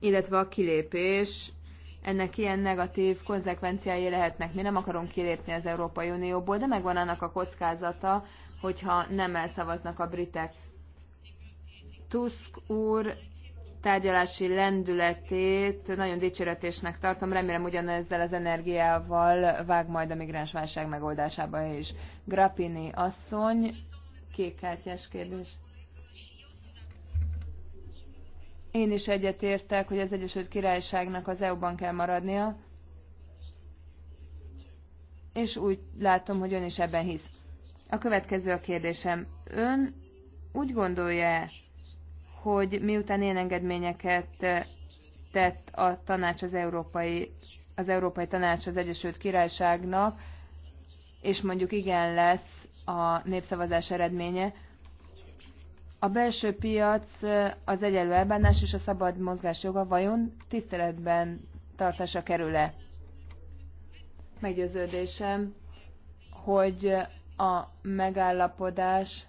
S3: illetve a kilépés. Ennek ilyen negatív konzekvenciái lehetnek. Mi nem akarunk kilépni az Európai Unióból, de megvan annak a kockázata, hogyha nem elszavaznak a britek. Tusk úr tárgyalási lendületét nagyon dicséretésnek tartom. Remélem ugyanezzel az energiával vág majd a migráns válság megoldásába is. Grappini asszony, kékkártyás kérdés. Én is egyetértek, hogy az Egyesült Királyságnak az EU-ban kell maradnia, és úgy látom, hogy ön is ebben hisz. A következő a kérdésem. Ön úgy gondolja hogy miután ilyen engedményeket eh, tett a tanács az Európai, az Európai Tanács az Egyesült Királyságnak, és mondjuk igen lesz a népszavazás eredménye, a belső piac, eh, az egyenlő elbánás és a szabad mozgás joga vajon tiszteletben tartása kerül-e? Meggyőződésem, hogy a megállapodás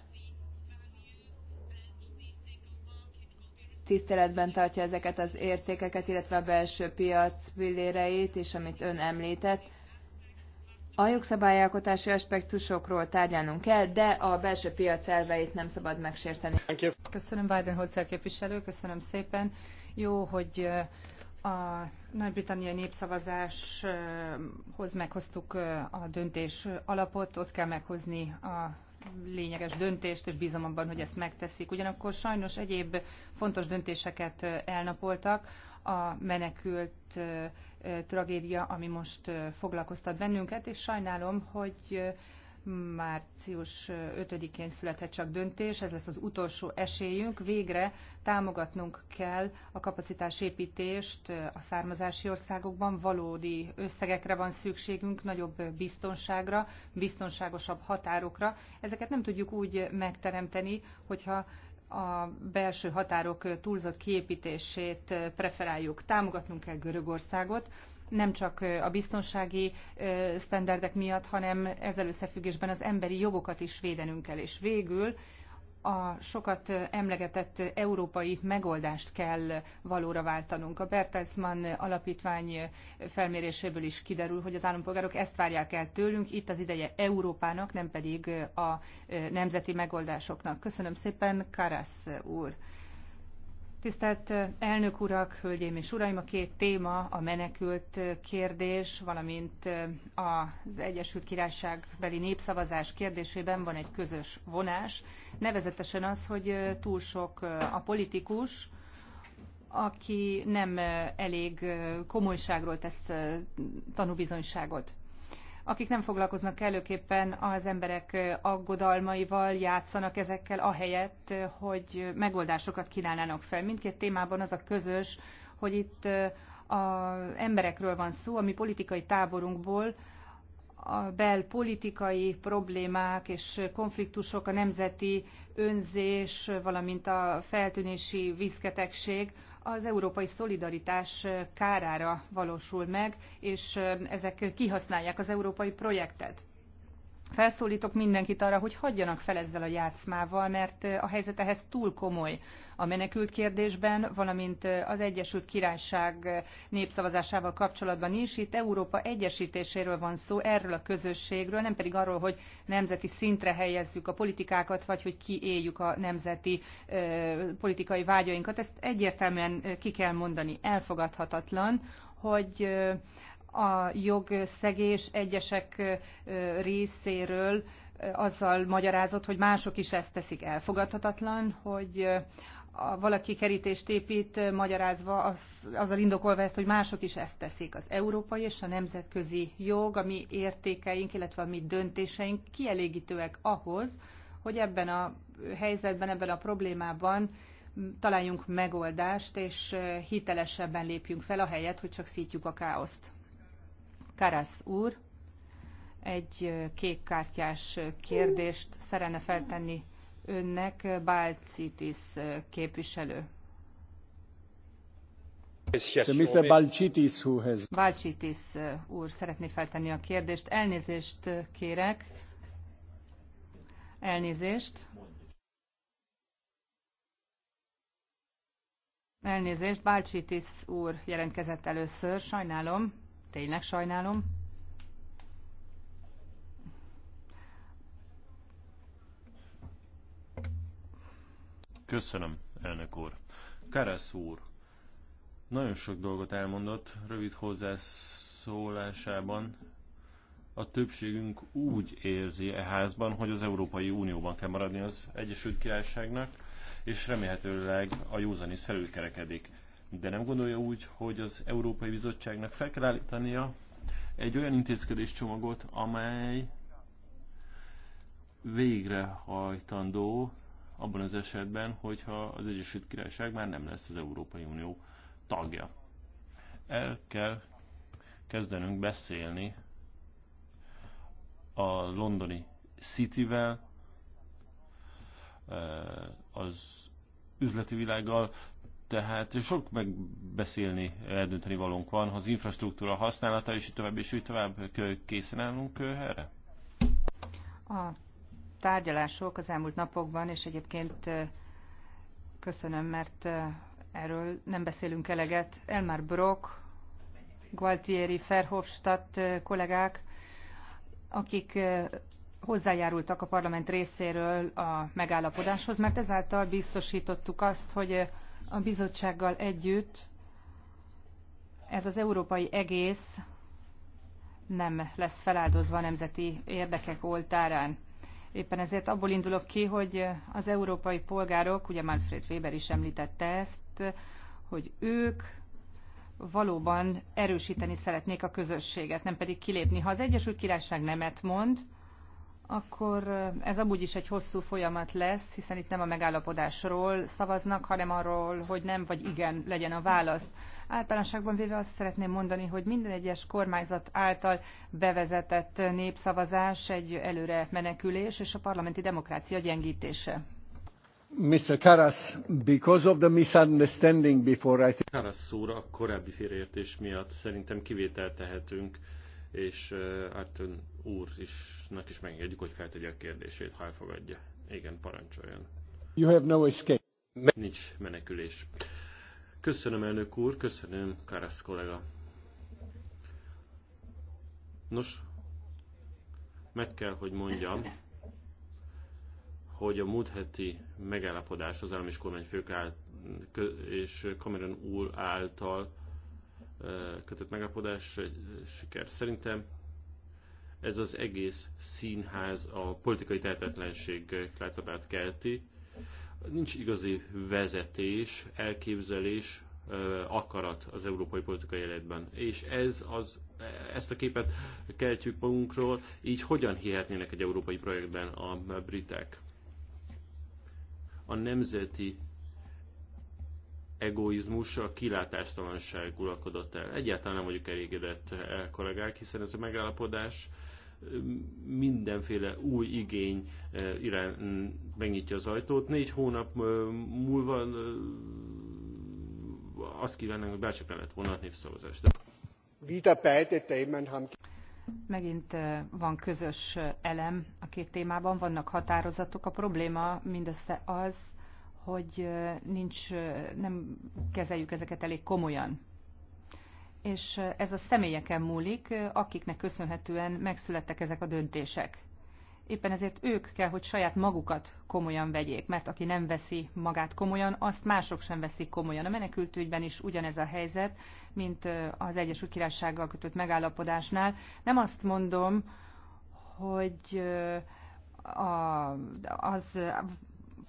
S3: tiszteletben tartja ezeket az értékeket, illetve a belső piac pilléreit és amit ön említett. A jogszabályalkotási aspektusokról tárgyalnunk kell, de a belső piac elveit nem szabad megsérteni. Köszönöm Biden Holzer képviselő, köszönöm szépen.
S1: Jó, hogy a nagy-britanniai népszavazáshoz meghoztuk a döntés alapot, ott kell meghozni a lényeges döntést, és bízom abban, hogy ezt megteszik. Ugyanakkor sajnos egyéb fontos döntéseket elnapoltak. A menekült tragédia, ami most foglalkoztat bennünket, és sajnálom, hogy március 5-én születhet csak döntés, ez lesz az utolsó esélyünk. Végre támogatnunk kell a kapacitásépítést a származási országokban, valódi összegekre van szükségünk, nagyobb biztonságra, biztonságosabb határokra. Ezeket nem tudjuk úgy megteremteni, hogyha a belső határok túlzott kiépítését preferáljuk. Támogatnunk kell Görögországot, nem csak a biztonsági sztenderdek miatt, hanem ezzel összefüggésben az emberi jogokat is védenünk kell. És végül a sokat emlegetett európai megoldást kell valóra váltanunk. A Bertelsmann alapítvány felméréséből is kiderül, hogy az állampolgárok ezt várják el tőlünk, itt az ideje Európának, nem pedig a nemzeti megoldásoknak. Köszönöm szépen, Karasz úr! Tisztelt elnök urak, hölgyeim és uraim, a két téma a menekült kérdés, valamint az Egyesült Királyság beli népszavazás kérdésében van egy közös vonás, nevezetesen az, hogy túl sok a politikus, aki nem elég komolyságról tesz tanúbizonyságot akik nem foglalkoznak kellőképpen az emberek aggodalmaival, játszanak ezekkel, ahelyett, hogy megoldásokat kínálnának fel. Mindkét témában az a közös, hogy itt a emberekről van szó, ami politikai táborunkból, a belpolitikai problémák és konfliktusok, a nemzeti önzés, valamint a feltűnési vízketegség az európai szolidaritás kárára valósul meg, és ezek kihasználják az európai projektet. Felszólítok mindenkit arra, hogy hagyjanak fel ezzel a játszmával, mert a helyzet ehhez túl komoly a menekült kérdésben, valamint az Egyesült Királyság népszavazásával kapcsolatban is. Itt Európa egyesítéséről van szó, erről a közösségről, nem pedig arról, hogy nemzeti szintre helyezzük a politikákat, vagy hogy kiéljük a nemzeti ö, politikai vágyainkat. Ezt egyértelműen ki kell mondani, elfogadhatatlan, hogy a jogszegés egyesek részéről azzal magyarázott, hogy mások is ezt teszik elfogadhatatlan, hogy valaki kerítést épít, magyarázva az, azzal indokolva ezt, hogy mások is ezt teszik. Az európai és a nemzetközi jog, a mi értékeink, illetve a mi döntéseink kielégítőek ahhoz, hogy ebben a helyzetben, ebben a problémában találjunk megoldást, és hitelesebben lépjünk fel, a helyet, hogy csak szítjuk a káoszt. Karasz úr egy kékkártyás kérdést szeretne feltenni önnek Balcitis képviselő.
S6: Mr. Balcitis, who has...
S1: Balcitis úr szeretné feltenni a kérdést. Elnézést kérek. Elnézést. Elnézést, Balcsitis úr jelentkezett először, sajnálom tényleg sajnálom.
S4: Köszönöm, elnök úr. Karasz úr, nagyon sok dolgot elmondott rövid hozzászólásában. A többségünk úgy érzi e házban, hogy az Európai Unióban kell maradni az Egyesült Királyságnak, és remélhetőleg a józanész felülkerekedik. De nem gondolja úgy, hogy az Európai Bizottságnak fel kell állítania egy olyan intézkedéscsomagot, amely végrehajtandó abban az esetben, hogyha az Egyesült Királyság már nem lesz az Európai Unió tagja. El kell kezdenünk beszélni a londoni Cityvel, eh, az üzleti világgal, tehát sok megbeszélni, eldönteni valónk van, az infrastruktúra használata, és így tovább, és így tovább készen állunk erre?
S1: A tárgyalások az elmúlt napokban, és egyébként köszönöm, mert erről nem beszélünk eleget. Elmar Brock, Gualtieri, Ferhofstadt kollégák, akik hozzájárultak a parlament részéről a megállapodáshoz, mert ezáltal biztosítottuk azt, hogy a bizottsággal együtt ez az európai egész nem lesz feláldozva a nemzeti érdekek oltárán. Éppen ezért abból indulok ki, hogy az európai polgárok, ugye Manfred Weber is említette ezt, hogy ők valóban erősíteni szeretnék a közösséget, nem pedig kilépni. Ha az Egyesült Királyság nemet mond, akkor ez amúgy is egy hosszú folyamat lesz, hiszen itt nem a megállapodásról szavaznak, hanem arról, hogy nem vagy igen legyen a válasz. Általánosságban véve azt szeretném mondani, hogy minden egyes kormányzat által bevezetett népszavazás egy előre menekülés és a parlamenti demokrácia gyengítése.
S6: Mr. Karas, because of the misunderstanding before I... think
S4: Karas szóra a korábbi félreértés miatt szerintem kivételt tehetünk és Arton úr is nek is megengedjük, hogy feltegye a kérdését, ha elfogadja. Igen, parancsoljon.
S6: You have no escape. Nincs
S4: menekülés. Köszönöm, elnök úr, köszönöm, Karasz kollega. Nos, meg kell, hogy mondjam, hogy a múlt heti megállapodás az állam és kormányfők és Cameron úr által kötött megállapodás siker. Szerintem ez az egész színház a politikai tehetetlenség látszatát kelti. Nincs igazi vezetés, elképzelés, akarat az európai politikai életben. És ez az, ezt a képet keltjük magunkról, így hogyan hihetnének egy európai projektben a britek? A nemzeti egoizmus, a kilátástalanság uralkodott el. Egyáltalán nem vagyok elégedett eh, kollégák, hiszen ez a megállapodás eh, mindenféle új igény eh, irány mm, megnyitja az ajtót. Négy hónap múlva azt kívánnánk, hogy bárcsak el lehet vonatni a népszavazást.
S1: Megint van közös elem a két témában, vannak határozatok. A probléma mindössze az, hogy nincs, nem kezeljük ezeket elég komolyan. És ez a személyeken múlik, akiknek köszönhetően megszülettek ezek a döntések. Éppen ezért ők kell, hogy saját magukat komolyan vegyék, mert aki nem veszi magát komolyan, azt mások sem veszik komolyan. A menekültügyben is ugyanez a helyzet, mint az Egyesült Királysággal kötött megállapodásnál. Nem azt mondom, hogy az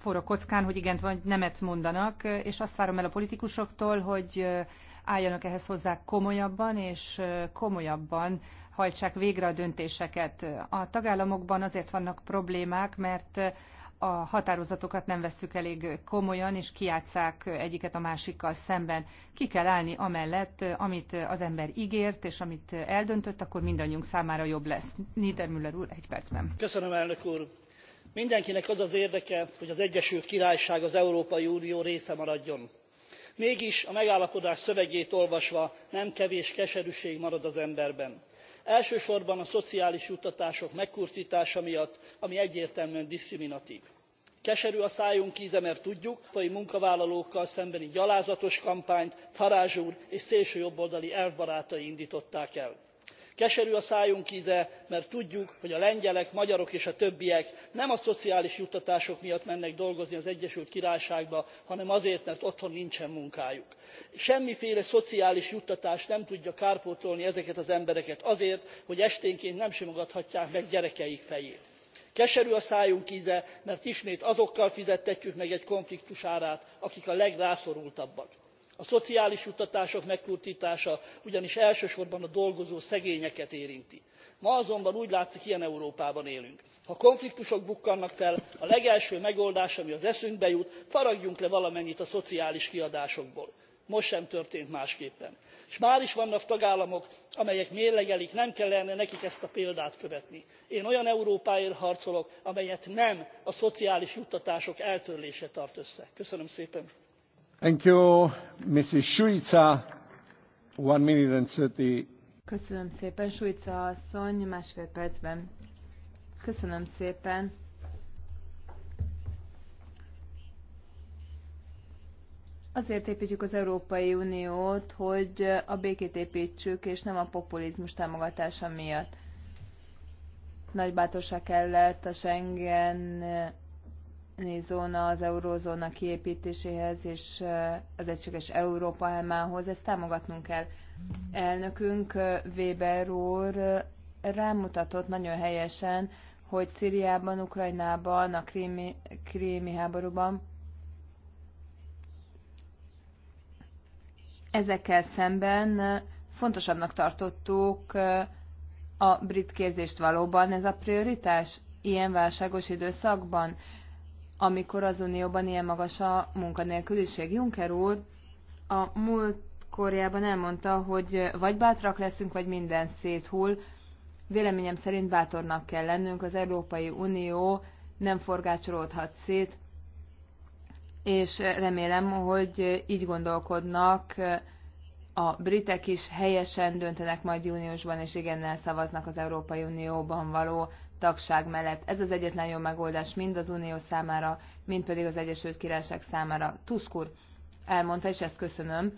S1: forró kockán, hogy igent vagy nemet mondanak, és azt várom el a politikusoktól, hogy álljanak ehhez hozzá komolyabban, és komolyabban hajtsák végre a döntéseket. A tagállamokban azért vannak problémák, mert a határozatokat nem vesszük elég komolyan, és kiátszák egyiket a másikkal szemben. Ki kell állni amellett, amit az ember ígért, és amit eldöntött, akkor mindannyiunk számára jobb lesz. Niedermüller úr, egy percben.
S2: Köszönöm, elnök úr mindenkinek az az érdeke hogy az egyesült királyság az európai unió része maradjon. mégis a megállapodás szövegét olvasva nem kevés keserűség marad az emberben elsősorban a szociális juttatások megkurttása miatt ami egyértelműen diszkriminatv. keserű a szájunk ze mert tudjuk az európai munkavállalókkal szembeni gyalázatos kampányt farage úr és szélsőjobboldali elvbarátai indtották el keserű a szájunk ze mert tudjuk hogy a lengyelek magyarok és a többiek nem a szociális juttatások miatt mennek dolgozni az egyesült királyságba hanem azért mert otthon nincsen munkájuk. semmiféle szociális juttatás nem tudja kárpótolni ezeket az embereket azért hogy esténként nem simogathatják meg gyerekeik fejét. keserű a szájunk ze mert ismét azokkal fizettetjük meg egy konfliktus árát akik a legrászorultabbak a szociális juttatások megkurttása ugyanis elsősorban a dolgozó szegényeket érinti. ma azonban úgy látszik ilyen európában élünk. ha konfliktusok bukkannak fel a legelső megoldás ami az eszünkbe jut faragjunk le valamennyit a szociális kiadásokból. most sem történt másképpen. s máris vannak tagállamok amelyek mérlegelik nem kellene nekik ezt a példát követni. én olyan európáért harcolok amelyet nem a szociális juttatások eltörlése tart össze. köszönöm szépen!
S6: Köszönöm
S2: szépen, Suica asszony,
S3: másfél percben. Köszönöm szépen. Azért építjük az Európai Uniót, hogy a békét építsük, és nem a populizmus támogatása miatt. Nagy bátorság kellett a Schengen zóna az eurózóna kiépítéséhez és az egységes Európa elmához, ezt támogatnunk kell. Elnökünk Weber úr rámutatott nagyon helyesen, hogy Szíriában, Ukrajnában, a krími, krími háborúban ezekkel szemben fontosabbnak tartottuk a brit kérdést valóban ez a prioritás ilyen válságos időszakban amikor az Unióban ilyen magas a munkanélküliség. Juncker úr a múlt korjában elmondta, hogy vagy bátrak leszünk, vagy minden széthull. Véleményem szerint bátornak kell lennünk, az Európai Unió nem forgácsolódhat szét, és remélem, hogy így gondolkodnak a britek is helyesen döntenek majd júniusban, és igennel szavaznak az Európai Unióban való tagság mellett. Ez az egyetlen jó megoldás mind az Unió számára, mind pedig az Egyesült Királyság számára. Tusk úr elmondta, és ezt köszönöm,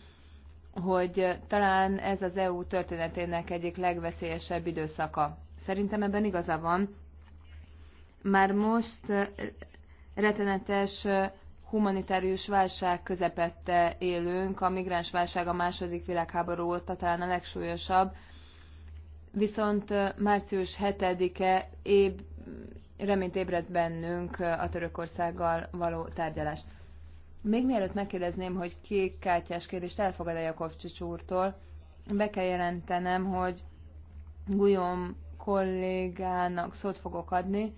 S3: hogy talán ez az EU történetének egyik legveszélyesebb időszaka. Szerintem ebben igaza van. Már most rettenetes humanitárius válság közepette élünk, a migráns válság a második világháború óta talán a legsúlyosabb, viszont március 7-e éb, reményt ébreszt bennünk a Törökországgal való tárgyalás. Még mielőtt megkérdezném, hogy ki kártyás kérdést elfogad a Jakovcsics úrtól, be kell jelentenem, hogy Gulyom kollégának szót fogok adni,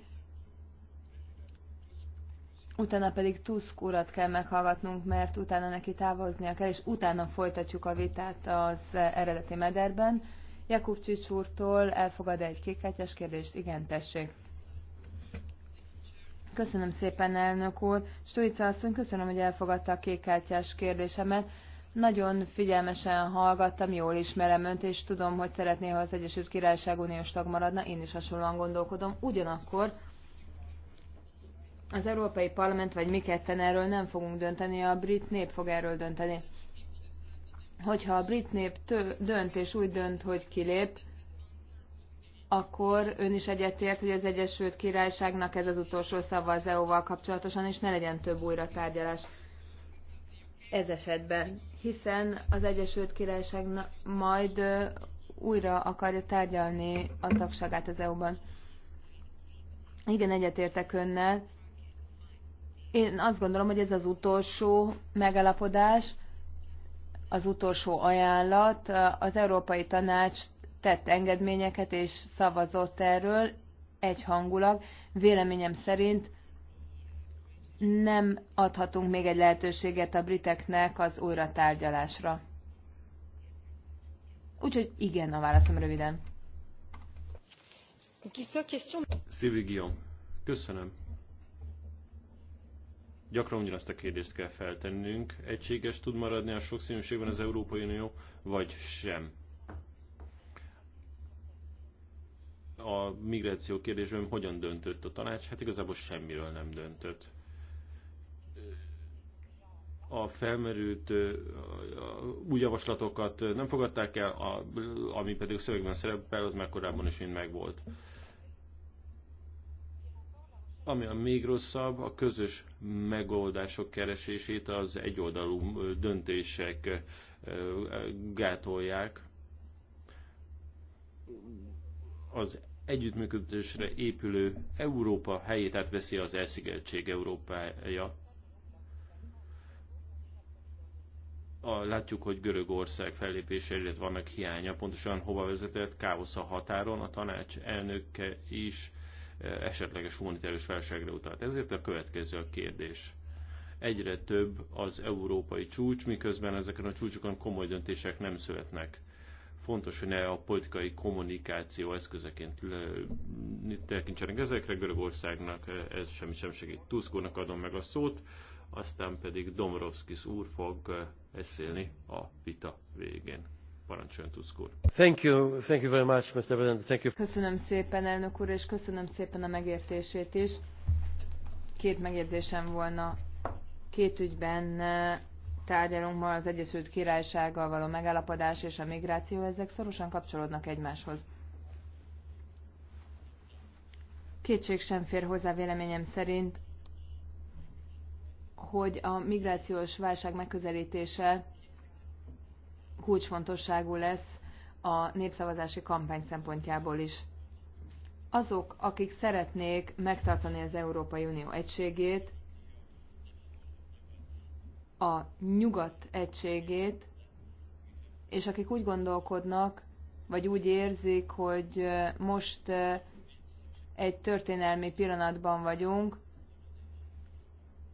S3: utána pedig Tusk urat kell meghallgatnunk, mert utána neki távoznia kell, és utána folytatjuk a vitát az eredeti mederben. Jakub úrtól elfogad egy kékkártyás kérdést? Igen, tessék. Köszönöm szépen, elnök úr. Stuica asszony, köszönöm, hogy elfogadta a kékkártyás kérdésemet. Nagyon figyelmesen hallgattam, jól ismerem önt, és tudom, hogy szeretné, ha az Egyesült Királyság uniós tag maradna. Én is hasonlóan gondolkodom. Ugyanakkor az Európai Parlament, vagy mi ketten erről nem fogunk dönteni, a brit nép fog erről dönteni hogyha a brit nép tő, dönt és úgy dönt, hogy kilép, akkor ön is egyetért, hogy az Egyesült Királyságnak ez az utolsó szava az EU-val kapcsolatosan, és ne legyen több újra tárgyalás ez esetben, hiszen az Egyesült Királyság majd újra akarja tárgyalni a tagságát az EU-ban. Igen, egyetértek önnel. Én azt gondolom, hogy ez az utolsó megalapodás, az utolsó ajánlat. Az Európai Tanács tett engedményeket és szavazott erről egyhangulag. Véleményem szerint nem adhatunk még egy lehetőséget a briteknek az újra tárgyalásra. Úgyhogy igen a válaszom röviden.
S4: Szilvi Guillaume, köszönöm. Gyakran ugyanazt a kérdést kell feltennünk, egységes tud maradni a sokszínűségben az Európai Unió, vagy sem. A migráció kérdésben hogyan döntött a tanács? Hát igazából semmiről nem döntött a felmerült új javaslatokat nem fogadták el, a, ami pedig szövegben szerepel, az már korábban is mind megvolt. Ami a még rosszabb, a közös megoldások keresését az egyoldalú döntések gátolják. Az együttműködésre épülő Európa helyét átveszi az elszigeltség Európája. A, látjuk, hogy Görögország fellépése, illetve vannak hiánya. Pontosan hova vezetett? Káosz a határon. A tanács elnöke is esetleges humanitárius válságra utalt. Ezért a következő a kérdés. Egyre több az európai csúcs, miközben ezeken a csúcsokon komoly döntések nem születnek. Fontos, hogy ne a politikai kommunikáció eszközeként tekintsenek ezekre. Görögországnak ez semmi sem segít. Tuskónak adom meg a szót, aztán pedig Domrovskis úr fog eh, beszélni a vita végén. Parancsoljon Tusk úr.
S6: Thank you, thank you very much, Mr. President. Thank you.
S4: Köszönöm
S3: szépen, elnök úr, és köszönöm szépen a megértését is. Két megjegyzésem volna. Két ügyben eh, tárgyalunk ma az Egyesült Királysággal való megállapodás és a migráció, ezek szorosan kapcsolódnak egymáshoz. Kétség sem fér hozzá véleményem szerint, hogy a migrációs válság megközelítése kulcsfontosságú lesz a népszavazási kampány szempontjából is. Azok, akik szeretnék megtartani az Európai Unió egységét, a nyugat egységét, és akik úgy gondolkodnak, vagy úgy érzik, hogy most egy történelmi pillanatban vagyunk,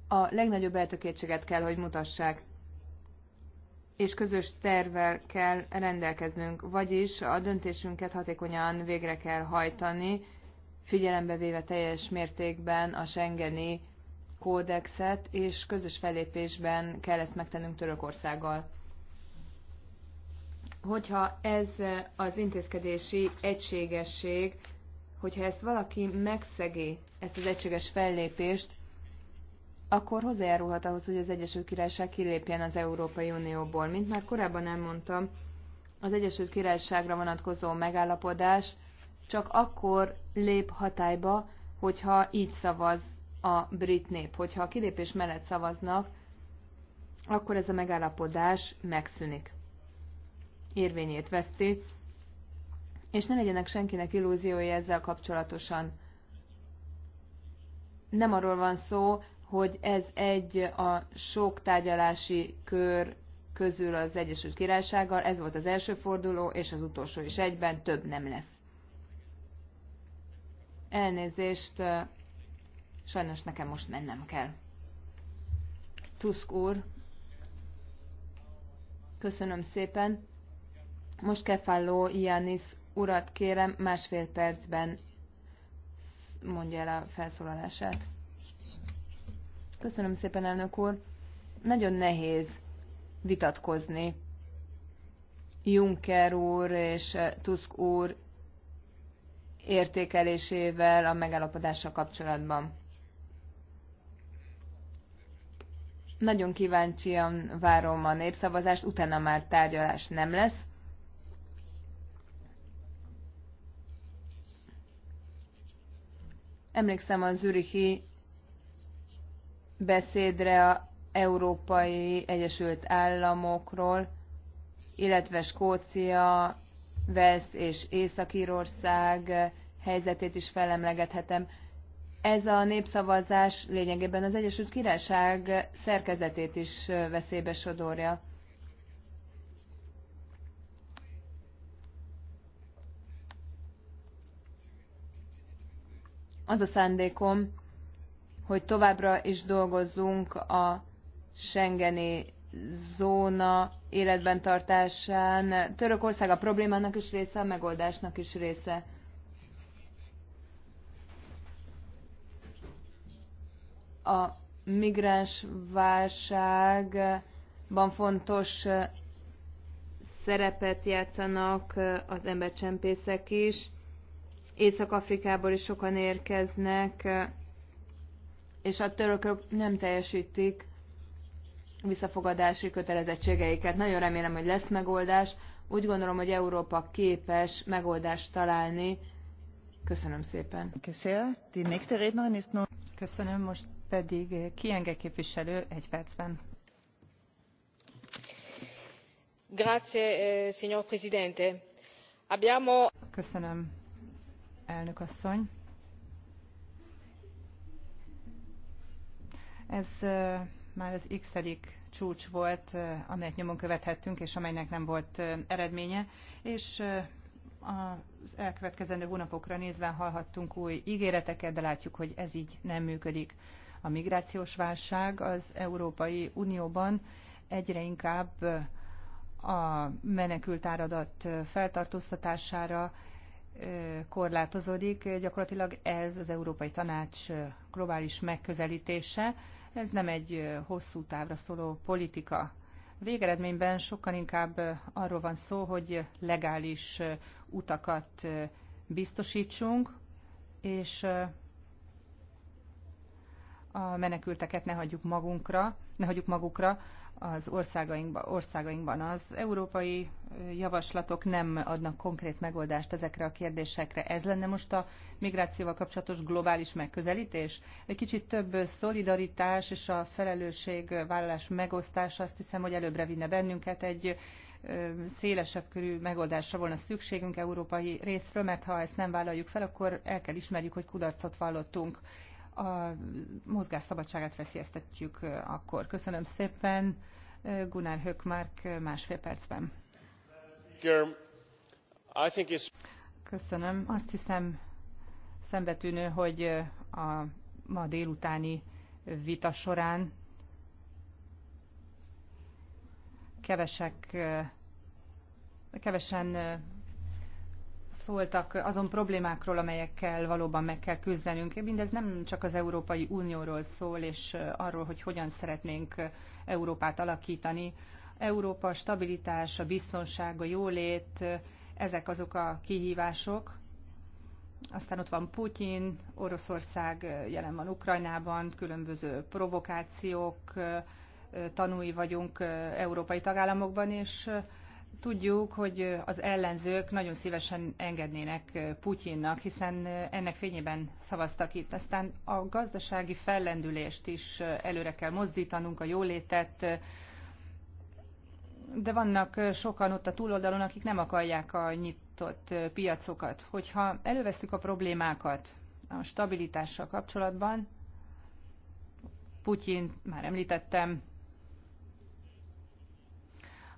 S3: a legnagyobb eltökétséget kell, hogy mutassák és közös tervvel kell rendelkeznünk, vagyis a döntésünket hatékonyan végre kell hajtani, figyelembe véve teljes mértékben a Schengeni kódexet, és közös fellépésben kell ezt megtennünk Törökországgal. Hogyha ez az intézkedési egységesség, hogyha ezt valaki megszegi, ezt az egységes fellépést, akkor hozzájárulhat ahhoz, hogy az Egyesült Királyság kilépjen az Európai Unióból. Mint már korábban elmondtam, az Egyesült Királyságra vonatkozó megállapodás csak akkor lép hatályba, hogyha így szavaz a brit nép. Hogyha a kilépés mellett szavaznak, akkor ez a megállapodás megszűnik. Érvényét veszti, és ne legyenek senkinek illúziói ezzel kapcsolatosan. Nem arról van szó, hogy ez egy a sok tárgyalási kör közül az Egyesült Királysággal, ez volt az első forduló, és az utolsó is egyben, több nem lesz. Elnézést, sajnos nekem most mennem kell. Tusk úr, köszönöm szépen. Most Kefalló Iannis urat kérem, másfél percben mondja el a felszólalását. Köszönöm szépen, elnök úr. Nagyon nehéz vitatkozni Juncker úr és eh, Tusk úr értékelésével a megállapodással kapcsolatban. Nagyon kíváncsian várom a népszavazást, utána már tárgyalás nem lesz. Emlékszem a zürichi beszédre a Európai Egyesült Államokról, illetve Skócia, Vesz és Észak-Írország helyzetét is felemlegethetem. Ez a népszavazás lényegében az Egyesült Királyság szerkezetét is veszélybe sodorja. Az a szándékom, hogy továbbra is dolgozzunk a Schengeni zóna életben tartásán. Törökország a problémának is része, a megoldásnak is része. A migráns válságban fontos szerepet játszanak az embercsempészek is. Észak-Afrikából is sokan érkeznek, és a törökök nem teljesítik visszafogadási kötelezettségeiket. Nagyon remélem, hogy lesz megoldás. Úgy gondolom, hogy Európa képes megoldást találni. Köszönöm szépen.
S1: Köszönöm, most pedig Kienge képviselő egy percben. Grazie, eh, signor Presidente. Abbiamo... Köszönöm, elnök asszony Ez már az x csúcs volt, amelyet nyomon követhettünk, és amelynek nem volt eredménye, és az elkövetkezendő hónapokra nézve hallhattunk új ígéreteket, de látjuk, hogy ez így nem működik. A migrációs válság az Európai Unióban egyre inkább a menekült áradat feltartóztatására korlátozódik, gyakorlatilag ez az Európai Tanács globális megközelítése, ez nem egy hosszú távra szóló politika. Végeredményben sokkal inkább arról van szó, hogy legális utakat biztosítsunk, és a menekülteket ne hagyjuk magunkra, ne hagyjuk magukra, az országainkba, országainkban. Az európai javaslatok nem adnak konkrét megoldást ezekre a kérdésekre. Ez lenne most a migrációval kapcsolatos globális megközelítés? Egy kicsit több szolidaritás és a felelősségvállalás megosztása azt hiszem, hogy előbbre vinne bennünket egy szélesebb körű megoldásra volna szükségünk európai részről, mert ha ezt nem vállaljuk fel, akkor el kell ismerjük, hogy kudarcot vallottunk a mozgás szabadságát veszélyeztetjük akkor. Köszönöm szépen. Gunnar Hökmark másfél percben. Köszönöm. Azt hiszem szembetűnő, hogy a ma délutáni vita során kevesek, kevesen szóltak azon problémákról, amelyekkel valóban meg kell küzdenünk. Mindez nem csak az Európai Unióról szól, és arról, hogy hogyan szeretnénk Európát alakítani. Európa stabilitás, a biztonság, a jólét, ezek azok a kihívások. Aztán ott van Putyin, Oroszország jelen van Ukrajnában, különböző provokációk, tanúi vagyunk európai tagállamokban, és tudjuk, hogy az ellenzők nagyon szívesen engednének Putyinnak, hiszen ennek fényében szavaztak itt. Aztán a gazdasági fellendülést is előre kell mozdítanunk, a jólétet, de vannak sokan ott a túloldalon, akik nem akarják a nyitott piacokat. Hogyha előveszük a problémákat a stabilitással kapcsolatban, Putyin, már említettem,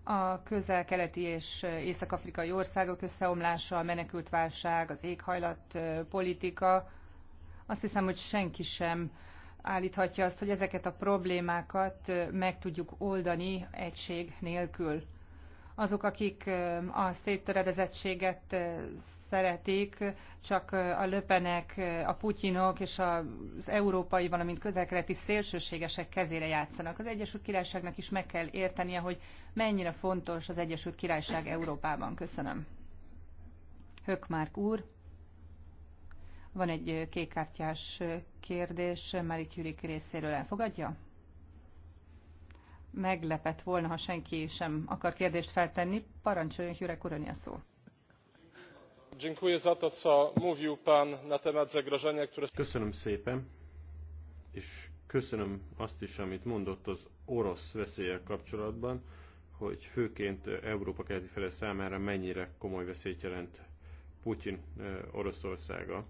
S1: a közel-keleti és észak-afrikai országok összeomlása, a menekültválság, az éghajlat politika. Azt hiszem, hogy senki sem állíthatja azt, hogy ezeket a problémákat meg tudjuk oldani egység nélkül. Azok, akik a széttöredezettséget szeretik, csak a löpenek, a putyinok és az európai, valamint közelkeleti szélsőségesek kezére játszanak. Az Egyesült Királyságnak is meg kell értenie, hogy mennyire fontos az Egyesült Királyság Európában. Köszönöm. Hökmárk úr. Van egy kékkártyás kérdés Marie Curie részéről. Elfogadja? Meglepett volna, ha senki sem akar kérdést feltenni. Parancsoljon, Jürek, urani szó.
S4: Köszönöm szépen, és köszönöm azt is, amit mondott az orosz veszélyek kapcsolatban, hogy főként Európa keleti fele számára mennyire komoly veszélyt jelent Putyin Oroszországa.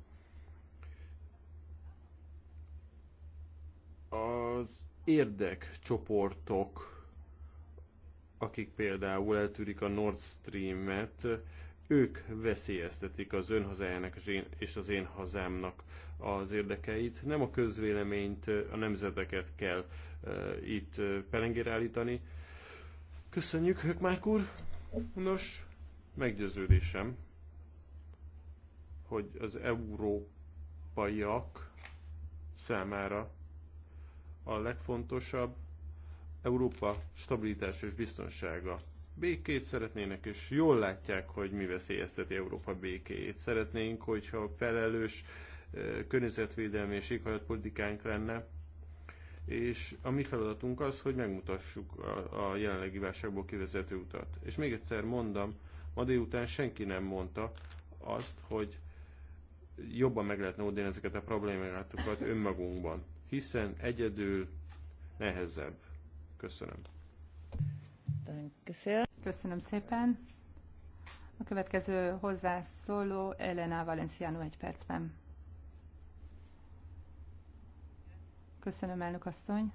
S4: Az érdekcsoportok, akik például eltűrik a Nord Stream-et, ők veszélyeztetik az ön hazájának és az én hazámnak az érdekeit. Nem a közvéleményt, a nemzeteket kell e, itt e, pelengére állítani. Köszönjük, Hökmák úr! Nos, meggyőződésem, hogy az európaiak számára a legfontosabb Európa stabilitás és biztonsága békét szeretnének, és jól látják, hogy mi veszélyezteti Európa békéjét. Szeretnénk, hogyha felelős környezetvédelmi és éghajlatpolitikánk lenne, és a mi feladatunk az, hogy megmutassuk a, a jelenlegi válságból kivezető utat. És még egyszer mondom, ma délután senki nem mondta azt, hogy jobban meg lehetne oldani ezeket a problémákat önmagunkban, hiszen egyedül nehezebb. Köszönöm.
S1: Köszönöm szépen. A következő hozzászóló Elena Valenciano egy percben. Köszönöm, elnök asszony.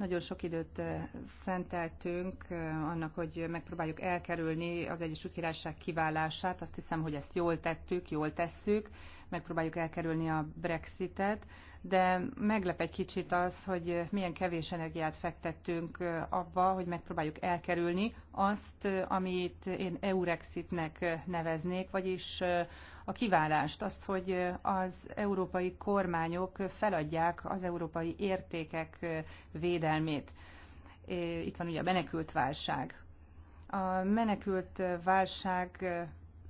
S1: Nagyon sok időt eh, szenteltünk eh, annak, hogy megpróbáljuk elkerülni az Egyesült Királyság kiválását. Azt hiszem, hogy ezt jól tettük, jól tesszük, megpróbáljuk elkerülni a Brexitet, de meglep egy kicsit az, hogy milyen kevés energiát fektettünk eh, abba, hogy megpróbáljuk elkerülni azt, amit én Eurexitnek neveznék, vagyis a kiválást, azt, hogy az európai kormányok feladják az európai értékek védelmét. Itt van ugye a menekült válság. A menekült válság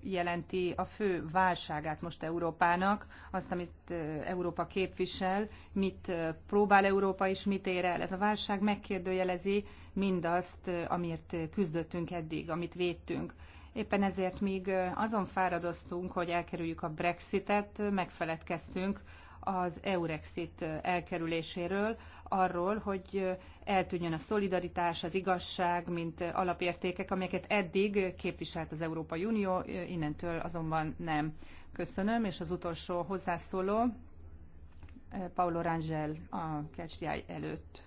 S1: jelenti a fő válságát most Európának, azt, amit Európa képvisel, mit próbál Európa és mit ér el. Ez a válság megkérdőjelezi mindazt, amiért küzdöttünk eddig, amit védtünk. Éppen ezért még azon fáradoztunk, hogy elkerüljük a Brexitet, megfeledkeztünk az Eurexit elkerüléséről, arról, hogy eltűnjön a szolidaritás, az igazság, mint alapértékek, amelyeket eddig képviselt az Európai Unió, innentől azonban nem. Köszönöm, és az utolsó hozzászóló, Paulo Rangel a kecsdjáj előtt.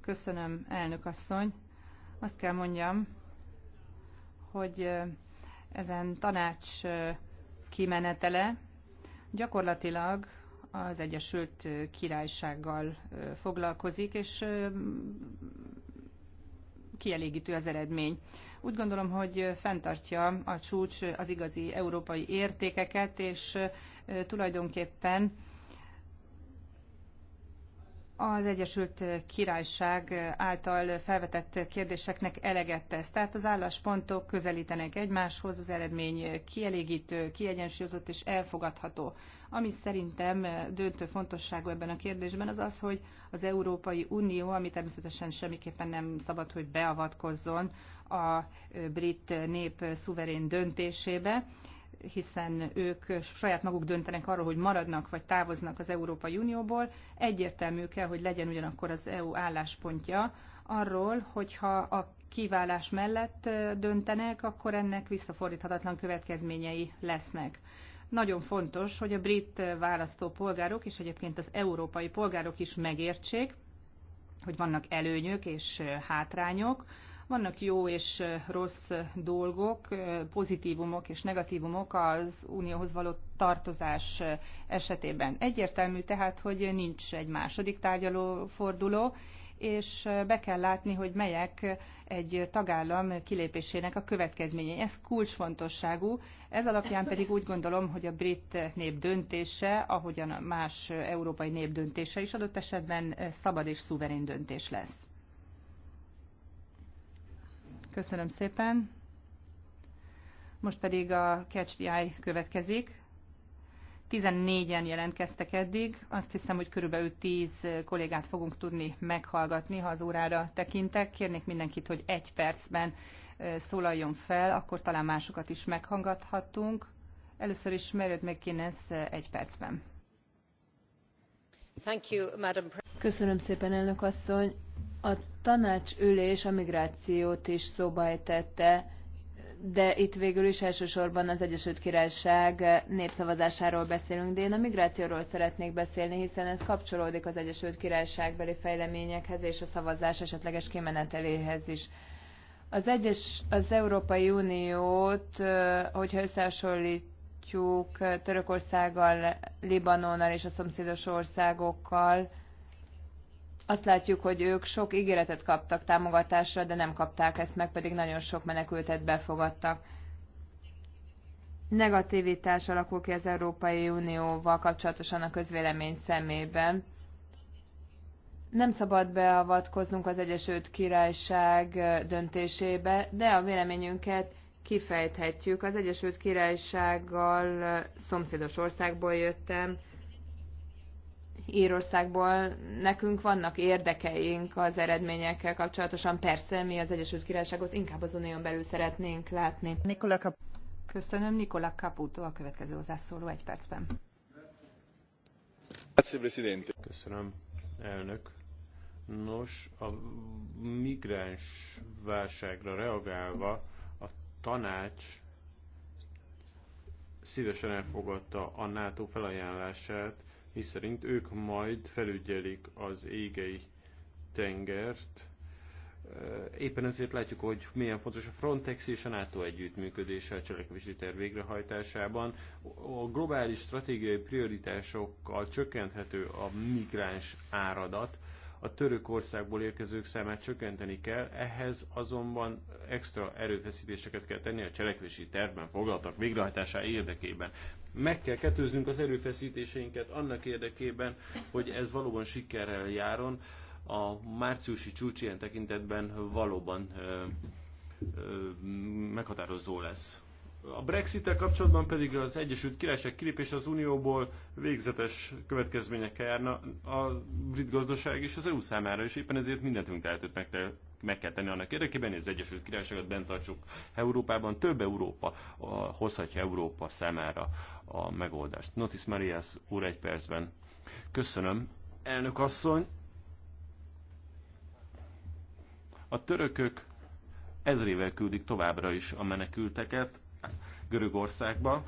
S1: Köszönöm, elnök asszony. Azt kell mondjam, hogy ezen tanács kimenetele gyakorlatilag az Egyesült Királysággal foglalkozik, és kielégítő az eredmény. Úgy gondolom, hogy fenntartja a csúcs az igazi európai értékeket, és tulajdonképpen az Egyesült Királyság által felvetett kérdéseknek eleget tesz. Tehát az álláspontok közelítenek egymáshoz, az eredmény kielégítő, kiegyensúlyozott és elfogadható. Ami szerintem döntő fontosságú ebben a kérdésben az az, hogy az Európai Unió, ami természetesen semmiképpen nem szabad, hogy beavatkozzon a brit nép szuverén döntésébe, hiszen ők saját maguk döntenek arról, hogy maradnak vagy távoznak az Európai Unióból, egyértelmű kell, hogy legyen ugyanakkor az EU álláspontja arról, hogyha a kiválás mellett döntenek, akkor ennek visszafordíthatatlan következményei lesznek. Nagyon fontos, hogy a brit választópolgárok és egyébként az európai polgárok is megértsék, hogy vannak előnyök és hátrányok, vannak jó és rossz dolgok, pozitívumok és negatívumok az unióhoz való tartozás esetében. Egyértelmű tehát, hogy nincs egy második tárgyaló forduló, és be kell látni, hogy melyek egy tagállam kilépésének a következményei. Ez kulcsfontosságú, ez alapján pedig úgy gondolom, hogy a brit nép döntése, ahogyan a más európai nép döntése is adott esetben szabad és szuverén döntés lesz. Köszönöm szépen. Most pedig a Catch the Eye következik. 14-en jelentkeztek eddig. Azt hiszem, hogy körülbelül 10 kollégát fogunk tudni meghallgatni, ha az órára tekintek. Kérnék mindenkit, hogy egy percben szólaljon fel, akkor talán másokat is meghallgathatunk.
S3: Először is Merőd McGuinness egy percben. Thank you, Madam Köszönöm szépen, elnök asszony a tanács ülés a migrációt is szóba ejtette, de itt végül is elsősorban az Egyesült Királyság népszavazásáról beszélünk, de én a migrációról szeretnék beszélni, hiszen ez kapcsolódik az Egyesült királyság beli fejleményekhez és a szavazás esetleges kimeneteléhez is. Az, egyes, az Európai Uniót, hogyha összehasonlítjuk Törökországgal, Libanonnal és a szomszédos országokkal, azt látjuk, hogy ők sok ígéretet kaptak támogatásra, de nem kapták ezt meg, pedig nagyon sok menekültet befogadtak. Negativitás alakul ki az Európai Unióval kapcsolatosan a közvélemény szemében. Nem szabad beavatkoznunk az Egyesült Királyság döntésébe, de a véleményünket kifejthetjük. Az Egyesült Királysággal szomszédos országból jöttem, Írországból nekünk vannak érdekeink az eredményekkel kapcsolatosan. Persze, mi az Egyesült Királyságot inkább az unión belül szeretnénk látni. Nikola Kap- Köszönöm, Nikola Caputo a következő hozzászóló egy percben.
S4: Köszönöm, elnök. Nos, a migráns válságra reagálva a tanács szívesen elfogadta a NATO felajánlását, miszerint ők majd felügyelik az égei tengert. Éppen ezért látjuk, hogy milyen fontos a Frontex és a NATO együttműködése a cselekvési terv végrehajtásában. A globális stratégiai prioritásokkal csökkenthető a migráns áradat, a országból érkezők számát csökkenteni kell, ehhez azonban extra erőfeszítéseket kell tenni a cselekvési tervben foglaltak végrehajtása érdekében. Meg kell ketőznünk az erőfeszítéseinket annak érdekében, hogy ez valóban sikerrel járon. A márciusi csúcs ilyen tekintetben valóban ö, ö, meghatározó lesz. A brexit kapcsolatban pedig az Egyesült Királyság kilépése az Unióból végzetes következményekkel járna a brit gazdaság és az EU számára, és éppen ezért mindentünk telhetőt meg kell meg kell tenni annak érdekében, hogy az Egyesült Királyságot bent tartsuk Európában. Több Európa a, hozhatja Európa számára a megoldást. Notis Marias úr egy percben. Köszönöm, elnök asszony. A törökök ezrével küldik továbbra is a menekülteket Görögországba,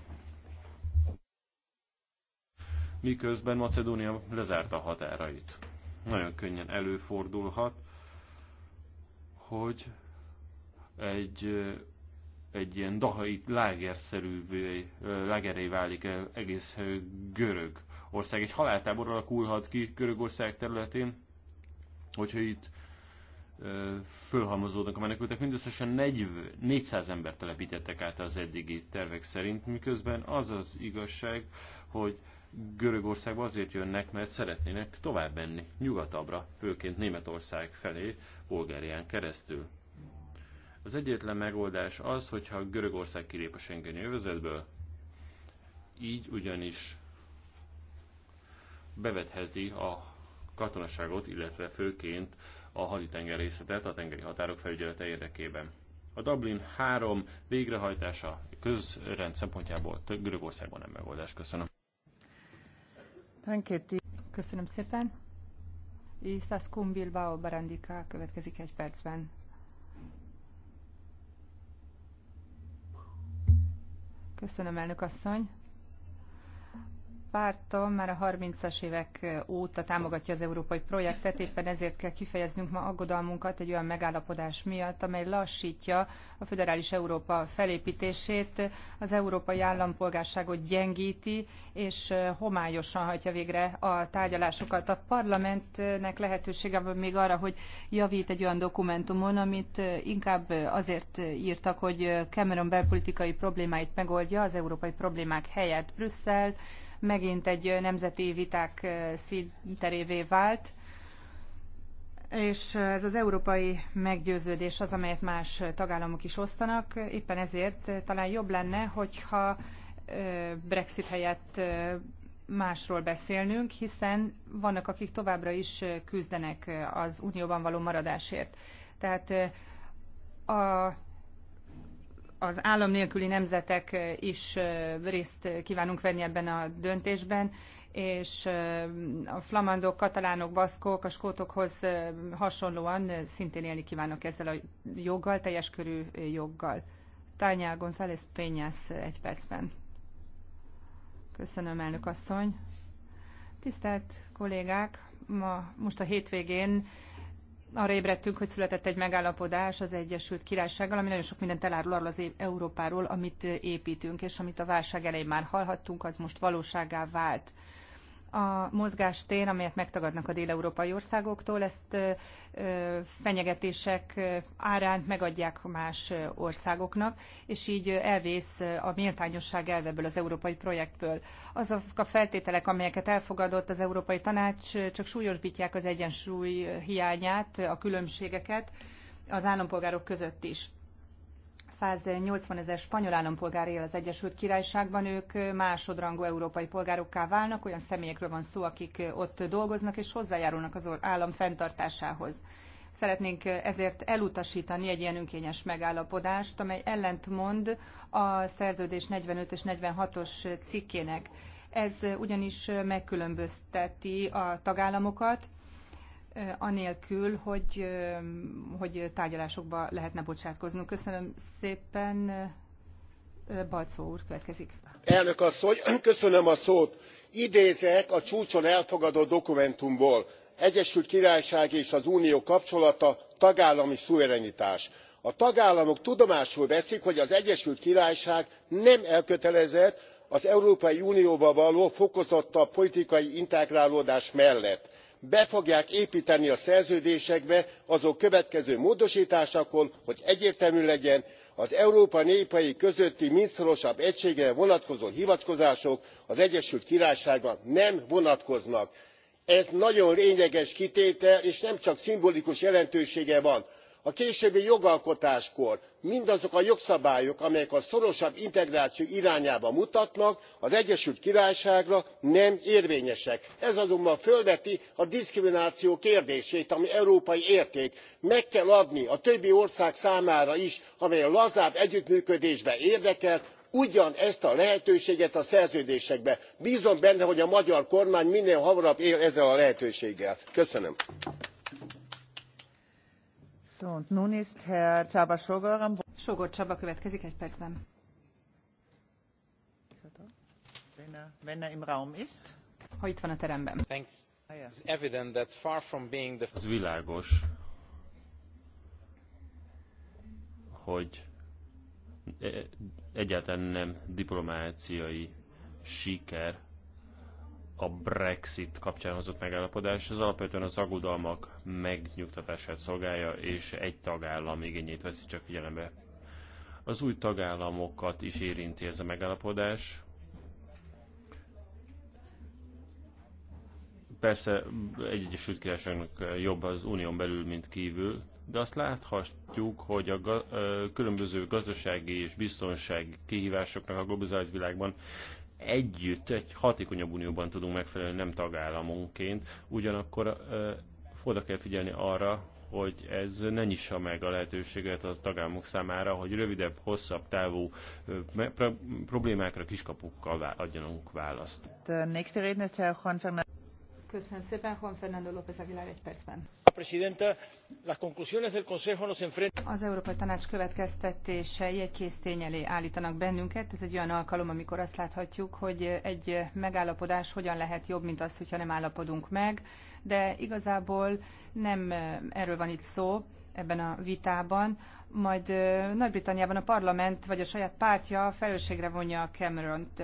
S4: miközben Macedónia lezárta a határait. Nagyon könnyen előfordulhat, hogy egy, egy ilyen dahai lágerszerű lágeré válik egész görög ország. Egy haláltábor alakulhat ki Görögország területén, hogyha itt fölhalmozódnak a menekültek. Mindösszesen 400 ember telepítettek át az eddigi tervek szerint, miközben az az igazság, hogy Görögországba azért jönnek, mert szeretnének tovább menni, nyugatabbra, főként Németország felé, Bulgárián keresztül. Az egyetlen megoldás az, hogyha Görögország kilép a Schengeni övezetből, így ugyanis bevetheti a katonaságot, illetve főként a haditengerészetet a tengeri határok felügyelete érdekében. A Dublin 3 végrehajtása közrend szempontjából Görögországban nem megoldás. Köszönöm.
S1: Köszönöm szépen. Isztász Kumbilbao Barandika következik egy percben. Köszönöm, elnök asszony pártom már a 30-as évek óta támogatja az európai projektet, éppen ezért kell kifejeznünk ma aggodalmunkat egy olyan megállapodás miatt, amely lassítja a föderális Európa felépítését, az európai állampolgárságot gyengíti, és homályosan hajtja végre a tárgyalásokat. A parlamentnek lehetősége van még arra, hogy javít egy olyan dokumentumon, amit inkább azért írtak, hogy Cameron belpolitikai problémáit megoldja az európai problémák helyett Brüsszel megint egy nemzeti viták színterévé vált, és ez az európai meggyőződés az, amelyet más tagállamok is osztanak. Éppen ezért talán jobb lenne, hogyha Brexit helyett másról beszélnünk, hiszen vannak, akik továbbra is küzdenek az unióban való maradásért. Tehát a az állam nélküli nemzetek is részt kívánunk venni ebben a döntésben, és a flamandok, katalánok, baszkok, a skótokhoz hasonlóan szintén élni kívánok ezzel a joggal, teljes körű joggal. Tányá González Pényász egy percben. Köszönöm, elnök asszony. Tisztelt kollégák, ma, most a hétvégén arra ébredtünk, hogy született egy megállapodás az Egyesült Királysággal, ami nagyon sok mindent elárul arról az Európáról, amit építünk, és amit a válság elején már hallhattunk, az most valóságá vált a mozgástér, amelyet megtagadnak a dél-európai országoktól, ezt fenyegetések árán megadják más országoknak, és így elvész a méltányosság elveből, az európai projektből. Azok a feltételek, amelyeket elfogadott az Európai Tanács, csak súlyosbítják az egyensúly hiányát, a különbségeket az állampolgárok között is. 180 ezer spanyol állampolgár él az Egyesült Királyságban, ők másodrangú európai polgárokká válnak, olyan személyekről van szó, akik ott dolgoznak és hozzájárulnak az állam fenntartásához. Szeretnénk ezért elutasítani egy ilyen önkényes megállapodást, amely ellentmond a szerződés 45 és 46-os cikkének. Ez ugyanis megkülönbözteti a tagállamokat, anélkül, hogy, hogy tárgyalásokba lehetne bocsátkoznunk. Köszönöm szépen. Balcó úr következik.
S5: Elnök asszony, köszönöm a szót. Idézek a csúcson elfogadott dokumentumból. Egyesült Királyság és az Unió kapcsolata tagállami szuverenitás. A tagállamok tudomásul veszik, hogy az Egyesült Királyság nem elkötelezett az Európai Unióba való fokozottabb politikai integrálódás mellett be fogják épteni a szerződésekbe azok következő módostásakor hogy egyértelmű legyen az európa népei közötti mindszorosabb egységre vonatkozó hivatkozások az egyesült királyságra nem vonatkoznak. ez nagyon lényeges kitétel és nem csak szimbolikus jelentősége van a későbbi jogalkotáskor mindazok a jogszabályok amelyek a szorosabb integráció irányába mutatnak az egyesült királyságra nem érvényesek. ez azonban fölveti a diszkrimináció kérdését ami európai érték. meg kell adni a többi ország számára is amely a lazább együttműködésben érdekelt ugyanezt a lehetőséget a szerződésekben. bzom benne hogy a magyar kormány minél hamarabb él ezzel a lehetőséggel. köszönöm.
S1: Sogor Csaba következik egy percben. Er, er ha itt van a teremben. Ah,
S6: It's evident that far from being the... Az
S4: világos, hogy eh, egyáltalán nem diplomáciai siker a Brexit kapcsán hozott megállapodás az alapvetően az aggodalmak megnyugtatását szolgálja, és egy tagállam igényét veszi csak figyelembe. Az új tagállamokat is érinti ez a megállapodás. Persze egy Egyesült Királyságnak jobb az unión belül, mint kívül, de azt láthatjuk, hogy a ga- különböző gazdasági és biztonsági kihívásoknak a globalizált világban együtt egy hatékonyabb unióban tudunk megfelelni, nem tagállamunként, Ugyanakkor oda kell figyelni arra, hogy ez ne nyissa meg a lehetőséget a tagállamok számára, hogy rövidebb, hosszabb távú problémákra kiskapukkal adjanunk választ.
S1: Köszönöm szépen, Juan Fernando López Aguilar egy percben az európai tanács következtetései egy kész tény elé álltanak bennünket. ez egy olyan alkalom amikor azt láthatjuk hogy egy megállapodás hogyan lehet jobb mint az hogyha nem állapodunk meg de igazából nem eh, erről van itt szó ebben a vitában majd Nagy-Britanniában a parlament vagy a saját pártja felelősségre vonja a Cameront.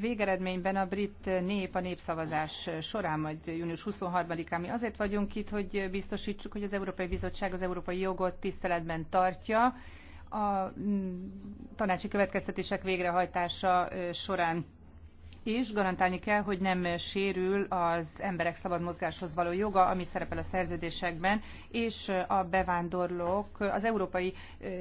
S1: Végeredményben a brit nép a népszavazás során majd június 23-án mi azért vagyunk itt, hogy biztosítsuk, hogy az Európai Bizottság az európai jogot tiszteletben tartja a mm, tanácsi következtetések végrehajtása során és garantálni kell, hogy nem sérül az emberek szabad mozgáshoz való joga, ami szerepel a szerződésekben, és a bevándorlók, az európai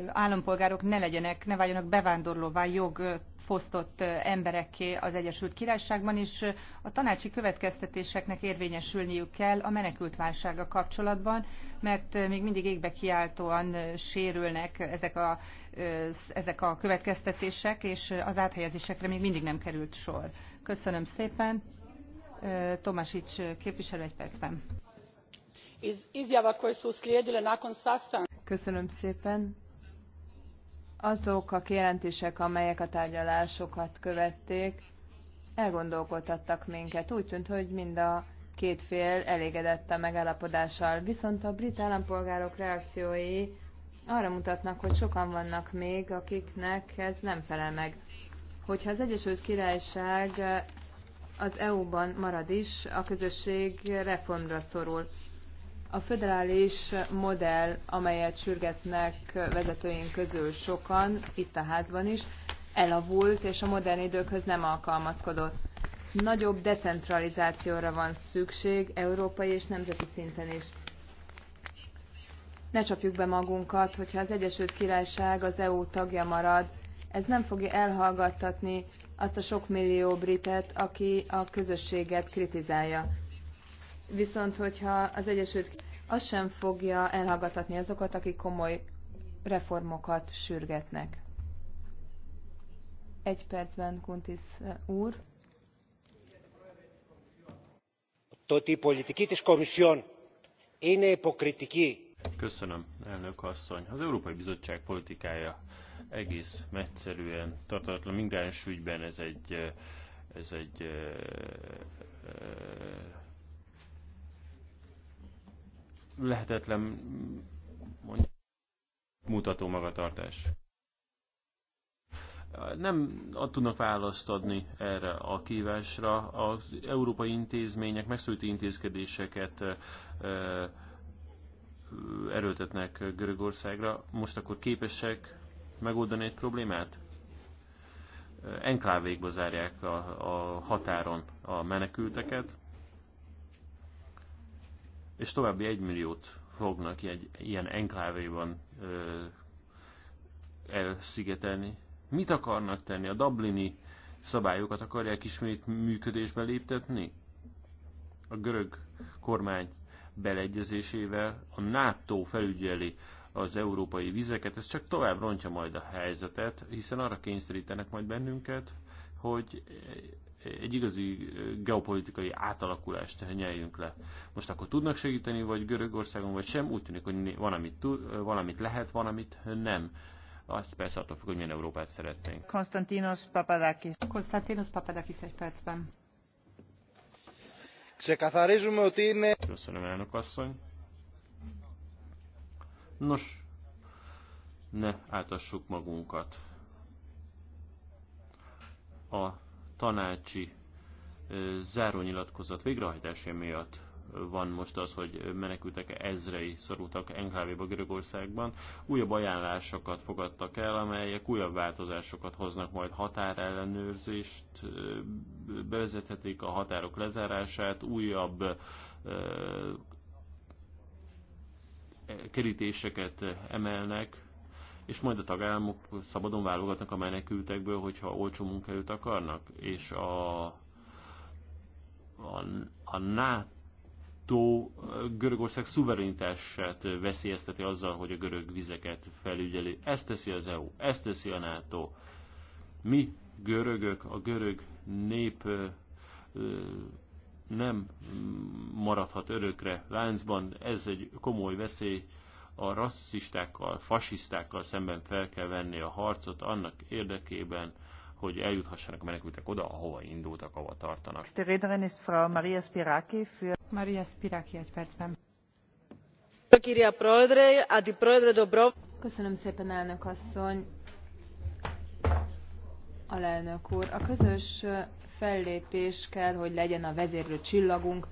S1: állampolgárok ne legyenek, ne váljanak bevándorlóvá jog fosztott emberekké az Egyesült Királyságban, és a tanácsi következtetéseknek érvényesülniük kell a menekült válsága kapcsolatban, mert még mindig égbe kiáltóan sérülnek ezek a, ezek a következtetések, és az áthelyezésekre még mindig nem került sor. Köszönöm szépen. Tomasić képviselő egy percben.
S2: Izjava koje su uslijedile nakon sastanka.
S3: Köszönöm szépen. Azok a kijelentések, amelyek a tárgyalásokat követték, elgondolkodtattak minket. Úgy tűnt, hogy mind a két fél elégedett a megállapodással. Viszont a brit állampolgárok reakciói arra mutatnak, hogy sokan vannak még, akiknek ez nem felel meg hogyha az Egyesült Királyság az EU-ban marad is, a közösség reformra szorul. A föderális modell, amelyet sürgetnek vezetőink közül sokan, itt a házban is, elavult, és a modern időkhöz nem alkalmazkodott. Nagyobb decentralizációra van szükség európai és nemzeti szinten is. Ne csapjuk be magunkat, hogyha az Egyesült Királyság az EU tagja marad, ez nem fogja elhallgattatni azt a sok millió britet, aki a közösséget kritizálja. Viszont, hogyha az Egyesült az sem fogja elhallgattatni azokat, akik komoly reformokat sürgetnek. Egy percben, Kuntis eh, úr.
S6: Το ότι η πολιτική της Κομισιόν είναι υποκριτική.
S4: Köszönöm, elnök asszony. Az Európai Bizottság politikája egész egyszerűen tartalatlan migráns ügyben ez egy, ez egy lehetetlen mondjuk, mutató magatartás. Nem tudnak választ adni erre a kívásra. Az európai intézmények megszülti intézkedéseket erőltetnek Görögországra. Most akkor képesek megoldani egy problémát? Enklávékba zárják a, a határon a menekülteket, és további egy milliót fognak egy ilyen enklávéban ö, elszigetelni. Mit akarnak tenni? A Dublini szabályokat akarják ismét működésbe léptetni? A görög kormány beleegyezésével a NATO felügyeli az európai vizeket, ez csak tovább rontja majd a helyzetet, hiszen arra kényszerítenek majd bennünket, hogy egy igazi geopolitikai átalakulást nyeljünk le. Most akkor tudnak segíteni, vagy Görögországon, vagy sem, úgy tűnik, hogy van, amit, tud, van, amit lehet, van, amit nem. Az persze attól függ, hogy milyen Európát szeretnénk.
S1: Konstantinos Papadakis. Konstantinos Papadakis egy percben.
S4: Köszönöm, elnök asszony. Nos, ne átassuk magunkat. A tanácsi zárónyilatkozat végrehajtása miatt van most az, hogy menekültek ezrei szorultak enklávéba Görögországban. Újabb ajánlásokat fogadtak el, amelyek újabb változásokat hoznak majd határellenőrzést, bevezethetik a határok lezárását, újabb kerítéseket emelnek, és majd a tagállamok szabadon válogatnak a menekültekből, hogyha olcsó munkaerőt akarnak, és a, a, a NATO Görögország szuverenitását veszélyezteti azzal, hogy a görög vizeket felügyeli. Ezt teszi az EU, ezt teszi a NATO. Mi görögök, a görög nép nem maradhat örökre láncban, ez egy komoly veszély, a rasszistákkal, fasisztákkal szemben fel kell venni a harcot annak érdekében, hogy eljuthassanak a menekültek oda, ahova indultak, ahova tartanak.
S1: Maria Spiraki, für... Maria Spiraki egy
S3: percben. Köszönöm szépen, elnök asszony! Alelnök úr, a közös fellépés kell, hogy legyen a vezérlő csillagunk.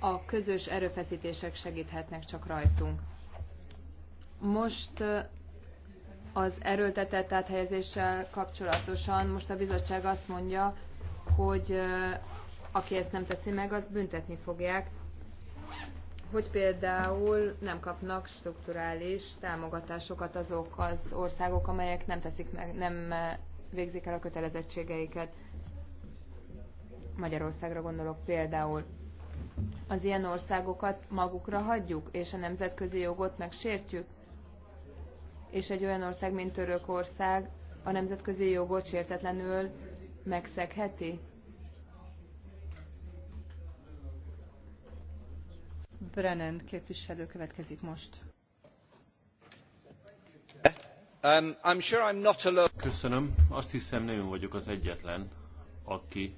S3: A közös erőfeszítések segíthetnek csak rajtunk. Most az erőltetett áthelyezéssel kapcsolatosan most a bizottság azt mondja, hogy aki ezt nem teszi meg, azt büntetni fogják hogy például nem kapnak strukturális támogatásokat azok az országok, amelyek nem teszik meg, nem eh, végzik el a kötelezettségeiket. Magyarországra gondolok például. Az ilyen országokat magukra hagyjuk, és a nemzetközi jogot megsértjük. És egy olyan ország, mint Törökország a nemzetközi jogot sértetlenül megszegheti. Brennan képviselő következik most.
S4: Um, Köszönöm. Azt hiszem, nem vagyok az egyetlen, aki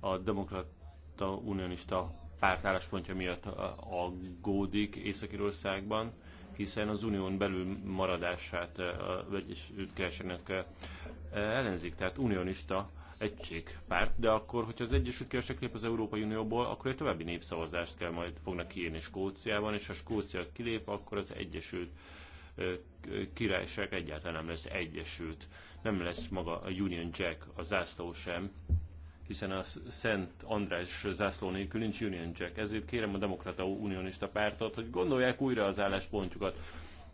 S4: a Demokrata Unionista párt álláspontja miatt aggódik észak irországban hiszen az unión belül maradását, vagyis ütkeresenek ellenzik, tehát unionista egységpárt, de akkor, hogyha az Egyesült Királyság lép az Európai Unióból, akkor egy további népszavazást kell majd fognak kiírni Skóciában, és ha Skócia kilép, akkor az Egyesült Királyság egyáltalán nem lesz egyesült. Nem lesz maga a Union Jack, a zászló sem, hiszen a Szent András zászló nélkül nincs Union Jack. Ezért kérem a Demokrata Unionista Pártot, hogy gondolják újra az álláspontjukat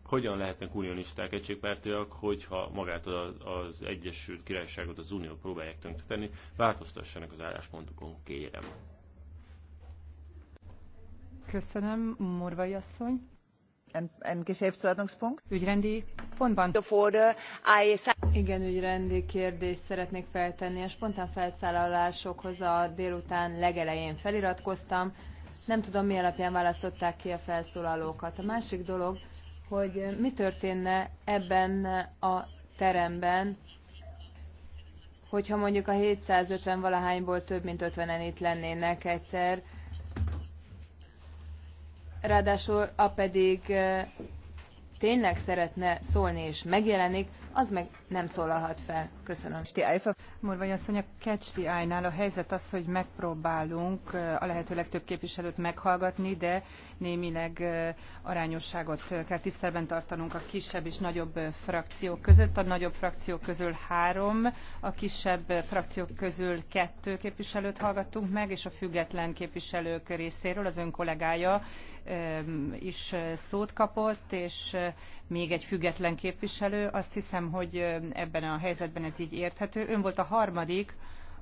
S4: hogyan lehetnek unionisták egységpártiak, hogyha magát az Egyesült Királyságot, az Unió próbálják tönkretenni, változtassanak az álláspontokon, kérem.
S3: Köszönöm, Morvai asszony. Ein Geschäftsordnungspunkt? Ügyrendi pontban. Igen, ügyrendi kérdést szeretnék feltenni. A spontán felszállalásokhoz a délután legelején feliratkoztam. Nem tudom, mi alapján választották ki a felszólalókat. A másik dolog, hogy mi történne ebben a teremben, hogyha mondjuk a 750 valahányból több mint 50-en itt lennének egyszer, ráadásul a pedig tényleg szeretne szólni és megjelenik, az meg nem szólalhat fel. Köszönöm.
S1: Morvai asszony, a Catch the eye a helyzet az, hogy megpróbálunk a lehető legtöbb képviselőt meghallgatni, de némileg arányosságot kell tisztelben tartanunk a kisebb és nagyobb frakciók között. A nagyobb frakciók közül három, a kisebb frakciók közül kettő képviselőt hallgattunk meg, és a független képviselők részéről az ön kollégája is szót kapott, és még egy független képviselő. Azt hiszem, hiszem, hogy ebben a helyzetben ez így érthető. Ön volt a harmadik,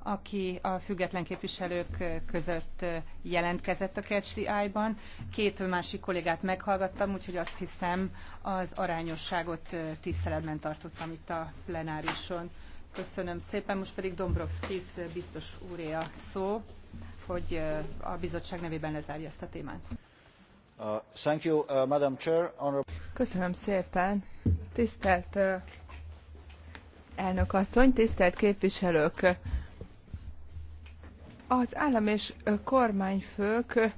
S1: aki a független képviselők között jelentkezett a KCI-ban. Két másik kollégát meghallgattam, úgyhogy azt hiszem az arányosságot tiszteletben tartottam itt a plenárison. Köszönöm szépen, most pedig Dombrovskis biztos úré a szó, hogy a bizottság nevében lezárja
S7: ezt a témát.
S5: Uh, thank you, uh, Madam Chair. Honorable... Köszönöm szépen.
S7: Tisztelt uh elnök asszony, tisztelt képviselők! Az állam és kormányfők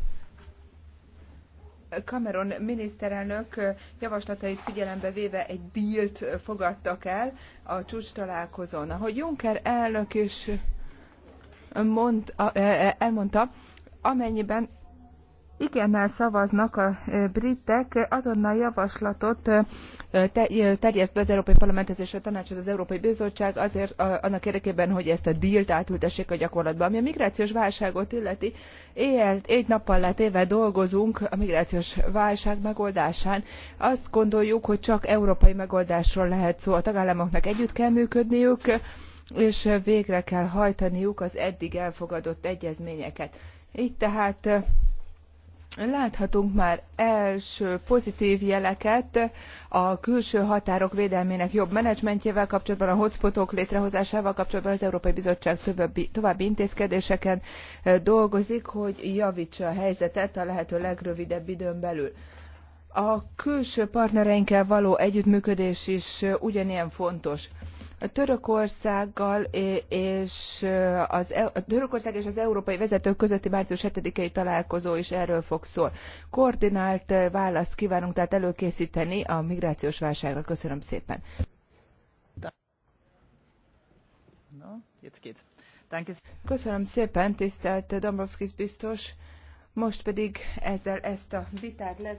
S7: Cameron miniszterelnök javaslatait figyelembe véve egy dílt fogadtak el a csúcs találkozón. Ahogy Juncker elnök is mond, e, e, elmondta, amennyiben igennel szavaznak a britek, azonnal javaslatot terjeszt be az Európai Parlamenthez és a Tanácshoz az Európai Bizottság azért annak érdekében, hogy ezt a dílt átültessék a gyakorlatba. Ami a migrációs válságot illeti, éjjel, egy nappal lett éve dolgozunk a migrációs válság megoldásán. Azt gondoljuk, hogy csak európai megoldásról lehet szó. A tagállamoknak együtt kell működniük, és végre kell hajtaniuk az eddig elfogadott egyezményeket. Így tehát Láthatunk már első pozitív jeleket a külső határok védelmének jobb menedzsmentjével kapcsolatban, a hotspotok létrehozásával kapcsolatban az Európai Bizottság többi, további intézkedéseken dolgozik, hogy javítsa a helyzetet a lehető legrövidebb időn belül. A külső partnereinkkel való együttműködés is ugyanilyen fontos. Törökországgal és az, e- a Törökország és az európai vezetők közötti március 7-i találkozó is erről fog szól. Koordinált választ kívánunk tehát előkészíteni a migrációs válságra. Köszönöm szépen. Köszönöm szépen, tisztelt Dombrovskis biztos. Most pedig ezzel ezt a vitát lesz.